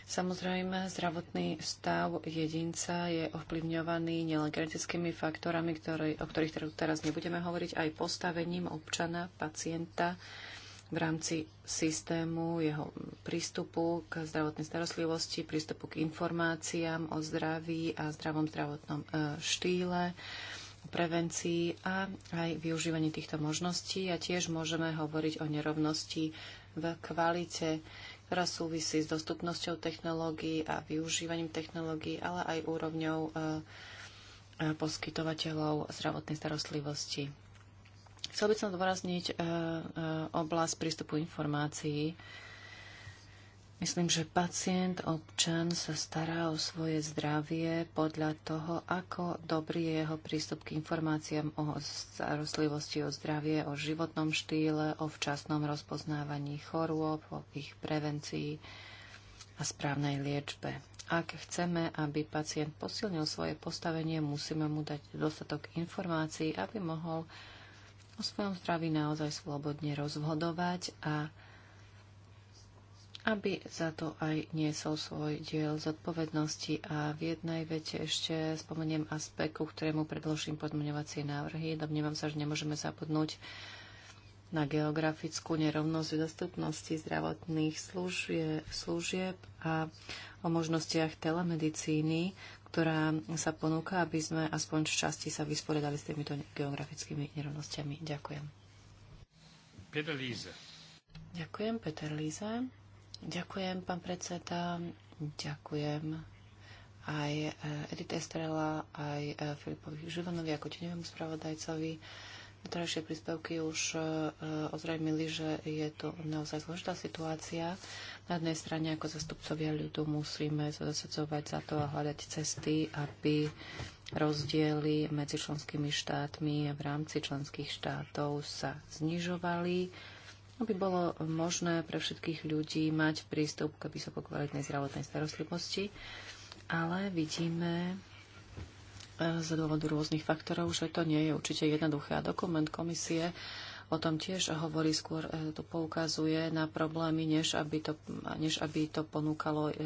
Samozrejme, zdravotný stav jedinca je ovplyvňovaný nielen genetickými faktorami, ktoré, o ktorých teda teraz nebudeme hovoriť, aj postavením občana, pacienta v rámci systému, jeho prístupu k zdravotnej starostlivosti, prístupu k informáciám o zdraví a zdravom zdravotnom e, štýle prevencii a aj využívaní týchto možností a tiež môžeme hovoriť o nerovnosti v kvalite, ktorá súvisí s dostupnosťou technológií a využívaním technológií, ale aj úrovňou e, e, poskytovateľov zdravotnej starostlivosti. Chcel by som dôrazniť e, oblasť prístupu informácií, Myslím, že pacient, občan sa stará o svoje zdravie podľa toho, ako dobrý je jeho prístup k informáciám o starostlivosti o zdravie, o životnom štýle, o včasnom rozpoznávaní chorôb, o ich prevencii a správnej liečbe. Ak chceme, aby pacient posilnil svoje postavenie, musíme mu dať dostatok informácií, aby mohol o svojom zdraví naozaj slobodne rozhodovať a aby za to aj niesol svoj diel zodpovednosti. A v jednej vete ešte spomeniem aspekt, ku ktorému predložím podmňovacie návrhy. Domnievam sa, že nemôžeme zabudnúť na geografickú nerovnosť v dostupnosti zdravotných služieb a o možnostiach telemedicíny, ktorá sa ponúka, aby sme aspoň v časti sa vysporiadali s týmito geografickými nerovnosťami. Ďakujem. Peter Líze. Ďakujem, Peter Líze. Ďakujem, pán predseda. Ďakujem aj eh, Edith Estrela, aj eh, Filipovi Živanovi ako tenevému spravodajcovi. Doterajšie príspevky už eh, ozrejmili, že je to naozaj zložitá situácia. Na jednej strane ako zastupcovia ľudu musíme sa zasadzovať za to a hľadať cesty, aby rozdiely medzi členskými štátmi a v rámci členských štátov sa znižovali aby bolo možné pre všetkých ľudí mať prístup k vysokokvalitnej zdravotnej starostlivosti, ale vidíme eh, z dôvodu rôznych faktorov, že to nie je určite jednoduché. A dokument komisie o tom tiež hovorí, skôr eh, to poukazuje na problémy, než aby to, než aby to ponúkalo eh,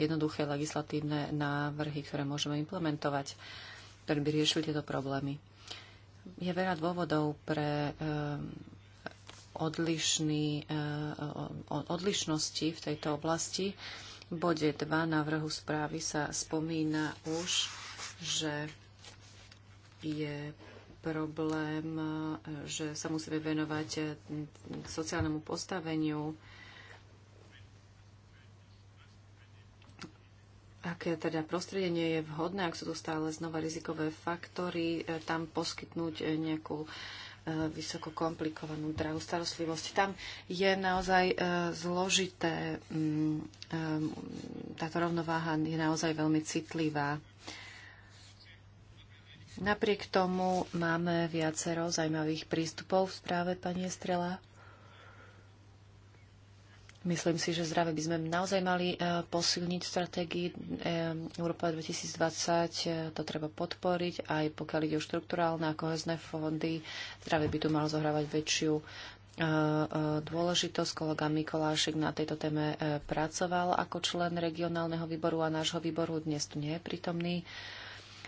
jednoduché legislatívne návrhy, ktoré môžeme implementovať, ktoré by riešili tieto problémy. Je veľa dôvodov pre odlišný, e, odlišnosti v tejto oblasti. V bode 2 návrhu správy sa spomína už, že je problém, e, že sa musíme venovať e, sociálnemu postaveniu, aké teda prostredie nie je vhodné, ak sú tu stále znova rizikové faktory, tam poskytnúť nejakú E, vysoko komplikovanú drahú starostlivosť. Tam je naozaj e, zložité, mm, e, táto rovnováha je naozaj veľmi citlivá. Napriek tomu máme viacero zaujímavých prístupov v správe pani Estrela. Myslím si, že zdravé by sme naozaj mali e, posilniť stratégii e, Európa 2020. E, to treba podporiť, aj pokiaľ ide o štrukturálne a kohezné fondy. Zdravie by tu malo zohrávať väčšiu dôležitosť. Kolega Mikolášek na tejto téme pracoval ako člen regionálneho výboru a nášho výboru. Dnes tu nie je prítomný.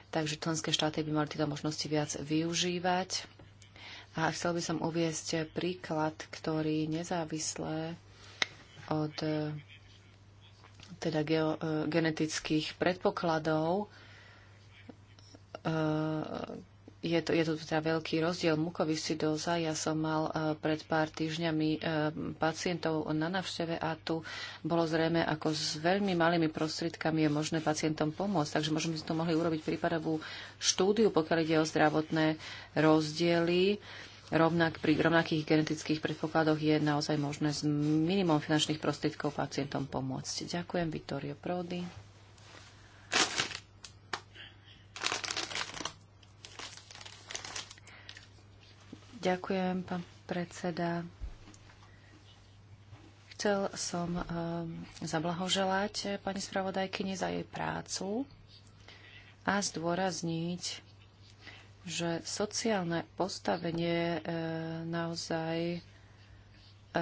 Takže členské štáty by mali tieto možnosti viac využívať. A chcel by som uviesť príklad, ktorý nezávisle od e, teda geo, e, genetických predpokladov. E, je to, je to teda veľký rozdiel. Mukoviscidóza, ja som mal pred pár týždňami pacientov na navšteve a tu bolo zrejme, ako s veľmi malými prostriedkami je možné pacientom pomôcť. Takže možno by sme to mohli urobiť prípadovú štúdiu, pokiaľ ide o zdravotné rozdiely rovnak, pri rovnakých genetických predpokladoch je naozaj možné s minimum finančných prostriedkov pacientom pomôcť. Ďakujem, Vittorio Prodi. Ďakujem, pán predseda. Chcel som um, zablahoželať pani spravodajkyni za jej prácu a zdôrazniť že sociálne postavenie e, naozaj e,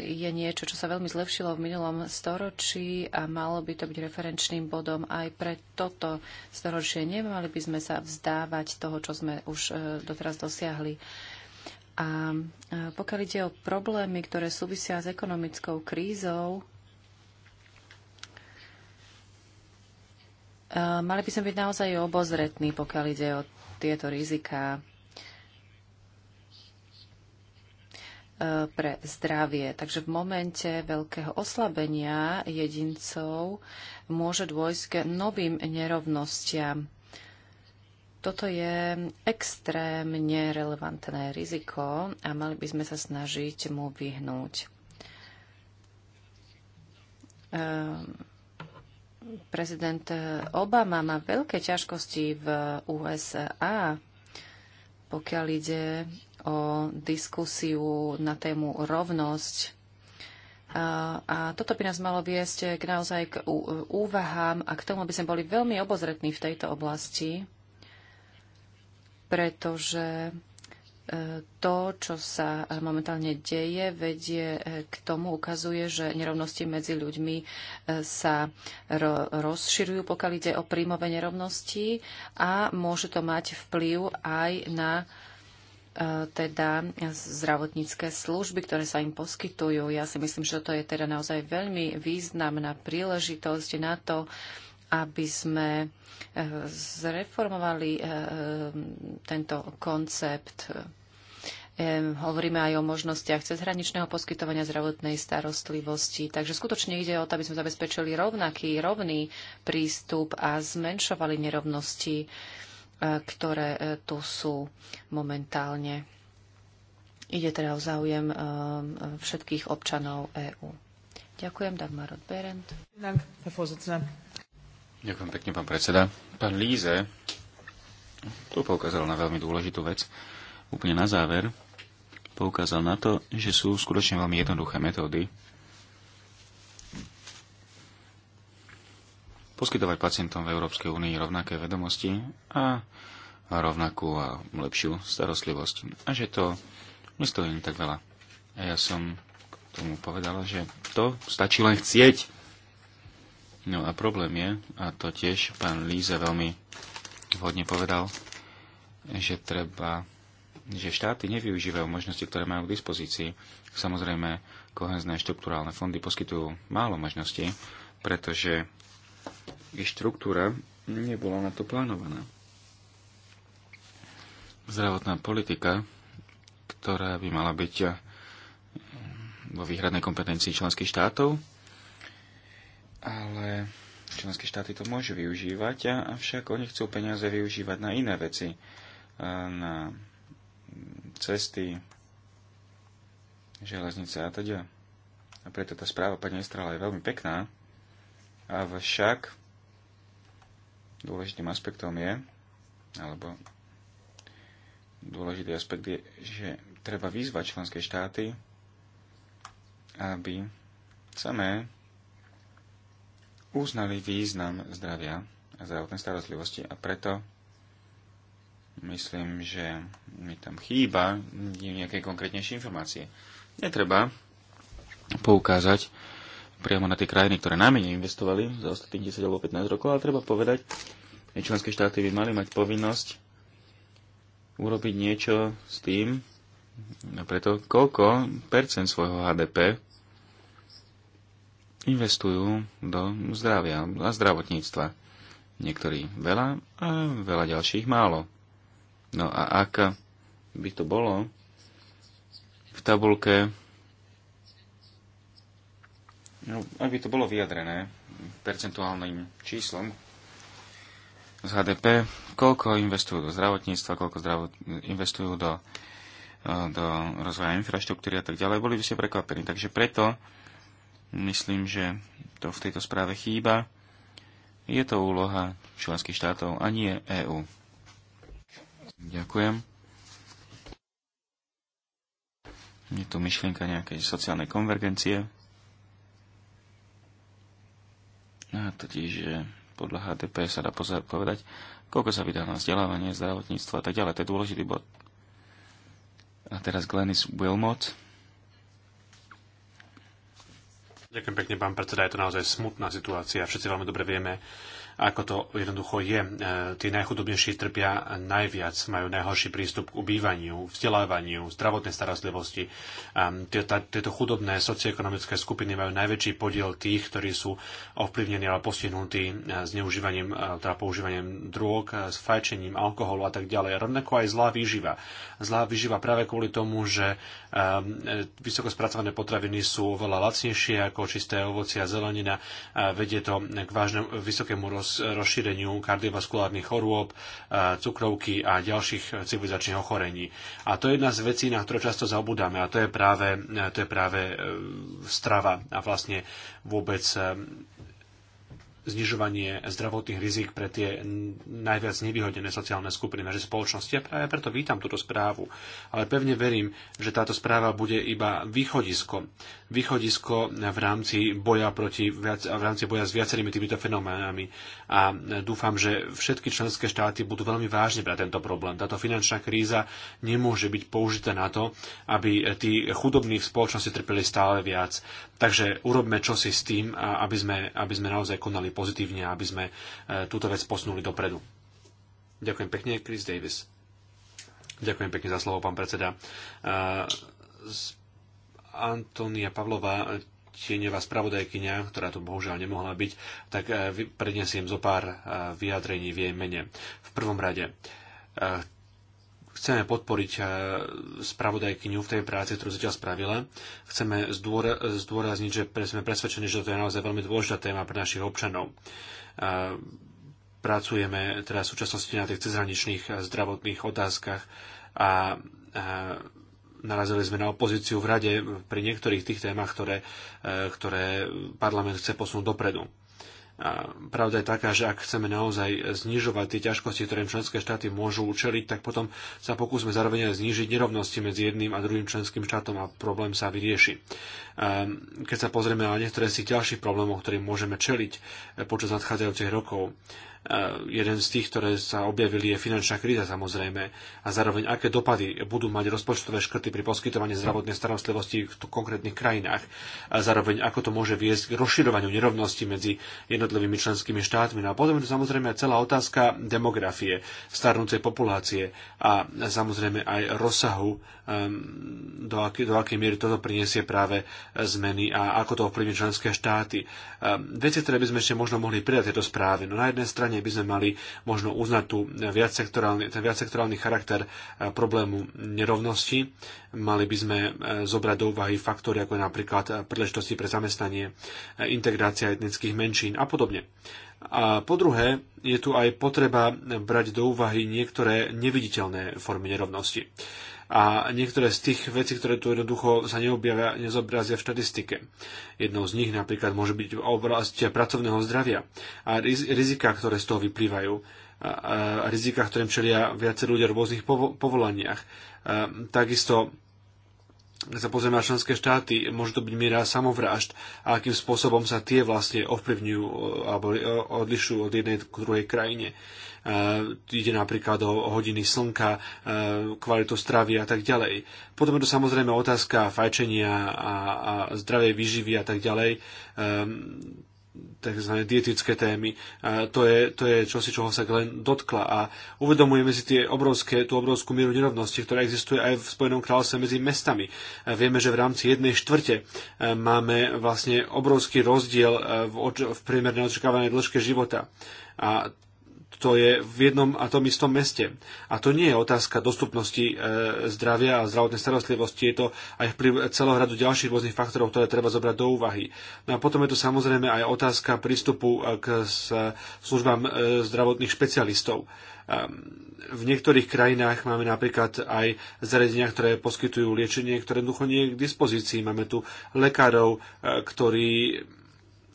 je niečo, čo sa veľmi zlepšilo v minulom storočí a malo by to byť referenčným bodom aj pre toto storočie. Nemali by sme sa vzdávať toho, čo sme už e, doteraz dosiahli. A pokiaľ ide o problémy, ktoré súvisia s ekonomickou krízou, mali by sme byť naozaj obozretní, pokiaľ ide o tieto rizika e, pre zdravie. Takže v momente veľkého oslabenia jedincov môže dôjsť k novým nerovnostiam. Toto je extrémne relevantné riziko a mali by sme sa snažiť mu vyhnúť. Um, Prezident Obama má veľké ťažkosti v USA, pokiaľ ide o diskusiu na tému rovnosť. A, a toto by nás malo viesť k naozaj k úvahám a k tomu, aby sme boli veľmi obozretní v tejto oblasti, pretože to, čo sa momentálne deje, vedie eh, k tomu, ukazuje, že nerovnosti medzi ľuďmi eh, sa rozširujú, pokiaľ ide o príjmové nerovnosti a môže to mať vplyv aj na eh, teda zdravotnícke služby, ktoré sa im poskytujú. Ja si myslím, že to je teda naozaj veľmi významná príležitosť na to, aby sme eh, zreformovali eh, tento koncept. Hovoríme aj o možnostiach cezhraničného poskytovania zdravotnej starostlivosti. Takže skutočne ide o to, aby sme zabezpečili rovnaký, rovný prístup a zmenšovali nerovnosti, eh, ktoré tu sú momentálne. Ide teda o záujem všetkých občanov EÚ. Ďakujem, Dagmar Berend. Ďakujem, Ďakujem pekne, pán predseda. Pán Líze tu poukázal na veľmi dôležitú vec. Úplne na záver poukázal na to, že sú skutočne veľmi jednoduché metódy poskytovať pacientom v Európskej únii rovnaké vedomosti a rovnakú a lepšiu starostlivosť. A že to nestojí tak veľa. A ja som tomu povedala, že to stačí len chcieť No a problém je, a to tiež pán Líze veľmi vhodne povedal, že treba že štáty nevyužívajú možnosti, ktoré majú k dispozícii. Samozrejme, kohenzné štruktúrálne fondy poskytujú málo možností, pretože ich štruktúra nebola na to plánovaná. Zdravotná politika, ktorá by mala byť vo výhradnej kompetencii členských štátov, ale členské štáty to môžu využívať, avšak oni chcú peniaze využívať na iné veci, e, na cesty, železnice a teda. A preto tá správa pani Estrala je veľmi pekná, avšak dôležitým aspektom je, alebo dôležitý aspekt je, že treba vyzvať členské štáty, aby samé uznali význam zdravia a zdravotnej starostlivosti a preto myslím, že mi tam chýba nejaké konkrétnejšie informácie. Netreba poukázať priamo na tie krajiny, ktoré najmenej investovali za ostatných 10 alebo 15 rokov, ale treba povedať, že členské štáty by mali mať povinnosť urobiť niečo s tým, a preto koľko percent svojho HDP investujú do zdravia a zdravotníctva. Niektorí veľa a veľa ďalších málo. No a ak by to bolo v tabulke, no, ak by to bolo vyjadrené percentuálnym číslom z HDP, koľko investujú do zdravotníctva, koľko zdravot, investujú do, do rozvoja infraštruktúry a tak ďalej, boli by ste prekvapení. Takže preto Myslím, že to v tejto správe chýba. Je to úloha členských štátov a nie EÚ. Ďakujem. Je tu myšlienka nejakej sociálnej konvergencie. A totiž, že podľa HDP sa dá povedať, koľko sa vydá na vzdelávanie, zdravotníctvo a tak ďalej. To je dôležitý bod. A teraz Glenis Wilmot. Ďakujem pekne, pán predseda. Je to naozaj smutná situácia. Všetci veľmi dobre vieme, ako to jednoducho je. E, tí najchudobnejší trpia najviac, majú najhorší prístup k ubývaniu, vzdelávaniu, zdravotnej starostlivosti. Tieto chudobné socioekonomické skupiny majú najväčší podiel tých, ktorí sú ovplyvnení alebo postihnutí e, zneužívaním, e, teda používaním drog, s fajčením, alkoholu a tak ďalej. Rovnako aj zlá výživa. Zlá výživa práve kvôli tomu, že vysoko spracované potraviny sú oveľa lacnejšie ako čisté ovoci a zelenina. Vedie to k vážnemu vysokému roz rozšíreniu kardiovaskulárnych chorôb, e, cukrovky a ďalších civilizačných ochorení. A to je jedna z vecí, na ktoré často zabudáme a to je práve, e, to je práve e, strava a vlastne vôbec znižovanie zdravotných rizik pre tie najviac nevyhodené sociálne skupiny našej spoločnosti. A práve preto vítam túto správu. Ale pevne verím, že táto správa bude iba východisko. Východisko v rámci boja, proti, v rámci boja s viacerými týmito fenoménami. A dúfam, že všetky členské štáty budú veľmi vážne brať tento problém. Táto finančná kríza nemôže byť použitá na to, aby tí chudobní v spoločnosti trpeli stále viac. Takže urobme čosi s tým, aby sme, aby sme naozaj konali pozitívne, aby sme e, túto vec posunuli dopredu. Ďakujem pekne, Chris Davis. Ďakujem pekne za slovo, pán predseda. E, Antonia Pavlova tieňová spravodajkynia, ktorá tu bohužiaľ nemohla byť, tak e, prednesiem zo pár vyjadrení v jej mene. V prvom rade Chceme podporiť eh, spravodajkyňu v tej práci, ktorú zatiaľ spravila. Chceme zdôrazniť, že sme presvedčení, že to je naozaj veľmi dôležitá téma pre našich občanov eh, pracujeme teraz v súčasnosti na tých cezhraničných eh, zdravotných otázkach a, narazili sme na opozíciu v rade pri niektorých tých témach, ktoré, ktoré parlament chce posunúť dopredu pravda je taká, že ak chceme naozaj znižovať tie ťažkosti, ktorým členské štáty môžu učeliť, tak potom sa pokúsme zároveň aj znižiť nerovnosti medzi jedným a druhým členským štátom a problém sa vyrieši. Keď sa pozrieme na niektoré z tých ďalších problémov, ktorým môžeme čeliť eh, počas nadchádzajúcich rokov, Eh, jeden z tých, ktoré sa objavili, je finančná kríza samozrejme a zároveň aké dopady budú mať rozpočtové škrty pri poskytovaní zdravotnej starostlivosti v konkrétnych krajinách a zároveň ako to môže viesť k rozširovaniu nerovnosti medzi jednotlivými členskými štátmi. No a potom je to samozrejme celá otázka demografie, starnúcej populácie a samozrejme aj rozsahu, do, aký, do akej miery toto priniesie práve zmeny a ako to ovplyvní členské štáty. Veci, ktoré by sme ešte možno mohli pridať tieto správy. No na jednej strane strane by sme mali možno uznať tú viacsektorálny, ten viacsektorálny charakter e, problému nerovnosti. Mali by sme e, zobrať do úvahy faktory ako napríklad e, príležitosti pre zamestnanie, integrácia etnických menšín a podobne. A po druhé, je tu aj potreba brať do úvahy niektoré neviditeľné formy nerovnosti a niektoré z tých vecí, ktoré tu jednoducho sa neobjavia, nezobrazia v štatistike. Jednou z nich napríklad môže byť oblasť pracovného zdravia a rizika, ktoré z toho vyplývajú a rizika, ktorým čelia viacerí ľudia v rôznych povolaniach. Takisto sa pozrieme na členské štáty, môže to byť miera samovrážd a akým spôsobom sa tie vlastne ovplyvňujú e, alebo e, odlišujú od jednej k druhej krajine. Uh, ide napríklad o hodiny slnka, uh, kvalitu stravy a tak ďalej. Potom je to samozrejme otázka fajčenia a, a zdravej výživy a tak ďalej. Um, tzv. dietické témy. To je, to je čosi, čoho sa len dotkla. A uvedomujeme si tie obrovské, tú obrovskú mieru nerovnosti, ktorá existuje aj v Spojenom kráľovstve medzi mestami. Vieme, že v rámci jednej štvrte e, máme vlastne obrovský rozdiel e, v, v priemernej očakávanej dĺžke života. A to je v jednom a tom istom meste. A to nie je otázka dostupnosti e, zdravia a zdravotnej starostlivosti, je to aj vplyv celého radu ďalších rôznych faktorov, ktoré treba zobrať do úvahy. No a potom je tu samozrejme aj otázka prístupu e, k službám e, zdravotných špecialistov. V niektorých krajinách máme napríklad aj zariadenia, ktoré poskytujú liečenie, ktoré jednoducho nie je k dispozícii. Máme tu lekárov, ktorí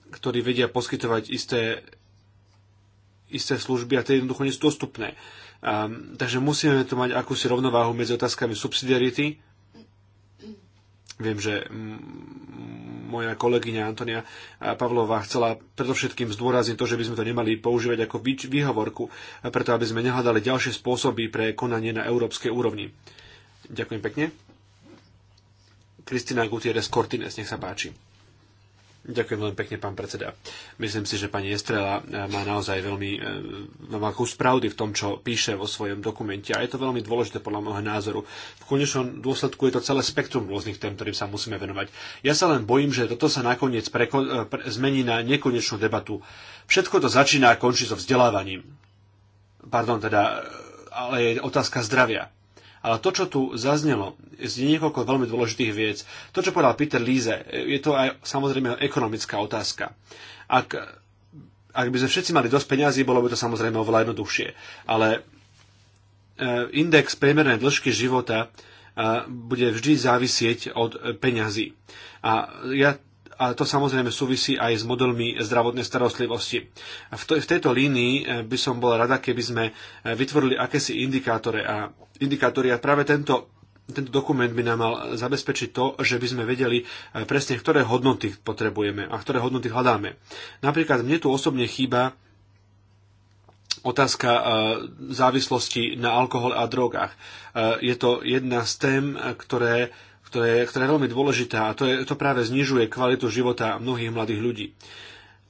ktorí vedia poskytovať isté isté služby a tie jednoducho nie sú dostupné. Um, takže musíme tu mať akúsi rovnováhu medzi otázkami subsidiarity. Viem, že moja kolegyňa Antonia Pavlova chcela predovšetkým zdôrazniť to, že by sme to nemali používať ako výhovorku, preto aby sme nehľadali ďalšie spôsoby pre konanie na európskej úrovni. Ďakujem pekne. Kristina Gutierrez Cortines, nech sa páči. Ďakujem veľmi pekne, pán predseda. Myslím si, že pani Estrela eh, má naozaj veľmi eh, má kus pravdy v tom, čo píše vo svojom dokumente. A je to veľmi dôležité podľa môjho názoru. V konečnom dôsledku je to celé spektrum rôznych tém, ktorým sa musíme venovať. Ja sa len bojím, že toto sa nakoniec preko, eh, pre, zmení na nekonečnú debatu. Všetko to začína a končí so vzdelávaním. Pardon, teda, ale je otázka zdravia. Ale to, čo tu zaznelo, je niekoľko veľmi dôležitých viec. To, čo povedal Peter Líze, je to aj samozrejme ekonomická otázka. Ak, ak by sme všetci mali dosť peňazí, bolo by to samozrejme oveľa jednoduchšie. Ale e, index priemernej dĺžky života e, bude vždy závisieť od peňazí. A ja ale to samozrejme súvisí aj s modelmi zdravotnej starostlivosti. V, to, v tejto línii e, by som bola rada, keby sme e, vytvorili akési indikátore a indikátory a práve tento tento dokument by nám mal zabezpečiť to, že by sme vedeli e, presne, ktoré hodnoty potrebujeme a ktoré hodnoty hľadáme. Napríklad mne tu osobne chýba otázka závislosti na alkohole a drogách. Je to jedna z tém, ktoré ktoré, ktorá je veľmi dôležitá a to, je, to práve znižuje kvalitu života mnohých mladých ľudí.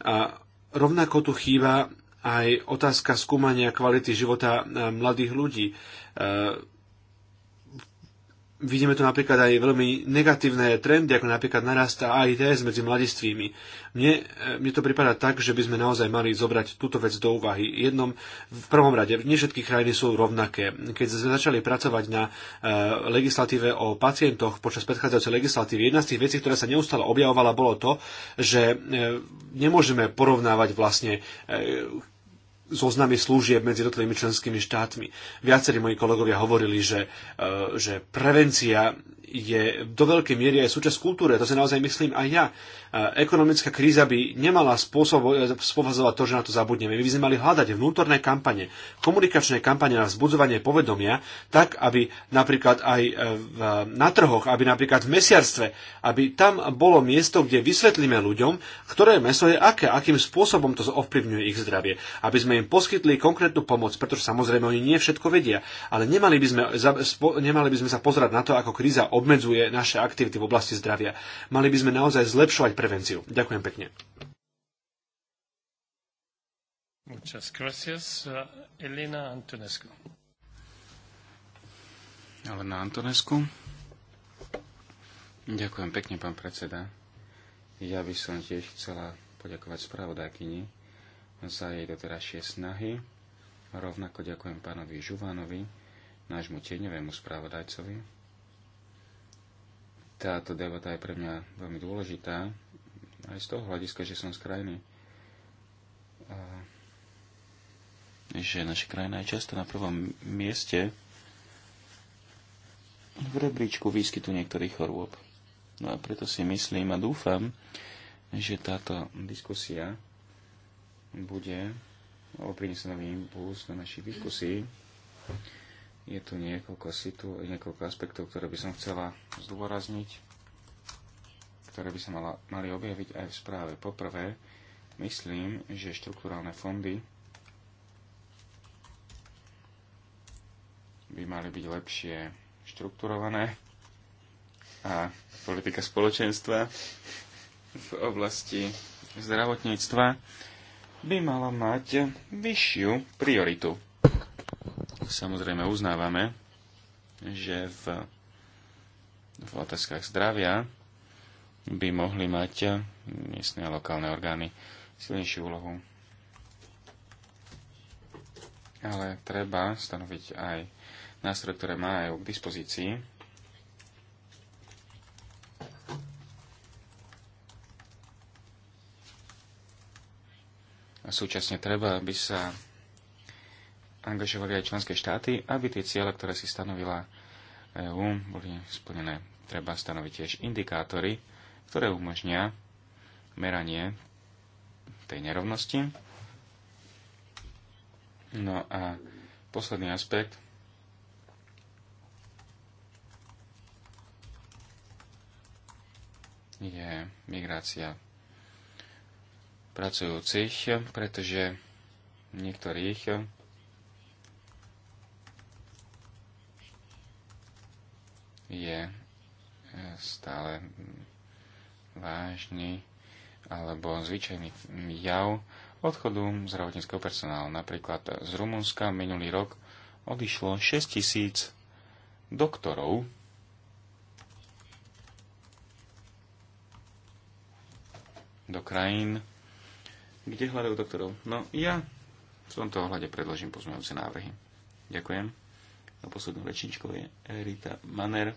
A rovnako tu chýba aj otázka skúmania kvality života eh, mladých ľudí eh, Vidíme tu napríklad aj veľmi negatívne trendy, ako napríklad narastá AIDS medzi mladistvými. Mne, e, mne to pripadá tak, že by sme naozaj mali zobrať túto vec do úvahy. Jednom, v prvom rade, nie všetky krajiny sú rovnaké. Keď sme začali pracovať na e, legislatíve o pacientoch počas predchádzajúcej legislatívy, jedna z tých vecí, ktorá sa neustále objavovala, bolo to, že e, nemôžeme porovnávať vlastne e, zoznamy služieb medzi jednotlivými členskými štátmi. Viacerí moji kolegovia hovorili, že, e, že prevencia je do veľkej miery aj súčasť kultúry. A to si naozaj myslím aj ja. Ekonomická kríza by nemala spôsobovať to, že na to zabudneme. My by sme mali hľadať vnútorné kampane, komunikačné kampane na vzbudzovanie povedomia, tak, aby napríklad aj e, v, na trhoch, aby napríklad v mesiarstve, aby tam bolo miesto, kde vysvetlíme ľuďom, ktoré meso je aké, akým spôsobom to ovplyvňuje ich zdravie. Aby sme im poskytli konkrétnu pomoc, pretože samozrejme oni nie všetko vedia. Ale nemali by sme, nemali by sme sa pozerať na to, ako kríza obmedzuje naše aktivity v oblasti zdravia. Mali by sme naozaj zlepšovať prevenciu. Ďakujem pekne. Muchas gracias. Eh, Elena Antonescu. Elena Antonescu. Ďakujem pekne, pán predseda. Ja by som tiež chcela poďakovať spravodajkyni za jej doterajšie snahy. Rovnako ďakujem pánovi Žuvánovi, nášmu tieňovému spravodajcovi, táto debata je pre mňa veľmi dôležitá, aj z toho hľadiska, že som z krajiny. A že naša krajina je často na prvom mieste v rebríčku výskytu niektorých chorôb. No a preto si myslím a dúfam, že táto diskusia bude priniesie nový impuls na našich diskusí je tu niekoľko, situ, niekoľko aspektov, ktoré by som chcela zdôrazniť, ktoré by sa mala, mali objaviť aj v správe. Poprvé, myslím, že štruktúrálne fondy by mali byť lepšie štrukturované a politika spoločenstva v oblasti zdravotníctva by mala mať vyššiu prioritu. Samozrejme uznávame, že v, v otázkach zdravia by mohli mať miestne a lokálne orgány silnejšiu úlohu. Ale treba stanoviť aj nástroje, ktoré majú k dispozícii, a súčasne treba, aby sa angažovali aj členské štáty, aby tie ciele, ktoré si stanovila EÚ, boli splnené. Treba stanoviť tiež indikátory, ktoré umožnia meranie tej nerovnosti. No a posledný aspekt. je migrácia pracujúcich, pretože niektorých je e, stále vážny alebo zvyčajný jav odchodu zdravotníckého personálu. Napríklad z Rumunska minulý rok odišlo 6 tisíc doktorov, do krajín, kde hľadajú doktorov. No ja v tomto ohľade predložím pozmeňujúce návrhy. Ďakujem a poslednou rečničkou je Rita Maner,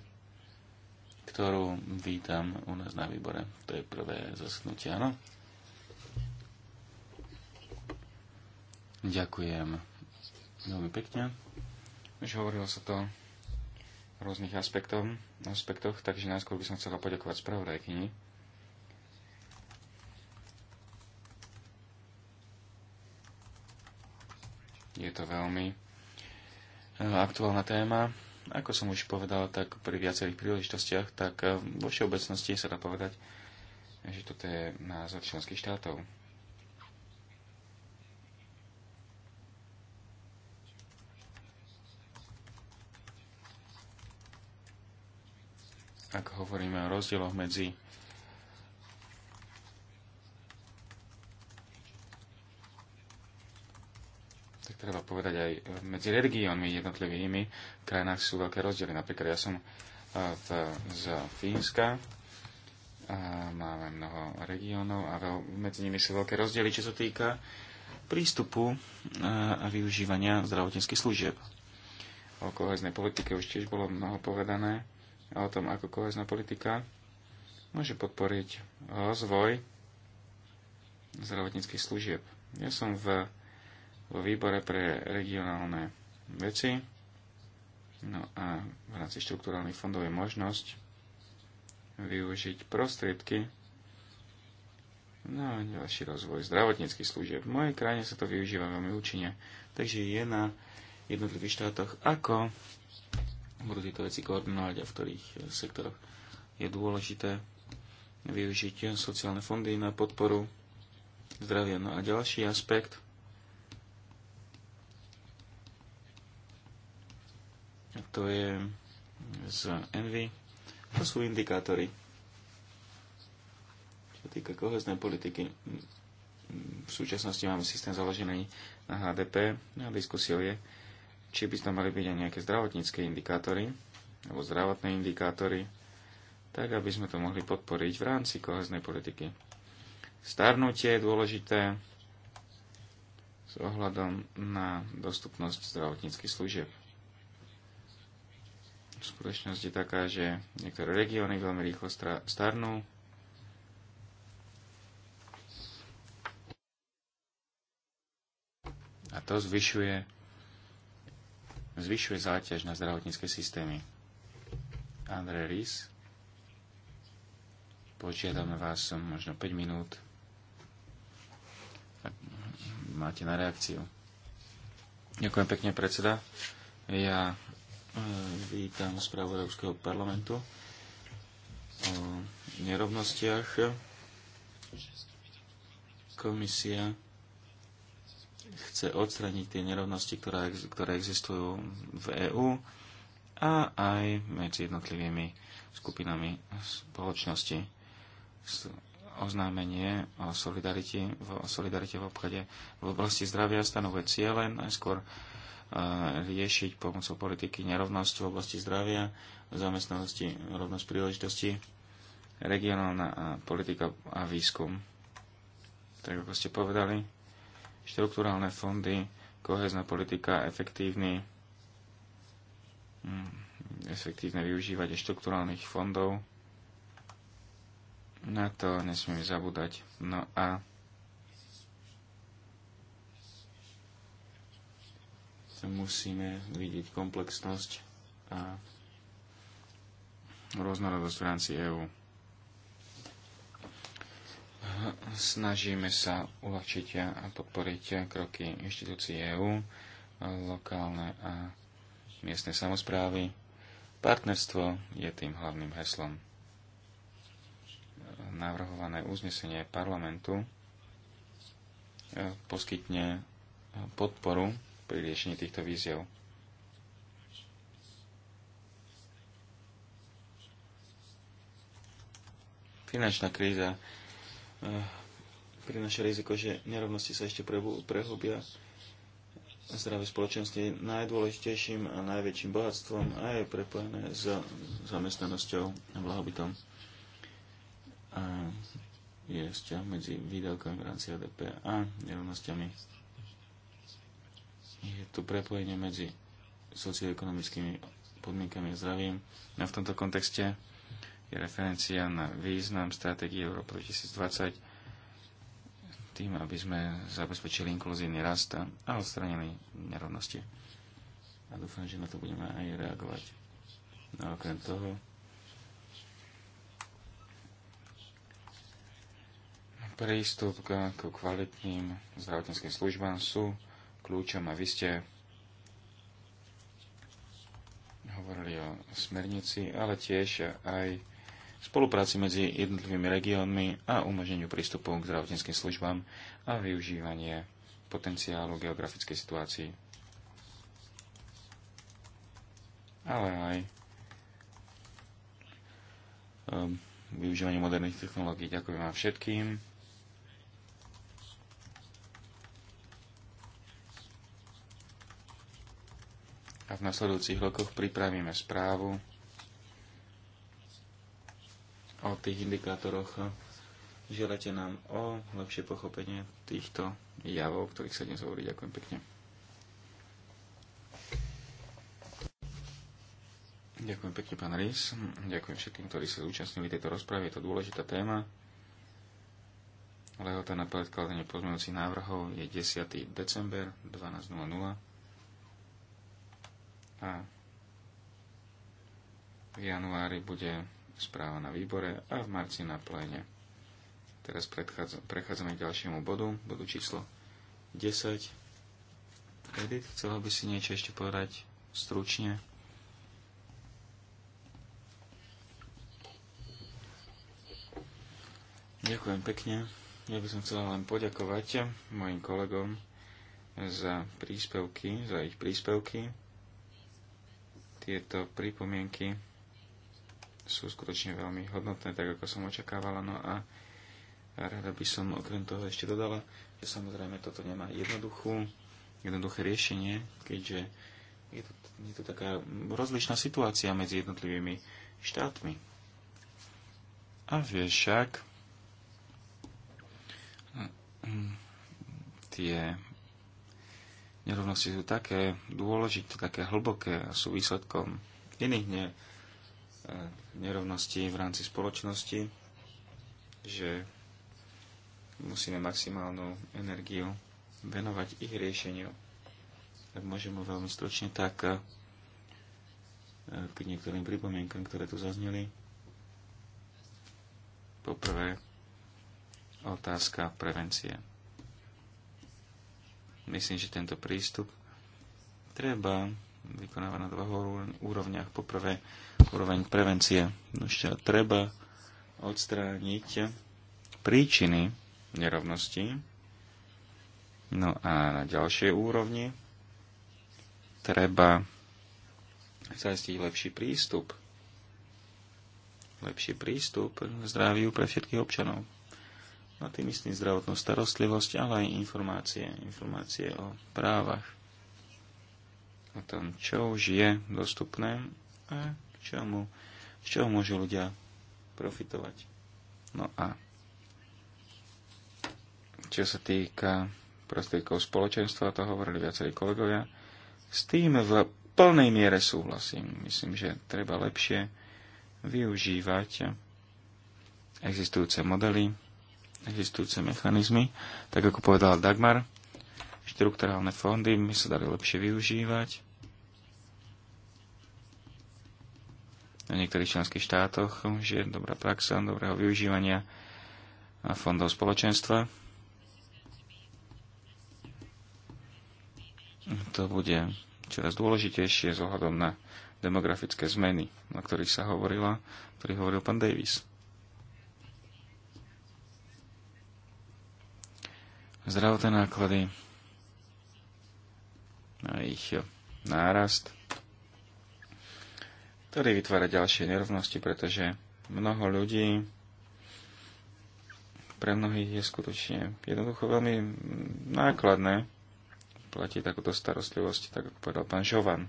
ktorú vítam u nás na výbore. To je prvé zasadnutie, áno? Ďakujem veľmi pekne. Už hovorilo sa to v rôznych aspektoch, aspektoch, takže najskôr by som chcela poďakovať spravodajkyni. Je to veľmi aktuálna téma. Ako som už povedal, tak pri viacerých príležitostiach, tak eh, vo všeobecnosti sa dá povedať, že toto je názor členských štátov. Ak hovoríme o rozdieloch medzi treba povedať aj e, medzi regiónmi jednotlivými v krajinách sú veľké rozdiely. Napríklad ja som e, v, z Fínska, a e, máme mnoho regiónov a veľ, medzi nimi sú veľké rozdiely, čo sa týka prístupu a využívania zdravotníckých služieb. O koheznej politike už tiež bolo mnoho povedané a o tom, ako kohezná politika môže podporiť rozvoj zdravotníckých služieb. Ja som v vo výbore pre regionálne veci. No a v rámci štruktúrálnych fondov je možnosť využiť prostriedky na ďalší rozvoj zdravotníckých služieb. V mojej krajine sa to využíva veľmi účinne, takže je na jednotlivých štátoch, ako budú tieto veci koordinovať a v ktorých eh, sektoroch je dôležité využiť sociálne fondy na podporu zdravia. No a ďalší aspekt – to je z Envy. To sú indikátory. Čo týka kohezné politiky, v súčasnosti máme systém založený na HDP a diskusiou je, či by tam mali byť aj nejaké zdravotnícke indikátory alebo zdravotné indikátory, tak aby sme to mohli podporiť v rámci koheznej politiky. Starnutie je dôležité s ohľadom na dostupnosť zdravotníckých služieb skutočnosť je taká, že niektoré regióny veľmi rýchlo starnú. A to zvyšuje, zvyšuje záťaž na zdravotnícke systémy. Andrej Ries, počiadame vás možno 5 minút. Máte na reakciu. Ďakujem pekne, predseda. Ja Vítam správu Európskeho parlamentu o nerovnostiach. Komisia chce odstraniť tie nerovnosti, ktoré, ktoré existujú v EÚ a aj medzi jednotlivými skupinami spoločnosti. Oznámenie o solidarite, o solidarite v obchode v oblasti zdravia stanovuje cieľe najskôr riešiť pomocou politiky nerovnosti v oblasti zdravia, zamestnanosti, rovnosť príležitosti, regionálna politika a výskum. Tak ako ste povedali, štruktúrálne fondy, kohezná politika, efektívny, mm, efektívne využívanie štruktúrálnych fondov. Na to nesmieme zabúdať. No a musíme vidieť komplexnosť a rôznorodosť v rámci EÚ. Snažíme sa uľahčiť a podporiť kroky inštitúcií EÚ, lokálne a miestne samozprávy. Partnerstvo je tým hlavným heslom. Navrhované uznesenie parlamentu e, poskytne podporu pri riešení týchto víziev. Finančná kríza eh, prináša riziko, že nerovnosti sa ešte prehlbia. Zdravé spoločnosti je najdôležitejším a najväčším bohatstvom a je prepojené s zamestnanosťou a blahobytom. A je vzťah medzi výdavkami v rámci ADP a nerovnosťami je tu prepojenie medzi socioekonomickými podmienkami a zdravím. A no, v tomto kontexte je referencia na význam stratégie Európa 2020 tým, aby sme zabezpečili inkluzívny rast a odstranili nerovnosti. A dúfam, že na to budeme aj reagovať. No a okrem toho, prístup k, k kvalitným zdravotníckým službám sú kľúčom a vy ste hovorili o smernici, ale tiež aj spolupráci medzi jednotlivými regiónmi a umožneniu prístupu k zdravotníckým službám a využívanie potenciálu geografickej situácii. Ale aj ehm, využívanie moderných technológií. Ďakujem vám všetkým. a v nasledujúcich rokoch pripravíme správu o tých indikátoroch. Želáte nám o lepšie pochopenie týchto javov, o ktorých sa dnes hovorí. Ďakujem pekne. Ďakujem pekne, pán Rís. Ďakujem všetkým, ktorí sa zúčastnili tejto rozpravy. Je to dôležitá téma. Lehota na predkladanie pozmeňujúcich návrhov je 10. december 12.00 a v januári bude správa na výbore a v marci na pléne. Teraz prechádzame k ďalšiemu bodu, bodu číslo 10. Edith, chcela by si niečo ešte povedať stručne? Ďakujem pekne. Ja by som chcela len poďakovať mojim kolegom za príspevky, za ich príspevky. Tieto pripomienky sú skutočne veľmi hodnotné, tak ako som očakávala. No a rada by som okrem toho ešte dodala, že samozrejme toto nemá jednoduchú, jednoduché riešenie, keďže je to, je to taká rozličná situácia medzi jednotlivými štátmi. A vieš však, hm, tie nerovnosti sú také dôležité, také hlboké a sú výsledkom iných ne, e, nerovností v rámci spoločnosti, že musíme maximálnu energiu venovať ich riešeniu. Tak môžeme veľmi stručne, tak e, k niektorým pripomienkam, ktoré tu zazneli. Poprvé, otázka prevencie Myslím, že tento prístup treba vykonávať na dvoch úrovniach. Poprvé, úroveň prevencie. No ešte treba odstrániť príčiny nerovnosti. No a na ďalšej úrovni treba zajistiť lepší prístup. Lepší prístup k zdraviu pre všetkých občanov a tým myslím zdravotnú starostlivosť, ale aj informácie, informácie o právach, o tom, čo už je dostupné a k čomu, z čoho môžu ľudia profitovať. No a čo sa týka prostriedkov spoločenstva, to hovorili viacerí kolegovia, s tým v plnej miere súhlasím. Myslím, že treba lepšie využívať existujúce modely, existujúce mechanizmy. Tak ako povedala Dagmar, štrukturálne fondy by sa dali lepšie využívať. Na niektorých členských štátoch už je dobrá praxa, dobrého využívania fondov spoločenstva. To bude čoraz dôležitejšie z ohľadom na demografické zmeny, o ktorých sa hovorila, ktorý hovoril pán Davis. zdravotné náklady, na ich nárast, ktorý vytvára ďalšie nerovnosti, pretože mnoho ľudí pre mnohých je skutočne jednoducho veľmi nákladné platiť takúto starostlivosť, tak ako povedal pán Žovan.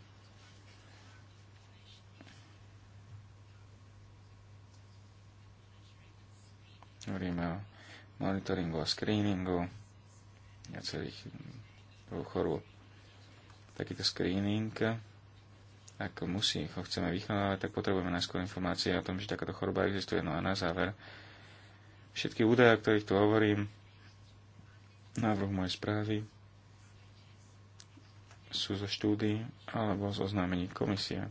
Hovoríme o monitoringu a screeningu viacerých chorôb. Takýto screening, ak musí, ho chceme vychovávať, tak potrebujeme najskôr informácie o tom, že takáto choroba existuje. No a na záver, všetky údaje, o ktorých tu hovorím, návrh mojej správy, sú zo štúdy alebo zo oznámení komisie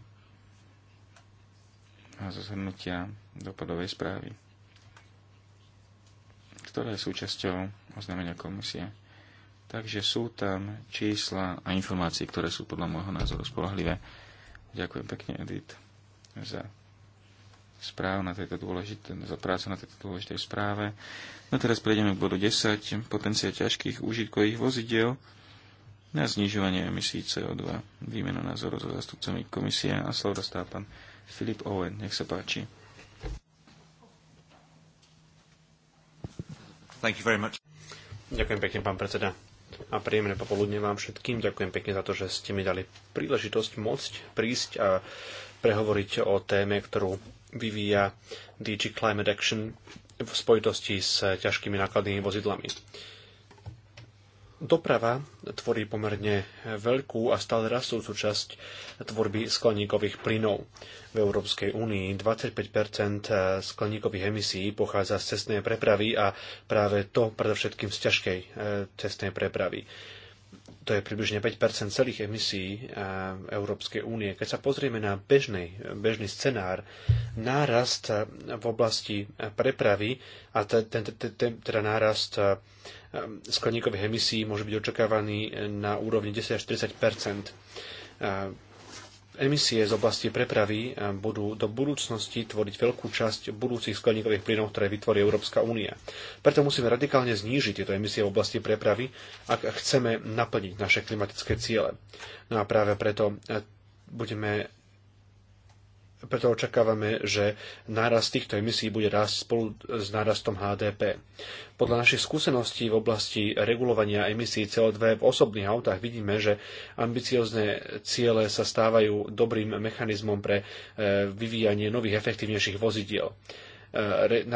a zo zhrnutia dopadovej správy, ktorá je súčasťou oznámenia komisie. Takže sú tam čísla a informácie, ktoré sú podľa môjho názoru spolahlivé. Ďakujem pekne, Edith, za správu na tejto dôležité, za prácu na tejto dôležitej správe. No teraz prejdeme k bodu 10, potencia ťažkých užitkových vozidiel na znižovanie emisí CO2. Výmena názoru so zastupcami komisie a slovo dostá pán Filip Owen. Nech sa páči. Thank you very much. Ďakujem pekne, pán predseda a príjemné popoludne vám všetkým. Ďakujem pekne za to, že ste mi dali príležitosť môcť prísť a prehovoriť o téme, ktorú vyvíja DG Climate Action v spojitosti s ťažkými nákladnými vozidlami. Doprava tvorí pomerne veľkú a stále rastúcu časť tvorby skleníkových plynov. V Európskej únii 25 skleníkových emisí pochádza z cestnej prepravy a práve to predovšetkým z ťažkej eh, cestnej prepravy to je približne 5 celých emisí eh, Európskej únie. Keď sa pozrieme na bežný, bežný scenár, nárast eh, v oblasti eh, prepravy a ten, teda nárast skleníkových emisí môže byť očakávaný na úrovni 10 až 30 Emisie z oblasti prepravy eh, budú do budúcnosti tvoriť veľkú časť budúcich skleníkových plynov, ktoré vytvorí Európska únia. Preto musíme radikálne znížiť tieto emisie v oblasti prepravy, ak chceme naplniť naše klimatické ciele. No a práve preto eh, budeme preto očakávame, že nárast týchto emisí bude rásť spolu s nárastom HDP. Podľa našich skúseností v oblasti regulovania emisí CO2 v osobných autách vidíme, že ambiciozne ciele sa stávajú dobrým mechanizmom pre e, vyvíjanie nových efektívnejších vozidiel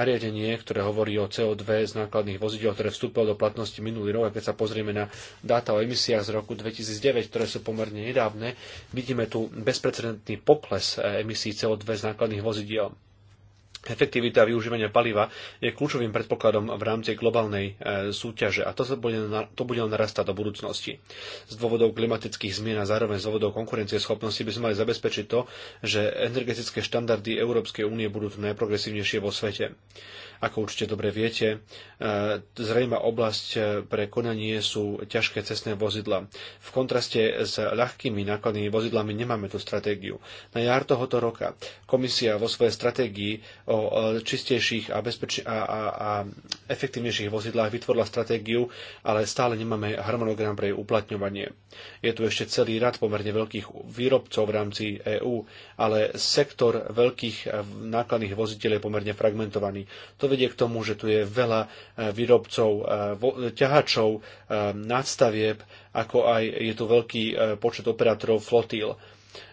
nariadenie, ktoré hovorí o CO2 z nákladných vozidel, ktoré vstúpilo do platnosti minulý rok. A keď sa pozrieme na dáta o emisiách z roku 2009, ktoré sú pomerne nedávne, vidíme tu bezprecedentný pokles eh, emisí CO2 z nákladných vozidiel. Efektivita využívania paliva je kľúčovým predpokladom v rámci globálnej e, súťaže a to, sa bude, to bude narastať do budúcnosti. Z dôvodov klimatických zmien a zároveň z dôvodov konkurencieschopnosti by sme mali zabezpečiť to, že energetické štandardy Európskej únie budú najprogresívnejšie vo svete. Ako určite dobre viete, e, zrejma oblasť e, pre konanie sú ťažké cestné vozidla. V kontraste s ľahkými nákladnými vozidlami nemáme tú stratégiu. Na jar tohoto roka komisia vo svojej stratégii o e, čistejších a, bezpeč- a, a, a efektívnejších vozidlách vytvorila stratégiu, ale stále nemáme harmonogram pre jej uplatňovanie. Je tu ešte celý rad pomerne veľkých výrobcov v rámci EÚ, ale sektor veľkých nákladných vozidel je pomerne fragmentovaný. To vedie k tomu, že tu je veľa e, výrobcov e, ťahačov, e, nadstavieb, ako aj je tu veľký počet operátorov flotíl.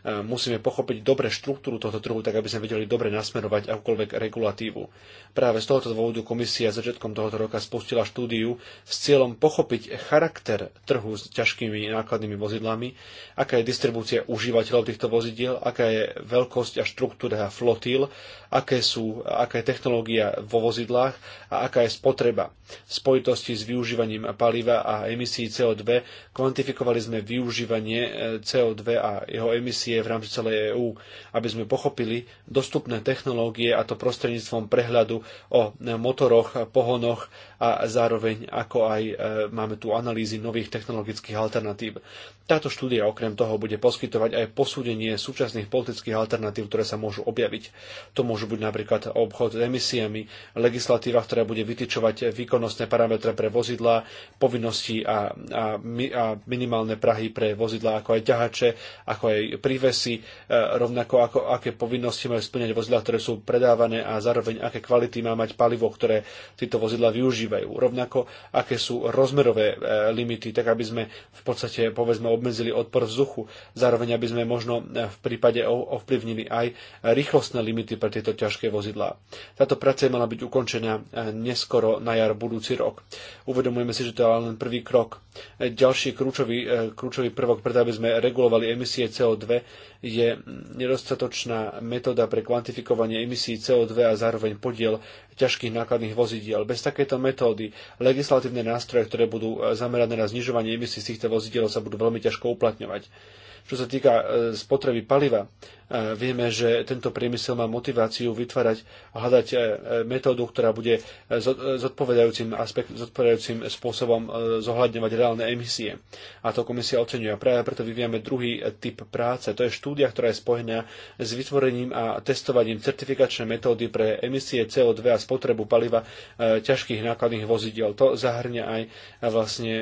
Eh, musíme pochopiť dobre štruktúru tohto trhu, tak aby sme vedeli dobre nasmerovať akúkoľvek regulatívu. Práve z tohoto dôvodu komisia začiatkom tohoto roka spustila štúdiu s cieľom pochopiť charakter trhu s ťažkými nákladnými vozidlami, aká je distribúcia užívateľov týchto vozidiel, aká je veľkosť a štruktúra flotíl, aké sú, aká je technológia vo vozidlách a aká je spotreba. V spojitosti s využívaním paliva a emisí CO2 kvantifikovali sme využívanie eh, CO2 a jeho emisí komisie v rámci celej EÚ, aby sme pochopili dostupné technológie a to prostredníctvom prehľadu o motoroch, pohonoch a zároveň ako aj e, máme tu analýzy nových technologických alternatív. Táto štúdia okrem toho bude poskytovať aj posúdenie súčasných politických alternatív, ktoré sa môžu objaviť. To môžu byť napríklad obchod s emisiami, legislatíva, ktorá bude vytyčovať výkonnostné parametre pre vozidlá, povinnosti a, a, a minimálne prahy pre vozidlá, ako aj ťahače, ako aj pri vývesy, e, rovnako ako aké povinnosti majú splňať vozidla, ktoré sú predávané a zároveň aké kvality má mať palivo, ktoré tieto vozidla využívajú. Rovnako aké sú rozmerové e, limity, tak aby sme v podstate povedzme obmedzili odpor vzduchu, zároveň aby sme možno e, v prípade ovplyvnili aj rýchlostné limity pre tieto ťažké vozidlá. Táto práca mala byť ukončená neskoro na jar budúci rok. Uvedomujeme si, že to je len prvý krok. Ďalší kľúčový, kľúčový prvok, preto aby sme regulovali emisie CO2, je nedostatočná metóda pre kvantifikovanie emisí CO2 a zároveň podiel ťažkých nákladných vozidiel. Bez takéto metódy legislatívne nástroje, ktoré budú zamerané na znižovanie emisí z týchto vozidiel, sa budú veľmi ťažko uplatňovať. Čo sa týka e, spotreby paliva, e, vieme, že tento priemysel má motiváciu vytvárať a hľadať e, metódu, ktorá bude zodpovedajúcim, aspekt, zodpovedajúcim spôsobom zohľadňovať reálne emisie. A to komisia oceňuje. Práve preto vyvíjame druhý typ práce. To je štúdia, ktorá je spojená s vytvorením a testovaním certifikačnej metódy pre emisie CO2 a spotrebu paliva ťažkých nákladných vozidiel. To zahrňa aj vlastne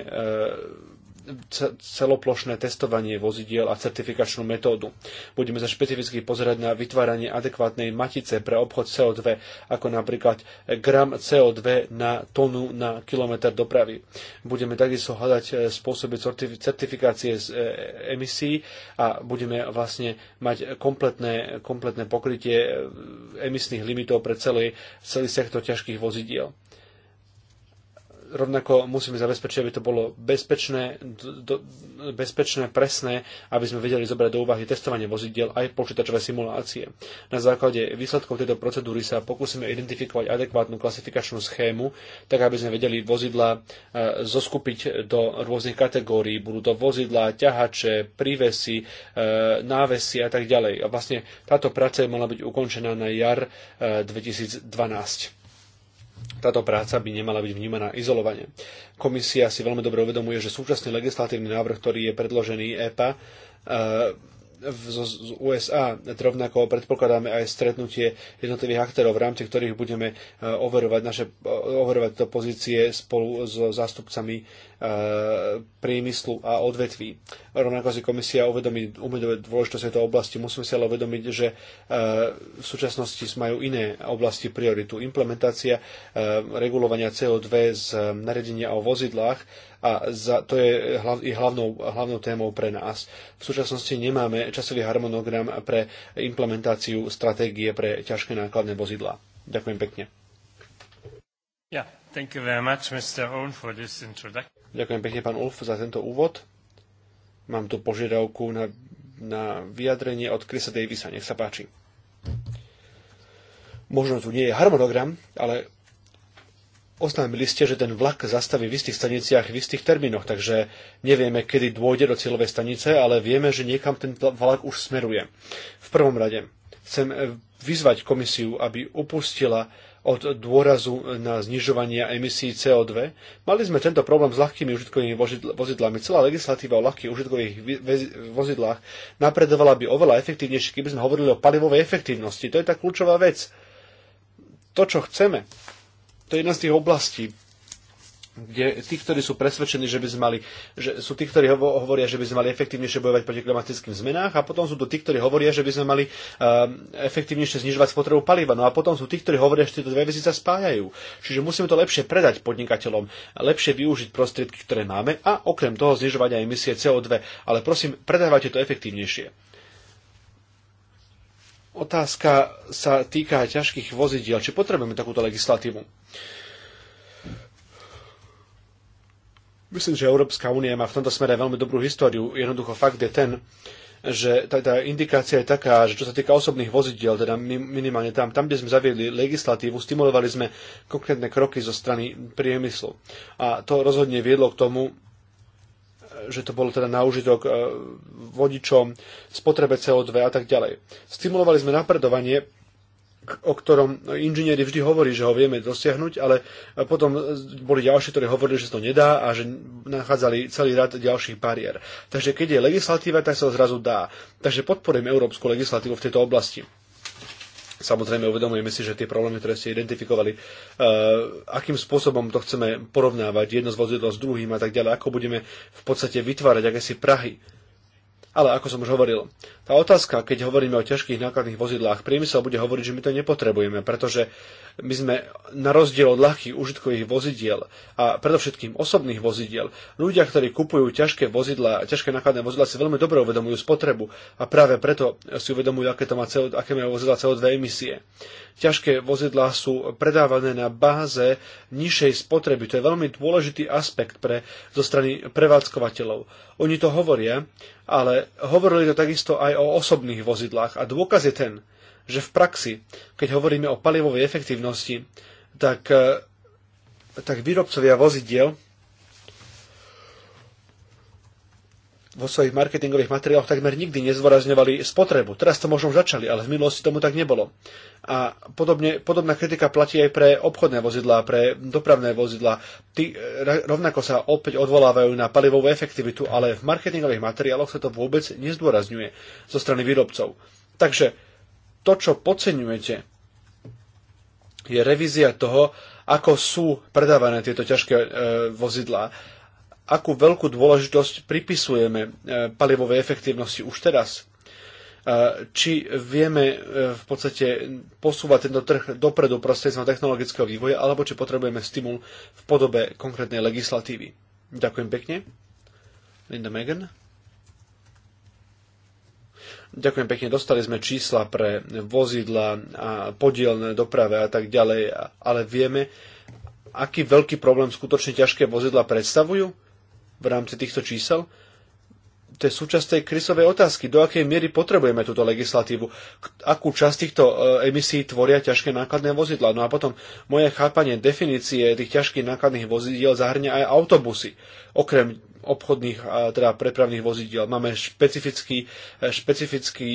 celoplošné testovanie vozidiel a certifikačnú metódu. Budeme sa špecificky pozerať na vytváranie adekvátnej matice pre obchod CO2, ako napríklad gram CO2 na tonu na kilometr dopravy. Budeme takisto hľadať e, spôsoby certifikácie z e, emisí a budeme vlastne mať kompletné, kompletné pokrytie e, emisných limitov pre celý, celý sektor ťažkých vozidiel rovnako musíme zabezpečiť, aby to bolo bezpečné, do, bezpečné, presné, aby sme vedeli zobrať do úvahy testovanie vozidiel aj počítačové simulácie. Na základe výsledkov tejto procedúry sa pokúsime identifikovať adekvátnu klasifikačnú schému, tak aby sme vedeli vozidla e, zoskupiť do rôznych kategórií. Budú to vozidla, ťahače, prívesy, e, návesy a tak ďalej. A vlastne táto práca mala byť ukončená na jar 2012. E, táto práca by nemala byť vnímaná izolovane. Komisia si veľmi dobre uvedomuje, že súčasný legislatívny návrh, ktorý je predložený EPA, e, z USA. Rovnako predpokladáme aj stretnutie jednotlivých aktérov, v rámci ktorých budeme e, overovať, naše, e, overovať to pozície spolu so zástupcami E, priemyslu a odvetví. Rovnako si komisia uvedomí, umedové dôležitosť tejto oblasti. Musíme si ale uvedomiť, že e, v súčasnosti majú iné oblasti prioritu. Implementácia e, regulovania CO2 z naredenia o vozidlách a za, to je hlav, je hlavnou, hlavnou témou pre nás. V súčasnosti nemáme časový harmonogram pre implementáciu stratégie pre ťažké nákladné vozidlá. Ďakujem pekne. Yeah, thank you very much, Mr. Owen, for this introduction. Ďakujem pekne, pán Ulf, za tento úvod. Mám tu požiadavku na, na vyjadrenie od Krisa Davisa. Nech sa páči. Možno tu nie je harmonogram, ale oznámili ste, že ten vlak zastaví v istých staniciach, v istých termínoch, takže nevieme, kedy dôjde do cieľovej stanice, ale vieme, že niekam ten vlak už smeruje. V prvom rade chcem eh, vyzvať komisiu, aby upustila od dôrazu na znižovanie emisí CO2. Mali sme tento problém s ľahkými užitkovými vozidlami. Celá legislatíva o ľahkých užitkových vozidlách napredovala by oveľa efektívnejšie, keby sme hovorili o palivovej efektívnosti. To je tá kľúčová vec. To, čo chceme, to je jedna z tých oblastí, kde tí, ktorí sú presvedčení, že by sme mali, že sú tí, ktorí hovoria, že by sme mali efektívnejšie bojovať proti klimatickým zmenách a potom sú to tí, ktorí hovoria, že by sme mali um, efektívnejšie znižovať spotrebu paliva. No a potom sú tí, ktorí hovoria, že tieto dve veci sa spájajú. Čiže musíme to lepšie predať podnikateľom, lepšie využiť prostriedky, ktoré máme a okrem toho znižovať aj emisie CO2. Ale prosím, predávajte to efektívnejšie. Otázka sa týka ťažkých vozidiel. Či potrebujeme takúto legislatívu? Uh, Myslím, že Európska únia má v tomto smere veľmi dobrú históriu. Jednoducho fakt je ten, že tá, tá indikácia je taká, že čo sa týka osobných vozidiel, teda minimálne tam, tam, kde sme zaviedli legislatívu, stimulovali sme konkrétne kroky zo strany priemyslu. A to rozhodne viedlo k tomu, že to bolo teda na užitok e, vodičom, spotrebe CO2 a tak ďalej. Stimulovali sme napredovanie o ktorom inžinieri vždy hovorí, že ho vieme dosiahnuť, ale potom boli ďalší, ktorí hovorili, že to nedá a že nachádzali celý rad ďalších bariér. Takže keď je legislatíva, tak sa to zrazu dá. Takže podporujem európsku legislatívu v tejto oblasti. Samozrejme uvedomujeme si, že tie problémy, ktoré ste identifikovali, uh, akým spôsobom to chceme porovnávať jedno z vozidlo s druhým a tak ďalej, ako budeme v podstate vytvárať akési prahy ale ako som už hovoril, tá otázka, keď hovoríme o ťažkých nákladných vozidlách, priemysel bude hovoriť, že my to nepotrebujeme, pretože my sme na rozdiel od ľahkých užitkových vozidiel a predovšetkým osobných vozidiel, ľudia, ktorí kupujú ťažké vozidla, ťažké nákladné vozidla, si veľmi dobre uvedomujú spotrebu a práve preto si uvedomujú, aké, to má CO, aké majú vozidla CO2 emisie. Ťažké vozidlá sú predávané na báze nižšej spotreby. To je veľmi dôležitý aspekt pre, zo strany prevádzkovateľov. Oni to hovoria, ale hovorili to takisto aj o osobných vozidlách a dôkaz je ten, že v praxi, keď hovoríme o palivovej efektívnosti, tak, e, tak výrobcovia vozidiel vo svojich marketingových materiáloch takmer nikdy nezvorazňovali spotrebu. Teraz to možno už začali, ale v minulosti tomu tak nebolo. A podobne, podobná kritika platí aj pre obchodné vozidlá, pre dopravné vozidlá. Ty e, rovnako sa opäť odvolávajú na palivovú efektivitu, ale v marketingových materiáloch sa to vôbec nezdôrazňuje zo strany výrobcov. Takže to, čo podceňujete, je revízia toho, ako sú predávané tieto ťažké e, vozidlá. Akú veľkú dôležitosť pripisujeme e, palivovej efektívnosti už teraz. E, či vieme e, v podstate posúvať tento trh dopredu prostredstvom technologického vývoja, alebo či potrebujeme stimul v podobe konkrétnej legislatívy. Ďakujem pekne. Linda Megan. Ďakujem pekne, dostali sme čísla pre vozidla a podielne doprave a tak ďalej, ale vieme, aký veľký problém skutočne ťažké vozidla predstavujú v rámci týchto čísel? to je súčasť tej krysovej otázky, do akej miery potrebujeme túto legislatívu, akú časť týchto e, emisí tvoria ťažké nákladné vozidla. No a potom moje chápanie definície tých ťažkých nákladných vozidiel zahrňa aj autobusy, okrem obchodných, a e, teda prepravných vozidiel. Máme špecifický, e, špecifický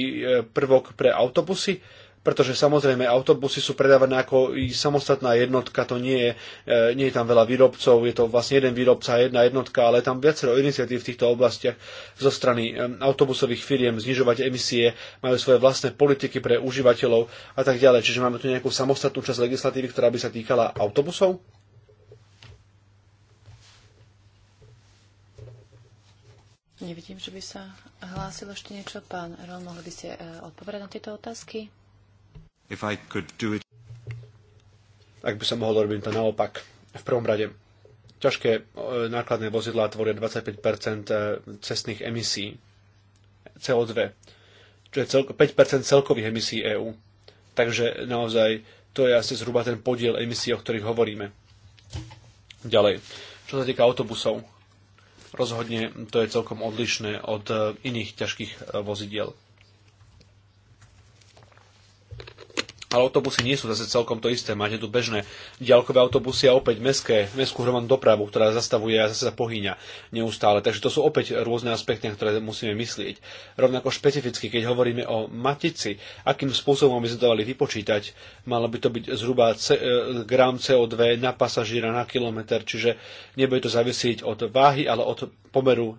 prvok pre autobusy, pretože samozrejme autobusy sú predávané ako i samostatná jednotka, to nie je, e, nie je tam veľa výrobcov, je to vlastne jeden výrobca, a jedna jednotka, ale je tam viacero iniciatív v týchto oblastiach zo strany e, autobusových firiem znižovať emisie, majú svoje vlastné politiky pre užívateľov a tak ďalej. Čiže máme tu nejakú samostatnú časť legislatívy, ktorá by sa týkala autobusov? Nevidím, že by sa hlásil ešte niečo. Pán Rol, mohli by ste e, odpovedať na tieto otázky? if I could do it. Ak by som mohol robiť to naopak, v prvom rade ťažké e, nákladné vozidlá tvoria 25 e, cestných emisí CO2, čo je 5 celkových emisí EÚ. Takže naozaj to je asi zhruba ten podiel emisí, o ktorých hovoríme. Ďalej, čo sa týka autobusov, rozhodne to je celkom odlišné od e, iných ťažkých vozidiel. Ale autobusy nie sú zase celkom to isté. Máte tu bežné diaľkové autobusy a opäť meské, mestskú hromadnú dopravu, ktorá zastavuje a zase sa pohýňa neustále. Takže to sú opäť rôzne aspekty, na ktoré musíme myslieť. Rovnako špecificky, keď hovoríme o matici, akým spôsobom by sme to dali vypočítať, malo by to byť zhruba e, C, gram CO2 na pasažíra na kilometr, čiže nebude to závisieť od váhy, ale od pomeru um,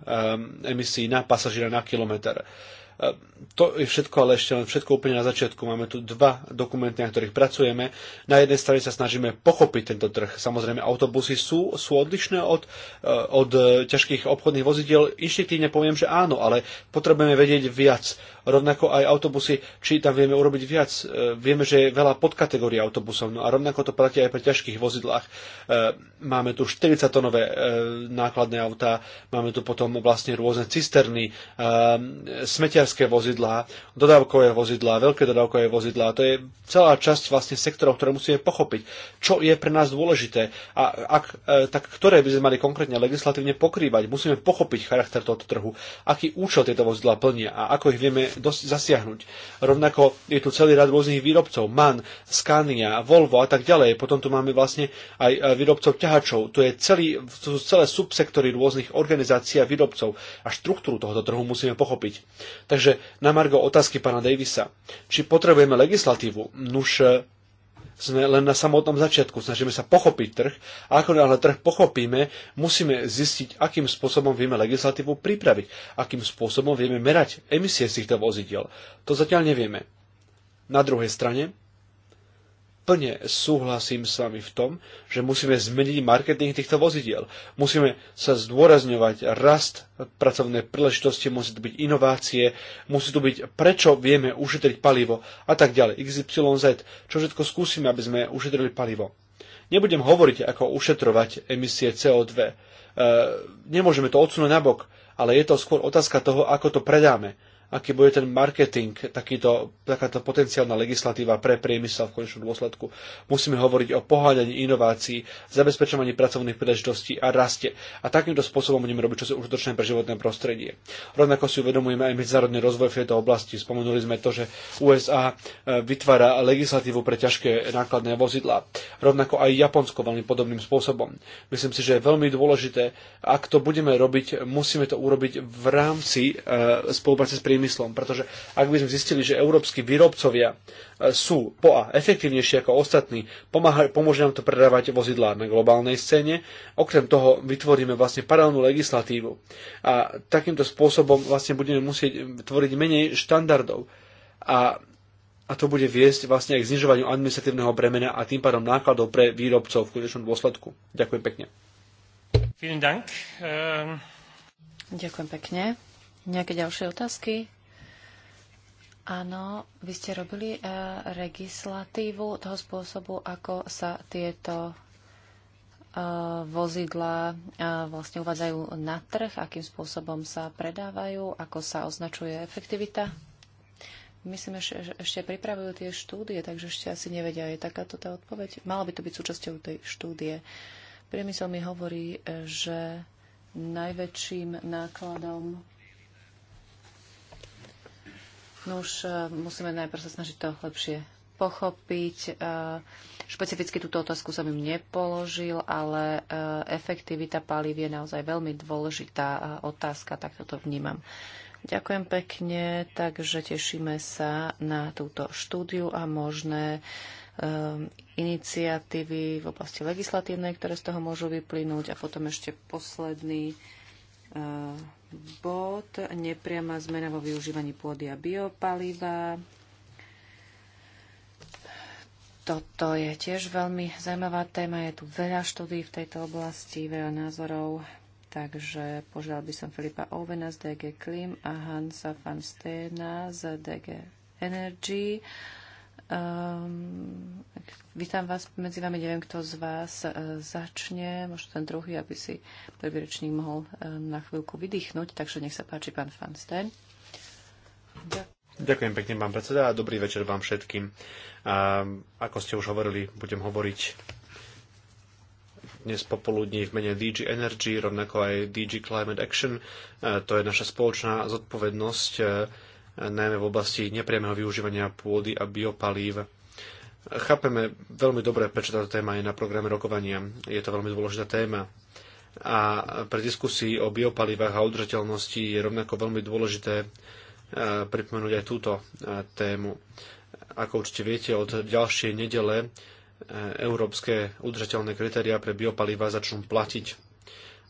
emisí na pasažíra na kilometr. To je všetko, ale ešte len všetko úplne na začiatku. Máme tu dva dokumenty, na ktorých pracujeme. Na jednej strane sa snažíme pochopiť tento trh. Samozrejme, autobusy sú, sú odlišné od, eh, od ťažkých obchodných vozidiel. Inštitívne poviem, že áno, ale potrebujeme vedieť viac rovnako aj autobusy, či tam vieme urobiť viac. E, vieme, že je veľa podkategórií autobusov, no a rovnako to platí aj pri ťažkých vozidlách. E, máme tu 40-tonové e, nákladné autá, máme tu potom vlastne rôzne cisterny, smetiarské vozidlá, dodávkové vozidlá, veľké dodávkové vozidlá. To je celá časť vlastne sektorov, ktoré musíme pochopiť, čo je pre nás dôležité a ak, tak ktoré by sme mali konkrétne legislatívne pokrývať. Musíme pochopiť charakter tohto trhu, aký účel tieto vozidlá plnia a ako ich vieme dosť zasiahnuť. Rovnako je tu celý rad rôznych výrobcov, MAN, Scania, Volvo a tak ďalej. Potom tu máme vlastne aj e, výrobcov ťahačov. Tu je celý, sú celé subsektory rôznych organizácií a výrobcov a štruktúru tohoto trhu musíme pochopiť. Takže na Margo otázky pána Davisa. Či potrebujeme legislatívu? Nuž e, sme len na samotnom začiatku, snažíme sa pochopiť trh a ako náhle trh pochopíme, musíme zistiť, akým spôsobom vieme legislatívu pripraviť, akým spôsobom vieme merať emisie z týchto vozidiel. To zatiaľ nevieme. Na druhej strane, plne súhlasím s vami v tom, že musíme zmeniť marketing týchto vozidiel. Musíme sa zdôrazňovať rast pracovné príležitosti, musí tu byť inovácie, musí tu byť prečo vieme ušetriť palivo a tak ďalej. XYZ, čo všetko skúsime, aby sme ušetrili palivo. Nebudem hovoriť, ako ušetrovať emisie CO2. E, nemôžeme to odsunúť nabok, ale je to skôr otázka toho, ako to predáme aký bude ten marketing, takýto, takáto potenciálna legislatíva pre priemysel v konečnom dôsledku. Musíme hovoriť o poháňaní inovácií, zabezpečovaní pracovných príležitostí a raste. A takýmto spôsobom budeme robiť čo užitočné pre životné prostredie. Rovnako si uvedomujeme aj medzinárodný rozvoj v tejto oblasti. Spomenuli sme to, že USA e, vytvára legislatívu pre ťažké nákladné vozidlá. Rovnako aj Japonsko veľmi podobným spôsobom. Myslím si, že je veľmi dôležité, ak to budeme robiť, musíme to urobiť v rámci e, spolupráce s priemyslom priemyslom, pretože ak by sme zistili, že európsky výrobcovia e, sú po a efektívnejší ako ostatní, pomáha, pomôže nám to predávať vozidlá na globálnej scéne, okrem toho vytvoríme vlastne paralelnú legislatívu a takýmto spôsobom vlastne budeme musieť tvoriť menej štandardov a a to bude viesť vlastne aj k znižovaniu administratívneho bremena a tým pádom nákladov pre výrobcov v konečnom dôsledku. Ďakujem pekne. Ähm, Ďakujem pekne. Nejaké ďalšie otázky? Áno, vy ste robili legislatívu eh, toho spôsobu, ako sa tieto eh, vozidla eh, vlastne uvádzajú na trh, akým spôsobom sa predávajú, ako sa označuje efektivita. Myslím, že ešte pripravujú tie štúdie, takže ešte asi nevedia, je takáto tá odpoveď. Mala by to byť súčasťou tej štúdie. Priemysel mi hovorí, že najväčším nákladom No už e, musíme najprv sa snažiť to lepšie pochopiť. E, špecificky túto otázku som im nepoložil, ale e, efektivita palív je naozaj veľmi dôležitá otázka, tak toto vnímam. Ďakujem pekne, takže tešíme sa na túto štúdiu a možné um, iniciatívy v oblasti legislatívnej, ktoré z toho môžu vyplynúť. A potom ešte posledný uh, bod nepriama zmena vo využívaní pôdy a biopaliva. Toto je tiež veľmi zaujímavá téma. Je tu veľa štúdí v tejto oblasti, veľa názorov. Takže požiadal by som Filipa Ovena z DG Klim a Hansa van Steena z DG Energy Um, vítam vás medzi vami, neviem, kto z vás uh, začne, možno ten druhý, aby si prvý rečník mohol uh, na chvíľku vydýchnuť, takže nech sa páči pán Fanstein. Ďakujem. Ďakujem pekne, pán predseda, a dobrý večer vám všetkým. A, ako ste už hovorili, budem hovoriť dnes popoludní v mene DG Energy, rovnako aj DG Climate Action. E, to je naša spoločná zodpovednosť najmä v oblasti nepriamého využívania pôdy a biopalív. Chápeme veľmi dobre, prečo táto téma je na programe rokovania. Je to veľmi dôležitá téma. A pre diskusii o biopalivách a udržateľnosti je rovnako veľmi dôležité e, pripomenúť aj túto e, tému. Ako určite viete, od ďalšej nedele e, európske udržateľné kritériá pre biopalíva začnú platiť.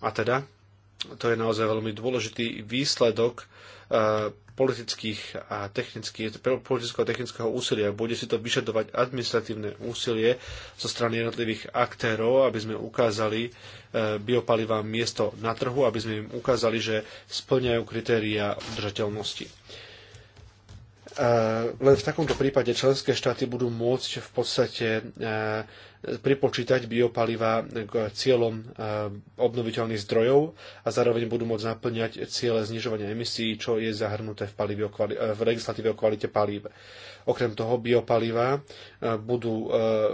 A teda, to je naozaj veľmi dôležitý výsledok politických a technických, politického a technického úsilia. Bude si to vyšadovať administratívne úsilie zo strany jednotlivých aktérov, aby sme ukázali e, biopalivám miesto na trhu, aby sme im ukázali, že splňajú kritéria udržateľnosti. Eh, len v takomto prípade členské štáty budú môcť v podstate eh, pripočítať biopaliva k cieľom eh, obnoviteľných zdrojov a zároveň budú môcť naplňať ciele znižovania emisí, čo je zahrnuté v, palivio, v legislatíve o kvalite palív. Okrem toho biopaliva budú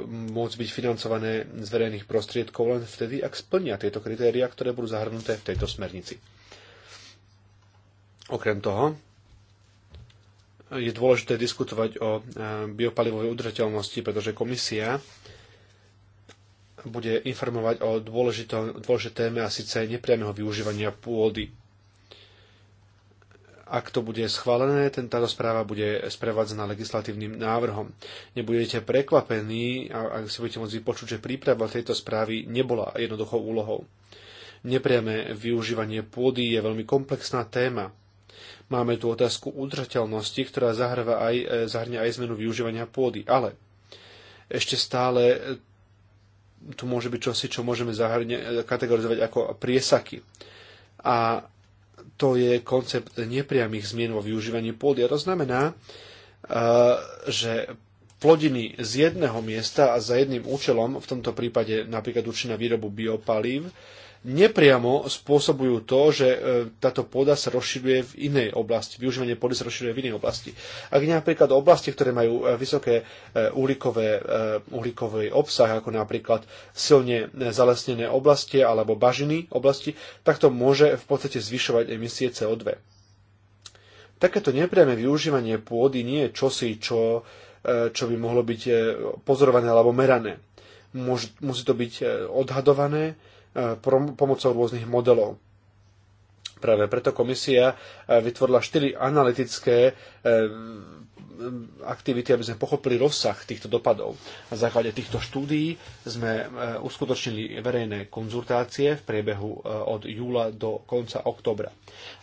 môcť byť financované z verejných prostriedkov len vtedy, ak splnia tieto kritériá, ktoré budú zahrnuté v tejto smernici. Okrem toho, je dôležité diskutovať o e, biopalivovej udržateľnosti, pretože komisia bude informovať o dôležitej téme a síce nepriamého využívania pôdy. Ak to bude schválené, táto správa bude sprevádzaná legislatívnym návrhom. Nebudete prekvapení, ak si budete môcť vypočuť, že príprava tejto správy nebola jednoduchou úlohou. Nepriame využívanie pôdy je veľmi komplexná téma, Máme tu otázku udržateľnosti, ktorá zahrňa aj, e, zahrňa aj zmenu využívania pôdy, ale ešte stále e, tu môže byť čosi, čo môžeme zahrňa, e, kategorizovať ako priesaky. A to je koncept nepriamých zmien vo využívaní pôdy. A to znamená, že plodiny z jedného miesta a za jedným účelom, v tomto prípade napríklad určená výrobu biopalív, Nepriamo spôsobujú to, že e, táto pôda sa rozširuje v inej oblasti, využívanie pôdy sa rozširuje v inej oblasti. Ak napríklad oblasti, ktoré majú e, vysoké e, uhlíkové, uhlíkové obsah, ako napríklad silne zalesnené oblasti alebo bažiny oblasti, tak to môže v podstate zvyšovať emisie CO2. Takéto nepriame využívanie pôdy nie je čosi, čo, čo by mohlo byť pozorované alebo merané. musí to byť odhadované Eh, pomocou rôznych modelov. Práve preto komisia eh, vytvorila štyri analytické eh, aktivity, aby sme pochopili rozsah týchto dopadov. Na základe týchto štúdií sme eh, uskutočnili verejné konzultácie v priebehu od júla do konca októbra.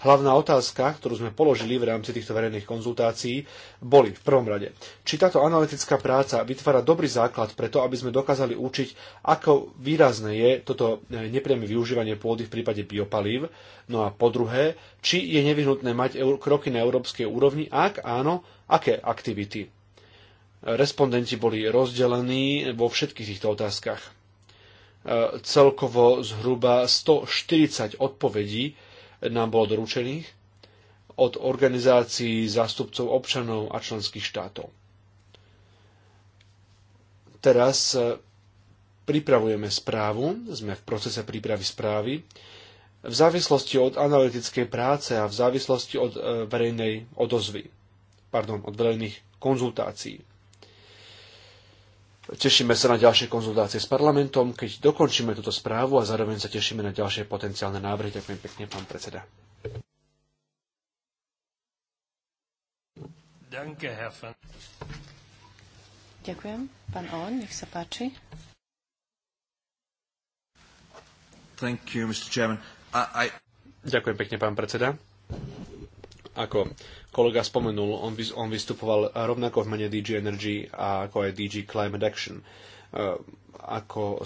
Hlavná otázka, ktorú sme položili v rámci týchto verejných konzultácií, boli v prvom rade, či táto analytická práca vytvára dobrý základ pre to, aby sme dokázali učiť, ako výrazné je toto nepriame využívanie pôdy v prípade biopalív. No a po druhé, či je nevyhnutné mať kroky na európskej úrovni, ak áno, aké aktivity. Respondenti boli rozdelení vo všetkých týchto otázkach. E, celkovo zhruba 140 odpovedí nám bolo doručených od organizácií zástupcov občanov a členských štátov. Teraz e, pripravujeme správu, sme v procese prípravy správy v závislosti od analytickej práce a v závislosti od e, verejnej odozvy, pardon, od verejných konzultácií. Tešíme sa na ďalšie konzultácie s parlamentom, keď dokončíme túto správu a zároveň sa tešíme na ďalšie potenciálne návrhy. Ďakujem pekne, pán predseda. Ďakujem. Pán Owen, nech sa páči. Thank you, Mr. Chairman. Ďakujem pekne, pán predseda. Ako kolega spomenul, on, on vystupoval rovnako v mene DG Energy a ako aj DG Climate Action. Eh, ako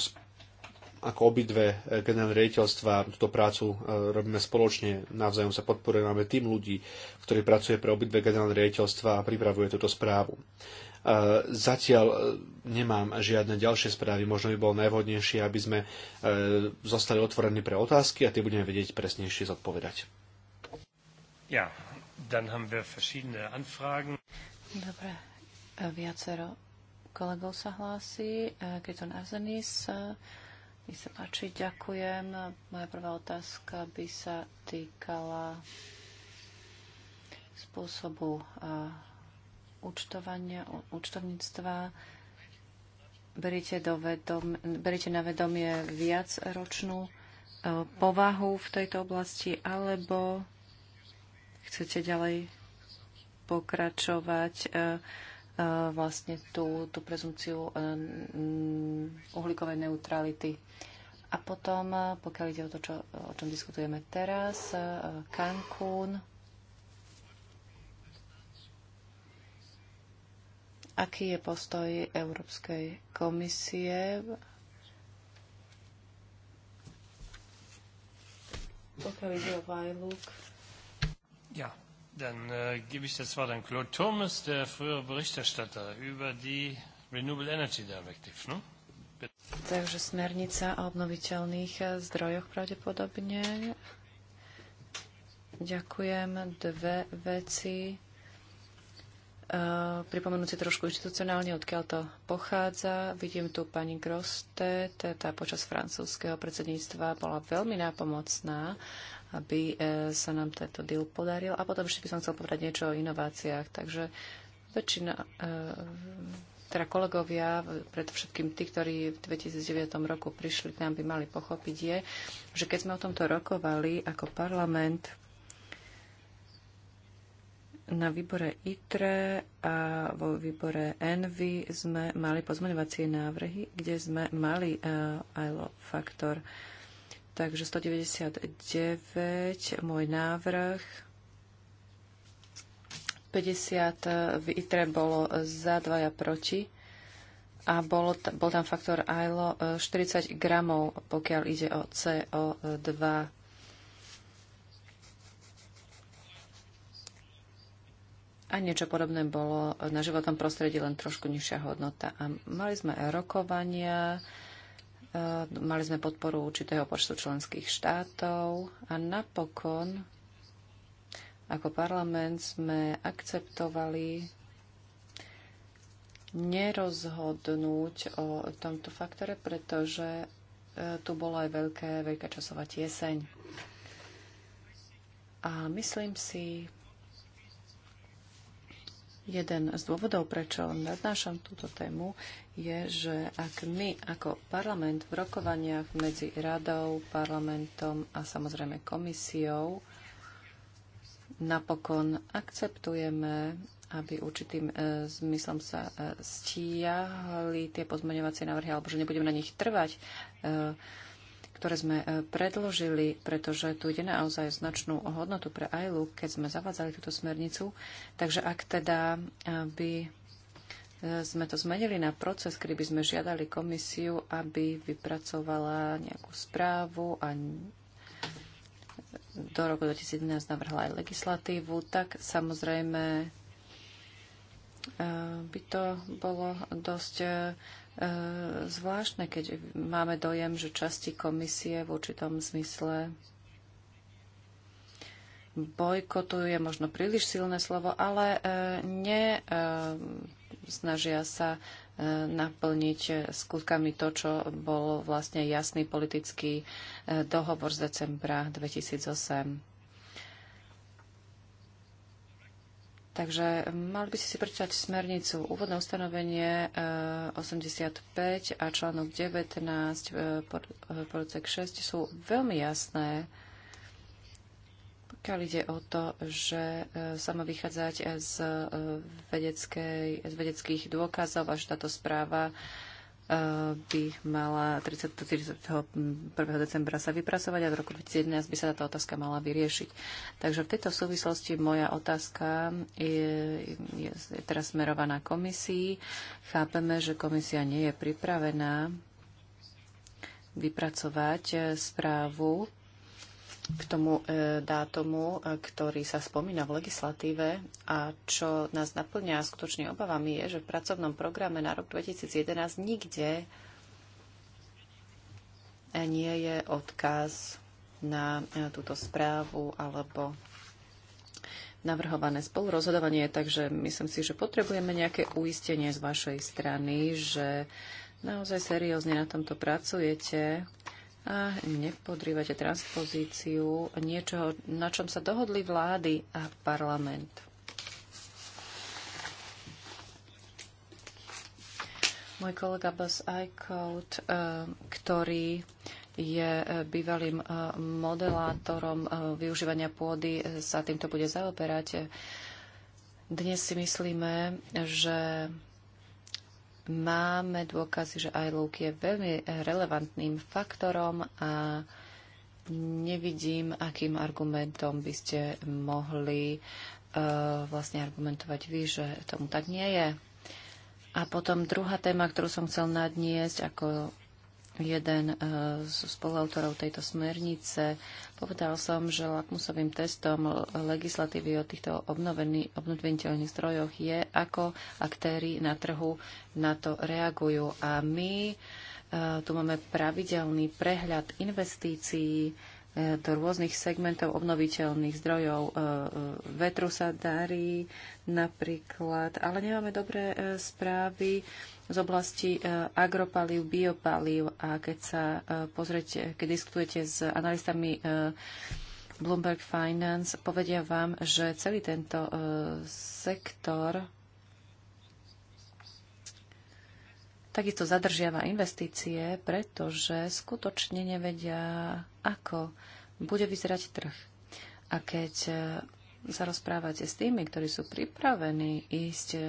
ako obidve eh, generálne riaditeľstva túto prácu eh, robíme spoločne, navzájom sa podporujeme, máme tým ľudí, ktorí pracuje pre obidve generálne riaditeľstva a pripravuje túto správu. Zatiaľ e, nemám žiadne ďalšie správy. Možno by bolo najvhodnejšie, aby sme e, zostali otvorení pre otázky a tie budeme vedieť presnejšie zodpovedať. Ja, dann haben wir verschiedene Anfragen. Dobre, e, viacero kolegov sa hlási. Kriton Arzenis, mi sa páči, ďakujem. Moja prvá otázka by sa týkala spôsobu účtovania, účtovníctva beriete, do vedom, beriete na vedomie viacročnú e, povahu v tejto oblasti, alebo chcete ďalej pokračovať e, e, vlastne tú, tú prezumciu uhlíkovej neutrality. A potom, pokiaľ ide o to, čo, o čom diskutujeme teraz, Cancún, Aký je postoj Európskej komisie? Pokiaľ ide o Vajluk. Ja, dann äh, gebe ich das Wort an Claude Thomas, der frühere Berichterstatter über die Renewable Energy Directive. Ne? Takže smernica o obnoviteľných äh, zdrojoch pravdepodobne. Ďakujem. Dve veci Eh, pripomenúť si trošku inštitucionálne, odkiaľ to pochádza. Vidím tu pani Groste, tá počas francúzského predsedníctva bola veľmi nápomocná, aby eh, sa nám tento deal podaril. A potom ešte by som chcel povedať niečo o inováciách. Takže väčšina, eh, teda kolegovia, predovšetkým tí, ktorí v 2009 roku prišli k nám, by mali pochopiť je, že keď sme o tomto rokovali ako parlament, na výbore ITRE a vo výbore ENVY sme mali pozmeňovacie návrhy, kde sme mali e, ILO faktor. Takže 199, môj návrh. 50 v ITRE bolo za, dvaja proti. A bol, bol tam faktor ILO 40 e, gramov, pokiaľ ide o CO2 a niečo podobné bolo na životnom prostredí, len trošku nižšia hodnota. A mali sme rokovania, e, mali sme podporu určitého počtu členských štátov a napokon ako parlament sme akceptovali nerozhodnúť o tomto faktore, pretože e, tu bola aj veľké, veľká časová tieseň. A myslím si, Jeden z dôvodov, prečo nadnášam túto tému, je, že ak my ako parlament v rokovaniach medzi radou, parlamentom a samozrejme komisiou napokon akceptujeme, aby určitým e, zmyslom sa e, stiahli tie pozmeňovacie návrhy, alebo že nebudeme na nich trvať, e, ktoré sme e, predložili, pretože tu ide naozaj značnú hodnotu pre ILU, keď sme zavádzali túto smernicu. Takže ak teda e, by e, sme to zmenili na proces, kedy by sme žiadali komisiu, aby vypracovala nejakú správu a do roku 2011 navrhla aj legislatívu, tak samozrejme by to bolo dosť Eh, zvláštne, keď máme dojem, že časti komisie v určitom zmysle bojkotuje možno príliš silné slovo, ale eh, ne eh, snažia sa naplniť skutkami to, čo bol vlastne jasný politický dohovor z decembra 2008. Takže mali by ste si prečítať smernicu úvodné ustanovenie 85 e, a článok 19 podsek 6 sú veľmi jasné, pokiaľ ide o to, že e, sa má vychádzať z, e, vedeckej, z vedeckých dôkazov a že táto správa Eh, by mala 31. decembra sa vypracovať a v roku 2011 by sa táto otázka mala vyriešiť. Takže v tejto súvislosti moja otázka je, je, je teraz smerovaná komisii. Chápeme, že komisia nie je pripravená vypracovať eh, správu k tomu e, dátumu, e, ktorý sa spomína v legislatíve a čo nás naplňa skutočne obavami je, že v pracovnom programe na rok 2011 nikde nie je odkaz na e, túto správu alebo navrhované spolurozhodovanie, takže myslím si, že potrebujeme nejaké uistenie z vašej strany, že naozaj seriózne na tomto pracujete a nepodrývate transpozíciu niečoho, na čom sa dohodli vlády a parlament. Môj kolega Buzz Eichhout, eh, ktorý je eh, bývalým eh, modelátorom využívania pôdy, sa týmto bude zaoperať. Dnes si myslíme, že Máme dôkazy, že iLook je veľmi relevantným faktorom a nevidím, akým argumentom by ste mohli uh, vlastne argumentovať vy, že tomu tak nie je. A potom druhá téma, ktorú som chcel nadniesť ako jeden e, z spoluautorov tejto smernice. Povedal som, že lakmusovým testom legislatívy o týchto obnoviteľných zdrojoch je, ako aktéry na trhu na to reagujú. A my e, tu máme pravidelný prehľad investícií, do rôznych segmentov obnoviteľných zdrojov. E, e, vetru sa darí napríklad, ale nemáme dobré e, správy z oblasti agropalív, biopalív a keď sa pozriete, keď diskutujete s analistami Bloomberg Finance, povedia vám, že celý tento sektor takisto zadržiava investície, pretože skutočne nevedia ako bude vyzerať trh. A keď e, sa rozprávate s tými, ktorí sú pripravení ísť e,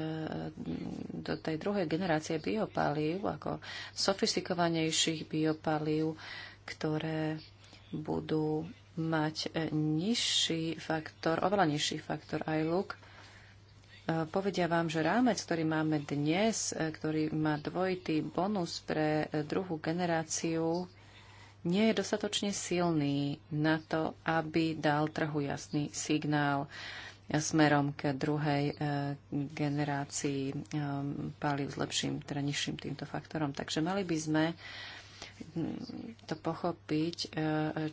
do tej druhej generácie biopalív, ako sofistikovanejších biopalív, ktoré budú mať e, nižší faktor, oveľa nižší faktor look, Povedia vám, že rámec, ktorý máme dnes, ktorý má dvojitý bonus pre druhú generáciu, nie je dostatočne silný na to, aby dal trhu jasný signál smerom k druhej e, generácii e, palív s lepším, teda nižším týmto faktorom. Takže mali by sme hm, to pochopiť, eh,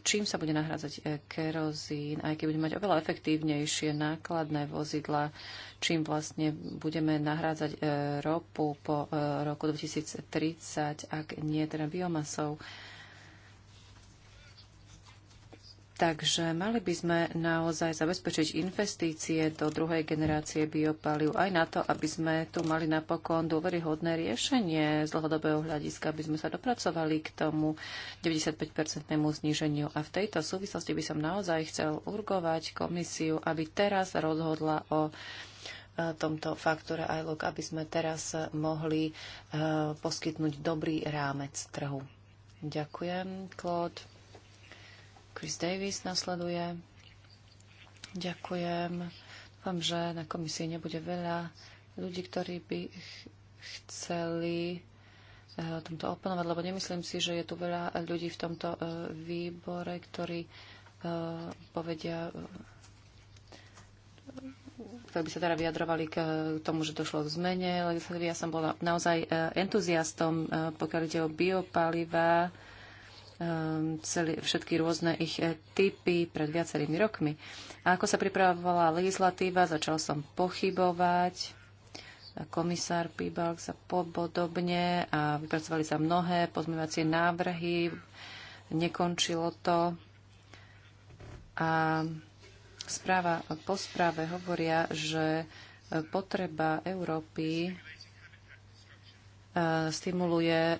čím sa bude nahrádzať kerozín, aj keď budeme mať oveľa efektívnejšie nákladné vozidla, čím vlastne budeme nahrádzať ropu po roku 2030, ak nie teda biomasou. Takže mali by sme naozaj zabezpečiť investície do druhej generácie biopaliu aj na to, aby sme tu mali napokon dôveryhodné riešenie z dlhodobého hľadiska, aby sme sa dopracovali k tomu 95-percentnému zníženiu. A v tejto súvislosti by som naozaj chcel urgovať komisiu, aby teraz rozhodla o e, tomto faktore ILOG, aby sme teraz mohli e, poskytnúť dobrý rámec trhu. Ďakujem, Claude. Chris Davis nasleduje. Ďakujem. Dúfam, že na komisii nebude veľa ľudí, ktorí by ch- chceli eh, o tomto oponovať, lebo nemyslím si, že je tu veľa ľudí v tomto eh, výbore, ktorí eh, povedia ktorí by sa teda vyjadrovali k tomu, že došlo k zmene Ja som bola naozaj entuziastom, pokiaľ ide o biopaliva Ehm, všetky rôzne ich eh, typy pred viacerými rokmi. A ako sa pripravovala legislatíva, začal som pochybovať. Komisár Pibalk sa podobne a vypracovali sa mnohé pozmývacie návrhy. Nekončilo to. A správa po správe hovoria, že eh, potreba Európy stimuluje e,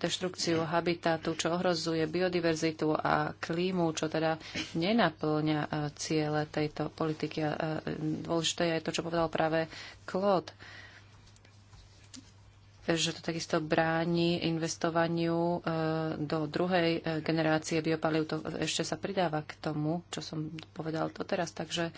deštrukciu habitatu, čo ohrozuje biodiverzitu a klímu, čo teda nenaplňa e, ciele tejto politiky. A e, dôležité je aj to, čo povedal práve Claude že to takisto bráni investovaniu do druhej generácie biopalív. To ešte sa pridáva k tomu, čo som povedal teraz. Takže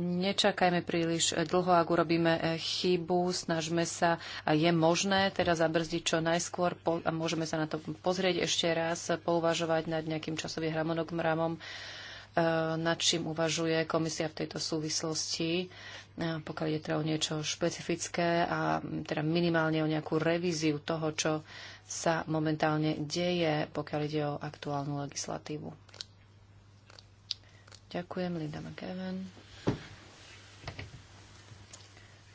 nečakajme príliš dlho, ak urobíme eh, chybu, snažme sa a je možné teda zabrzdiť čo najskôr po, a môžeme sa na to pozrieť ešte raz, pouvažovať nad nejakým časovým harmonogramom, eh, nad čím uvažuje komisia v tejto súvislosti, eh, pokiaľ je teda o niečo špecifické a mm, teda minimálne o nejakú revíziu toho, čo sa momentálne deje, pokiaľ ide o aktuálnu legislatívu. Ďakujem, Linda McEwen.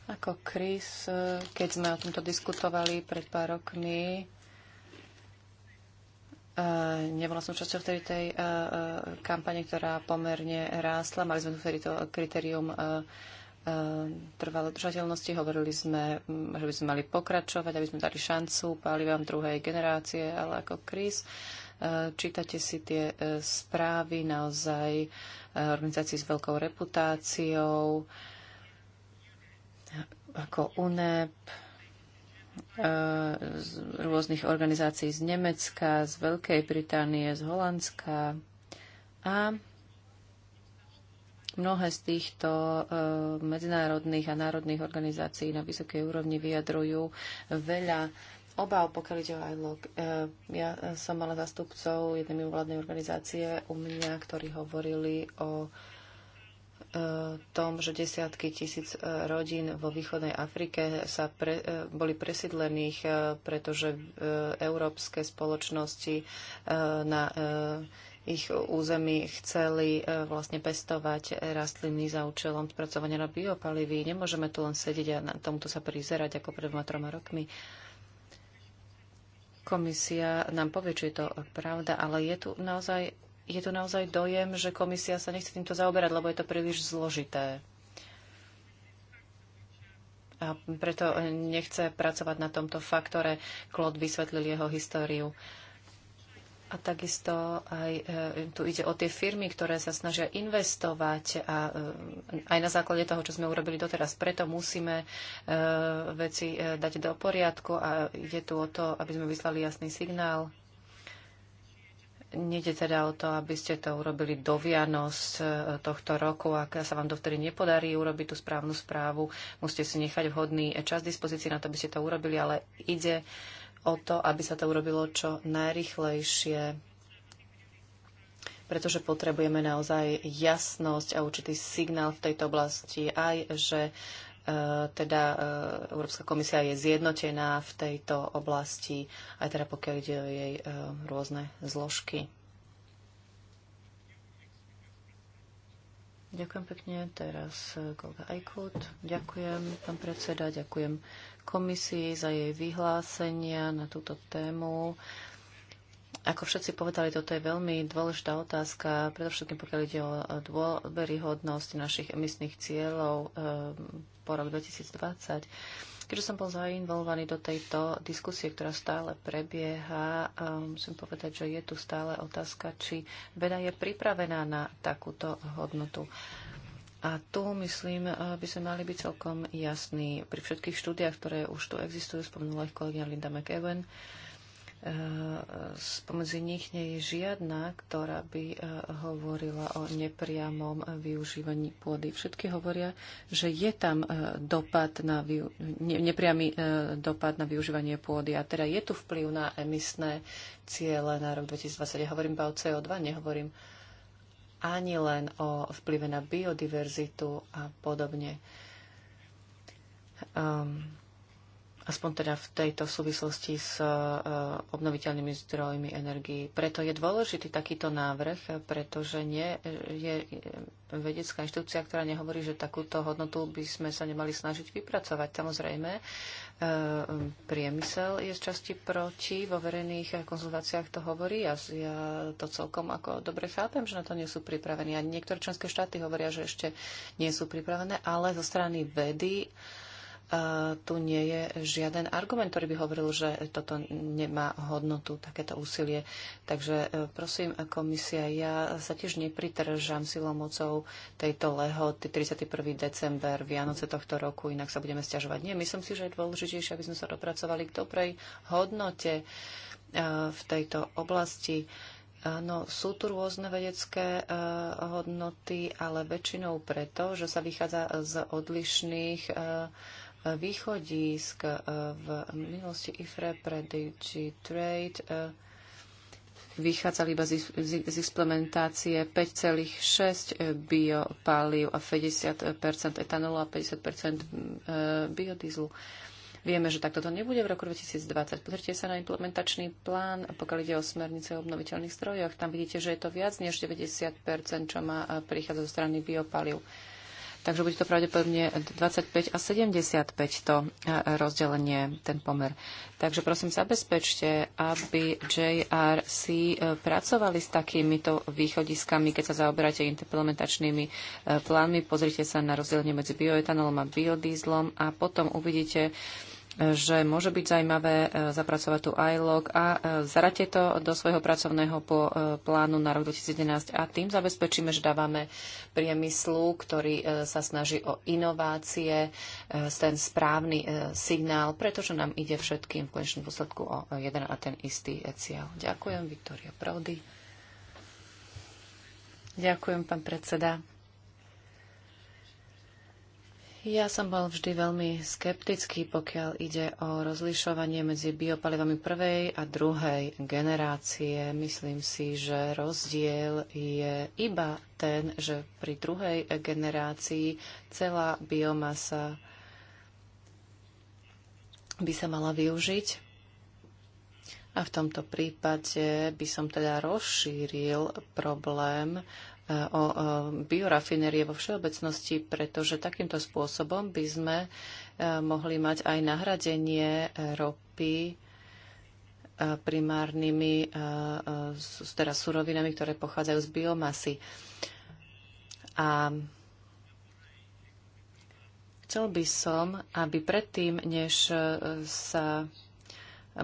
Ako Chris, e, keď sme o tomto diskutovali pred pár rokmi, e, nebola som časťou vtedy tej e, kampane, ktorá pomerne rástla. Mali sme tu vtedy to kritérium trvalej držateľnosti. Hovorili sme, že by sme mali pokračovať, aby sme dali šancu palivám druhej generácie, ale ako Chris, čítate si tie správy naozaj organizácií s veľkou reputáciou, ako UNEP, e, z rôznych organizácií z Nemecka, z Veľkej Británie, z Holandska. A mnohé z týchto e, medzinárodných a národných organizácií na vysokej úrovni vyjadrujú veľa obav, pokiaľ ide o ILOG. E, ja som mala zastupcov jednej mimovládnej organizácie u mňa, ktorí hovorili o Eh, tom, že desiatky tisíc eh, rodín vo východnej Afrike sa pre, eh, boli presídlených, pretože európske spoločnosti na ich území chceli vlastne pestovať rastliny za účelom spracovania na biopalivy. Nemôžeme tu len sedieť a na tomto sa prizerať ako pred dvoma, troma rokmi. Komisia nám povie, či je to pravda, ale je tu naozaj je tu naozaj dojem, že komisia sa nechce týmto zaoberať, lebo je to príliš zložité. A preto nechce pracovať na tomto faktore. Klod vysvetlil jeho históriu. A takisto aj e, tu ide o tie firmy, ktoré sa snažia investovať a e, aj na základe toho, čo sme urobili doteraz. Preto musíme e, veci dať do poriadku a ide tu o to, aby sme vyslali jasný signál Nede teda o to, aby ste to urobili do Vianoc e, tohto roku. Ak sa vám dovtedy nepodarí urobiť tú správnu správu, musíte si nechať vhodný čas dispozícii na to, aby ste to urobili, ale ide o to, aby sa to urobilo čo najrychlejšie, pretože potrebujeme naozaj jasnosť a určitý signál v tejto oblasti aj, že E, teda e, Európska komisia je zjednotená v tejto oblasti, aj teda pokiaľ ide o jej e, rôzne zložky. Ďakujem pekne. Teraz kolega Ajkut. Ďakujem, pán predseda, ďakujem komisii za jej vyhlásenia na túto tému. Ako všetci povedali, toto je veľmi dôležitá otázka, predovšetkým pokiaľ ide o dôveryhodnosť našich emisných cieľov eh, po rok 2020. Keďže som bol zainvolovaný do tejto diskusie, ktorá stále prebieha, eh, musím povedať, že je tu stále otázka, či veda je pripravená na takúto hodnotu. A tu, myslím, eh, by sme mali byť celkom jasní. Pri všetkých štúdiách, ktoré už tu existujú, spomenula ich kolegyňa Linda McEwen, Eh, spomedzi nich nie je žiadna, ktorá by eh, hovorila o nepriamom využívaní pôdy. Všetky hovoria, že je tam eh, dopad na nepriamy dopad na využívanie pôdy. A teda je tu vplyv na emisné ciele na rok 2020. Ja hovorím iba o CO2, nehovorím ani len o vplyve na biodiverzitu a podobne. Um, aspoň teda v tejto súvislosti s e, obnoviteľnými zdrojmi energii. Preto je dôležitý takýto návrh, pretože nie je vedecká inštitúcia, ktorá nehovorí, že takúto hodnotu by sme sa nemali snažiť vypracovať. Samozrejme, e, priemysel je z časti proti, vo verejných konzultáciách to hovorí a ja to celkom ako dobre chápem, že na to nie sú pripravení. A niektoré členské štáty hovoria, že ešte nie sú pripravené, ale zo strany vedy E, tu nie je žiaden argument, ktorý by hovoril, že toto nemá hodnotu, takéto úsilie. Takže e, prosím, komisia, ja sa tiež nepritržam silou mocou tejto lehoty 31. december, Vianoce tohto roku, inak sa budeme stiažovať. Nie, myslím si, že je dôležitejšie, aby sme sa dopracovali k dobrej hodnote e, v tejto oblasti. Áno, sú tu rôzne vedecké e, hodnoty, ale väčšinou preto, že sa vychádza z odlišných e, východisk e, v minulosti IFRE pre DigiTrade e, vychádzali iba z implementácie 5,6 e, biopalív a 50 etanolu a 50 biodizlu. Vieme, že takto to nebude v roku 2020. Pozrite sa na implementačný plán, pokiaľ ide o smernice o obnoviteľných strojoch. Tam vidíte, že je to viac než 90 čo má prichádza zo strany biopalív. Takže bude to pravdepodobne 25 a 75 to e, rozdelenie, ten pomer. Takže prosím, zabezpečte, aby JRC e, pracovali s takýmito východiskami, keď sa zaoberáte implementačnými e, plánmi. Pozrite sa na rozdelenie medzi bioetanolom a biodízlom a potom uvidíte, že môže byť zaujímavé e, zapracovať tu ILOG a e, zarate to do svojho pracovného e, plánu na rok 2011 a tým zabezpečíme, že dávame priemyslu, ktorý sa snaží o inovácie, ten správny signál, pretože nám ide všetkým v konečnom dôsledku o jeden a ten istý cieľ. Ďakujem, Viktoria Prody. Ďakujem, pán predseda. Ja som bol vždy veľmi skeptický, pokiaľ ide o rozlišovanie medzi biopalivami prvej a druhej generácie. Myslím si, že rozdiel je iba ten, že pri druhej generácii celá biomasa by sa mala využiť. A v tomto prípade by som teda rozšíril problém o biorafinerie vo všeobecnosti, pretože takýmto spôsobom by sme e, mohli mať aj nahradenie ropy e, primárnymi e, teda surovinami, ktoré pochádzajú z biomasy. A chcel by som, aby predtým, než sa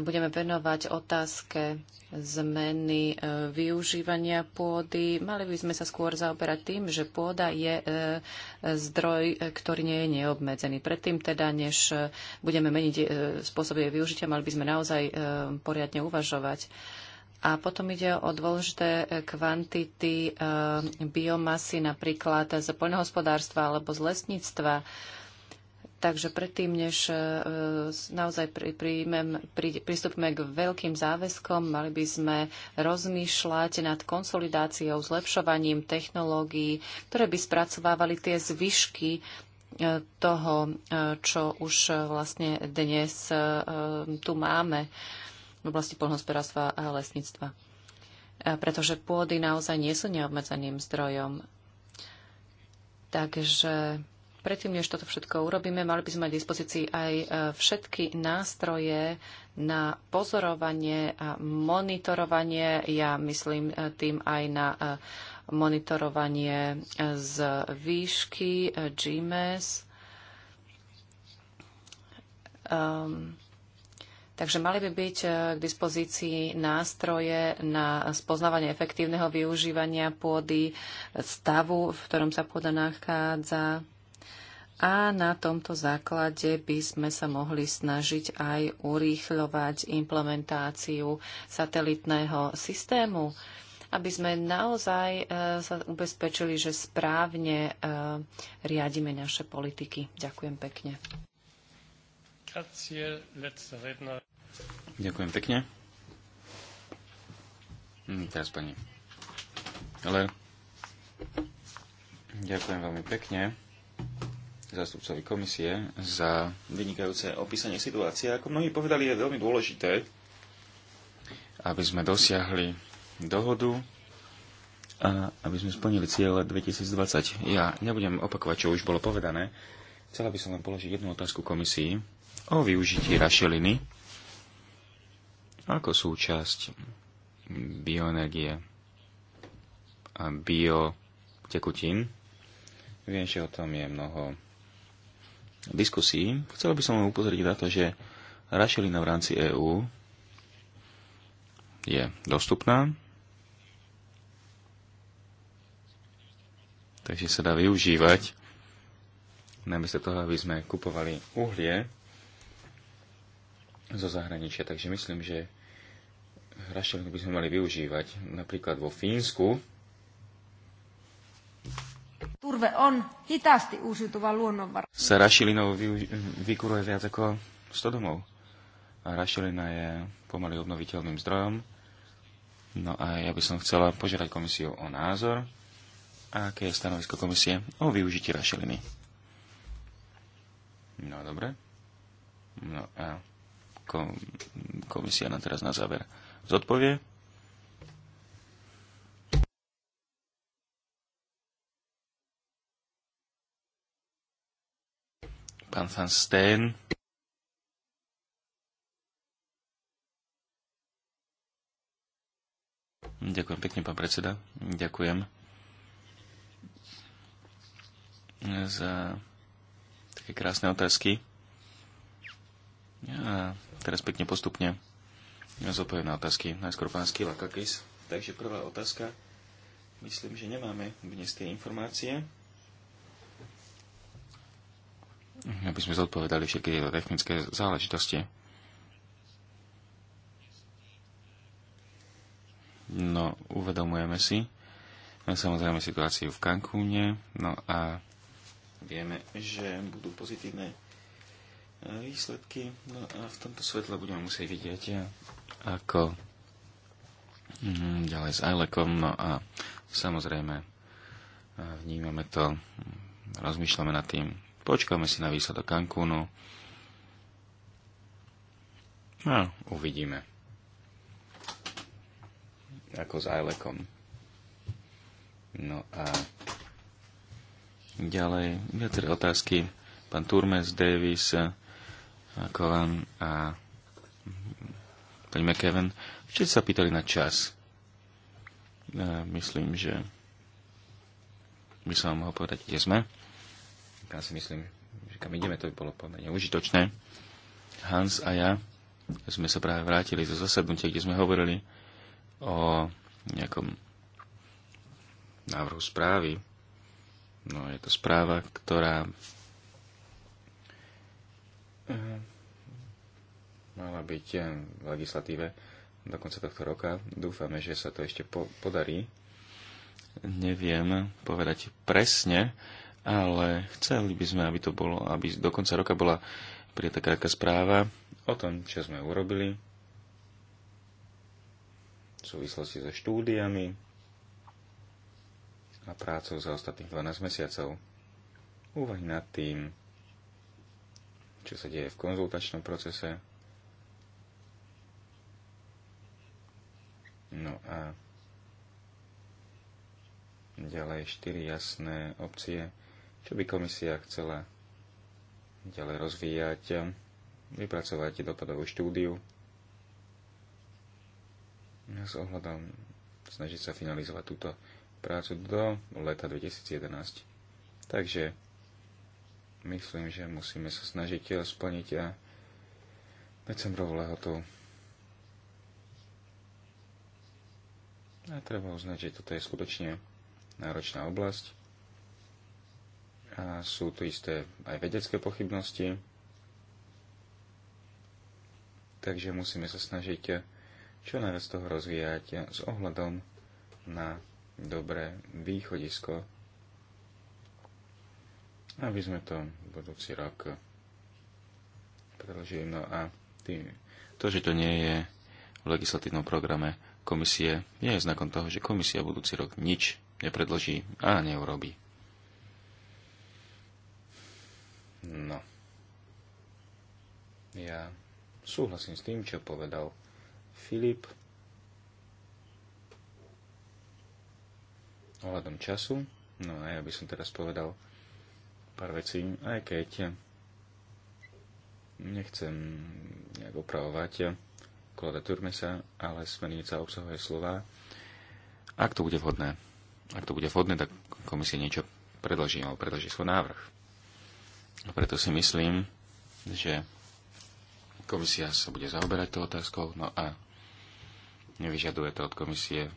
budeme venovať otázke zmeny e, využívania pôdy. Mali by sme sa skôr zaoberať tým, že pôda je e, zdroj, e, ktorý nie je neobmedzený. Predtým teda, než budeme meniť spôsoby jej využitia, mali by sme naozaj poriadne uvažovať. A potom ide o dôležité kvantity biomasy napríklad z poľnohospodárstva alebo z lesníctva Takže predtým, než e, naozaj príjmem, prí, pristúpime k veľkým záväzkom, mali by sme rozmýšľať nad konsolidáciou, zlepšovaním technológií, ktoré by spracovávali tie zvyšky e, toho, e, čo už vlastne dnes tu máme v oblasti polnohospodárstva a lesníctva. Pretože pôdy naozaj nie sú neobmedzeným zdrojom. Takže Predtým, než toto všetko urobíme, mali by sme mať dispozícii aj e, všetky nástroje na pozorovanie a monitorovanie, ja myslím e, tým aj na e, monitorovanie z výšky GMS. Um, ehm, Takže mali by byť k dispozícii nástroje na spoznávanie efektívneho využívania pôdy, stavu, v ktorom sa pôda nachádza, a na tomto základe by sme sa mohli snažiť aj urýchľovať implementáciu satelitného systému, aby sme naozaj e, sa ubezpečili, že správne e, riadime naše politiky. Ďakujem pekne. Ďakujem pekne. Hm, teraz pani. Ale ďakujem veľmi pekne zástupcovi komisie za vynikajúce opísanie situácie. Ako mnohí povedali, je veľmi dôležité, aby sme dosiahli dohodu a aby sme splnili cieľ 2020. Ja nebudem opakovať, čo už bolo povedané. Chcela by som len položiť jednu otázku komisii o využití rašeliny ako súčasť bioenergie a biotekutín. Viem, že o tom je mnoho diskusí, chcel by som upozoriť na to, že rašelina v rámci EÚ je dostupná, takže sa dá využívať. Namiesto toho, aby sme kupovali uhlie zo zahraničia. Takže myslím, že rašelinu by sme mali využívať. Napríklad vo Fínsku Turve on hitaasti uusiutuva luonnonvara. Se rašilinou vy, vykuruje viac ako 100 domov. A rašilina je pomaly obnoviteľným zdrojom. No a ja by som chcela požiadať komisiu o názor. A aké je stanovisko komisie o využití rašeliny? No dobre. No a komisia nám teraz na záver zodpovie. Pán Van Steen. Ďakujem pekne, pán predseda. Ďakujem za také krásne otázky. Ja teraz pekne postupne ja na otázky. Najskôr pán Skila Kakis. Takže prvá otázka. Myslím, že nemáme dnes tie informácie aby sme zodpovedali všetky tieto technické záležitosti. No, uvedomujeme si no, samozrejme situáciu v Cancúne, no a vieme, že budú pozitívne e, výsledky. No a v tomto svetle budeme musieť vidieť, e, ako mm, ďalej s Ajlekom. No a samozrejme e, vnímame to, mm, rozmýšľame nad tým, Počkáme si na výsledok Cancúnu. No, uvidíme. Ako s Ajlekom. No a ďalej, viaceré otázky. Pán Turmes, Davis, vám a pani McKeven, všetci sa pýtali na čas. E, myslím, že by som vám mohol povedať, kde sme ja si myslím, že kam ideme, to by bolo pomerne užitočné. Hans a ja sme sa práve vrátili zo zasadnutia, kde sme hovorili o nejakom návrhu správy. No, je to správa, ktorá eh, mala byť eh, v legislatíve do konca tohto roka. Dúfame, že sa to ešte po- podarí. Neviem povedať presne, ale chceli by sme, aby to bolo, aby do konca roka bola prijatá krátka správa o tom, čo sme urobili v súvislosti so štúdiami a prácou za ostatných 12 mesiacov. Úvahy nad tým, čo sa deje v konzultačnom procese. No a ďalej 4 jasné opcie čo by komisia chcela ďalej rozvíjať, vypracovať dopadovú štúdiu s ohľadom snažiť sa finalizovať túto prácu do leta 2011. Takže myslím, že musíme sa snažiť splniť a eh, decembrovú lehotu. A treba uznať, že toto je skutočne náročná oblasť a sú tu isté aj vedecké pochybnosti, takže musíme sa snažiť čo najviac toho rozvíjať s ohľadom na dobré východisko, aby sme to budúci rok predložili. No a tým, to, že to nie je v legislatívnom programe komisie, nie je znakom toho, že komisia budúci rok nič nepredloží a neurobí. No. Ja súhlasím s tým, čo povedal Filip ohľadom času. No a ja by som teraz povedal pár vecí, aj keď nechcem nejak opravovať Kloda Turmesa, ale smernica obsahuje slova. Ak to bude vhodné, ak to bude vhodné, tak komisia niečo predloží, alebo predloží svoj návrh. A preto si myslím, že komisia sa bude zaoberať tou otázkou, no a nevyžaduje to od komisie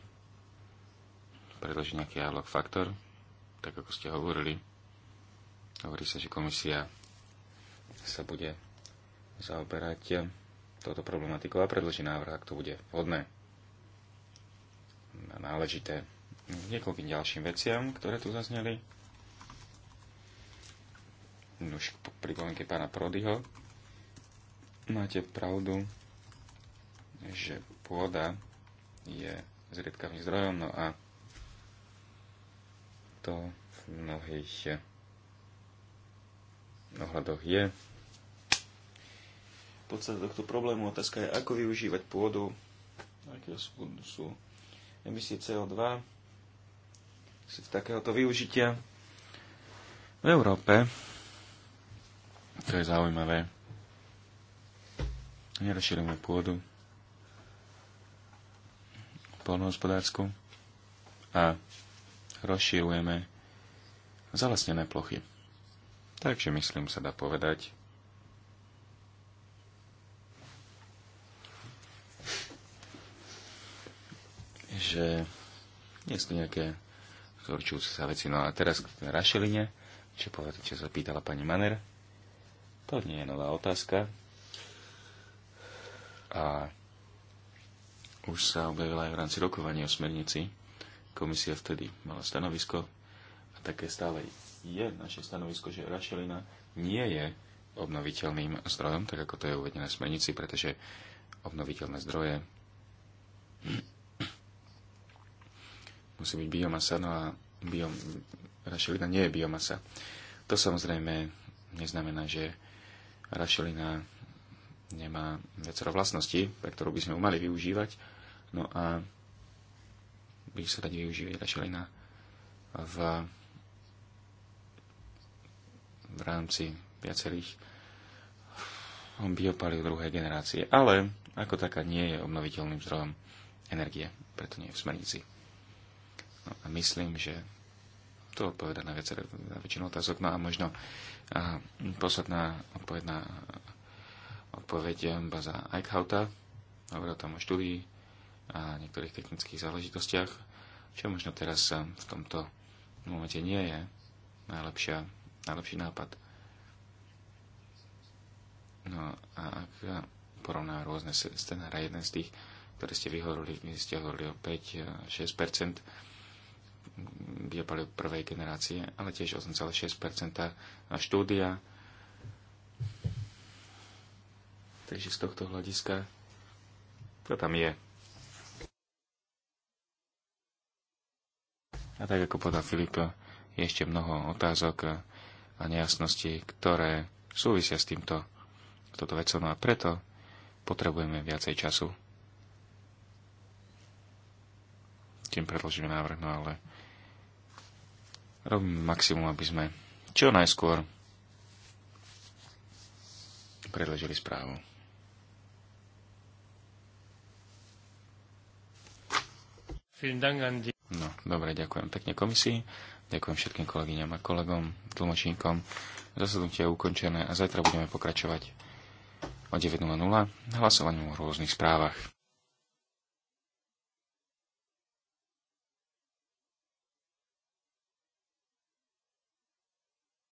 predložiť nejaký ad faktor, tak ako ste hovorili. Hovorí sa, že komisia sa bude zaoberať touto problematikou a predloží návrh, ak to bude vhodné a náležité niekoľkým ďalším veciam, ktoré tu zazneli už pripomienke pána Prodyho. Máte pravdu, že pôda je zriedkavým zdrojom, no a to v mnohých ohľadoch je. podstate tohto problému otázka je, ako využívať pôdu, aké sú, sú emisie CO2 z takéhoto využitia. V Európe to je zaujímavé. Nerozširujeme pôdu Polnohospodárskú. a rozširujeme zalesnené plochy. Takže myslím sa dá povedať, že nie sú nejaké zhorčujúce sa veci. No a teraz k rašeline, čo povedať, čo sa pýtala pani Maner. To nie je nová otázka. A už sa objavila aj v rámci rokovania o smernici. Komisia vtedy mala stanovisko a také stále je naše stanovisko, že rašelina nie je obnoviteľným zdrojom, tak ako to je uvedené v smernici, pretože obnoviteľné zdroje musí byť biomasa, no a biom, rašelina nie je biomasa. To samozrejme neznamená, že rašelina nemá viacero vlastností, pre ktorú by sme ju mali využívať. No a by sa dať využívať rašelina v, v rámci viacerých biopalív druhej generácie. Ale ako taká nie je obnoviteľným zdrojom energie, preto nie je v smernici. No a myslím, že to odpoveda na, viacere, na väčšinu otázok. No a možno a posledná odpoveď na odpoveď um, Baza Eichhauta. o tom o štúdii a niektorých technických záležitostiach, čo možno teraz um, v tomto momente nie je najlepšia, najlepší nápad. No a ak porovná rôzne scenáre, jeden z tých, ktoré ste vyhovorili, ste hovorili o 5-6%, biopaliv prvej generácie, ale tiež 8,6 štúdia. Takže z tohto hľadiska to tam je. A tak ako podal Filip, je ešte mnoho otázok a nejasností, ktoré súvisia s týmto, toto vecou, no a preto potrebujeme viacej času. Tým predložíme návrh, no ale robíme maximum, aby sme čo najskôr predložili správu. No, dobre, ďakujem pekne komisii, ďakujem všetkým kolegyňam a kolegom, tlmočníkom. Zasadnutie je ukončené a zajtra budeme pokračovať o 9.00 hlasovaním o rôznych správach.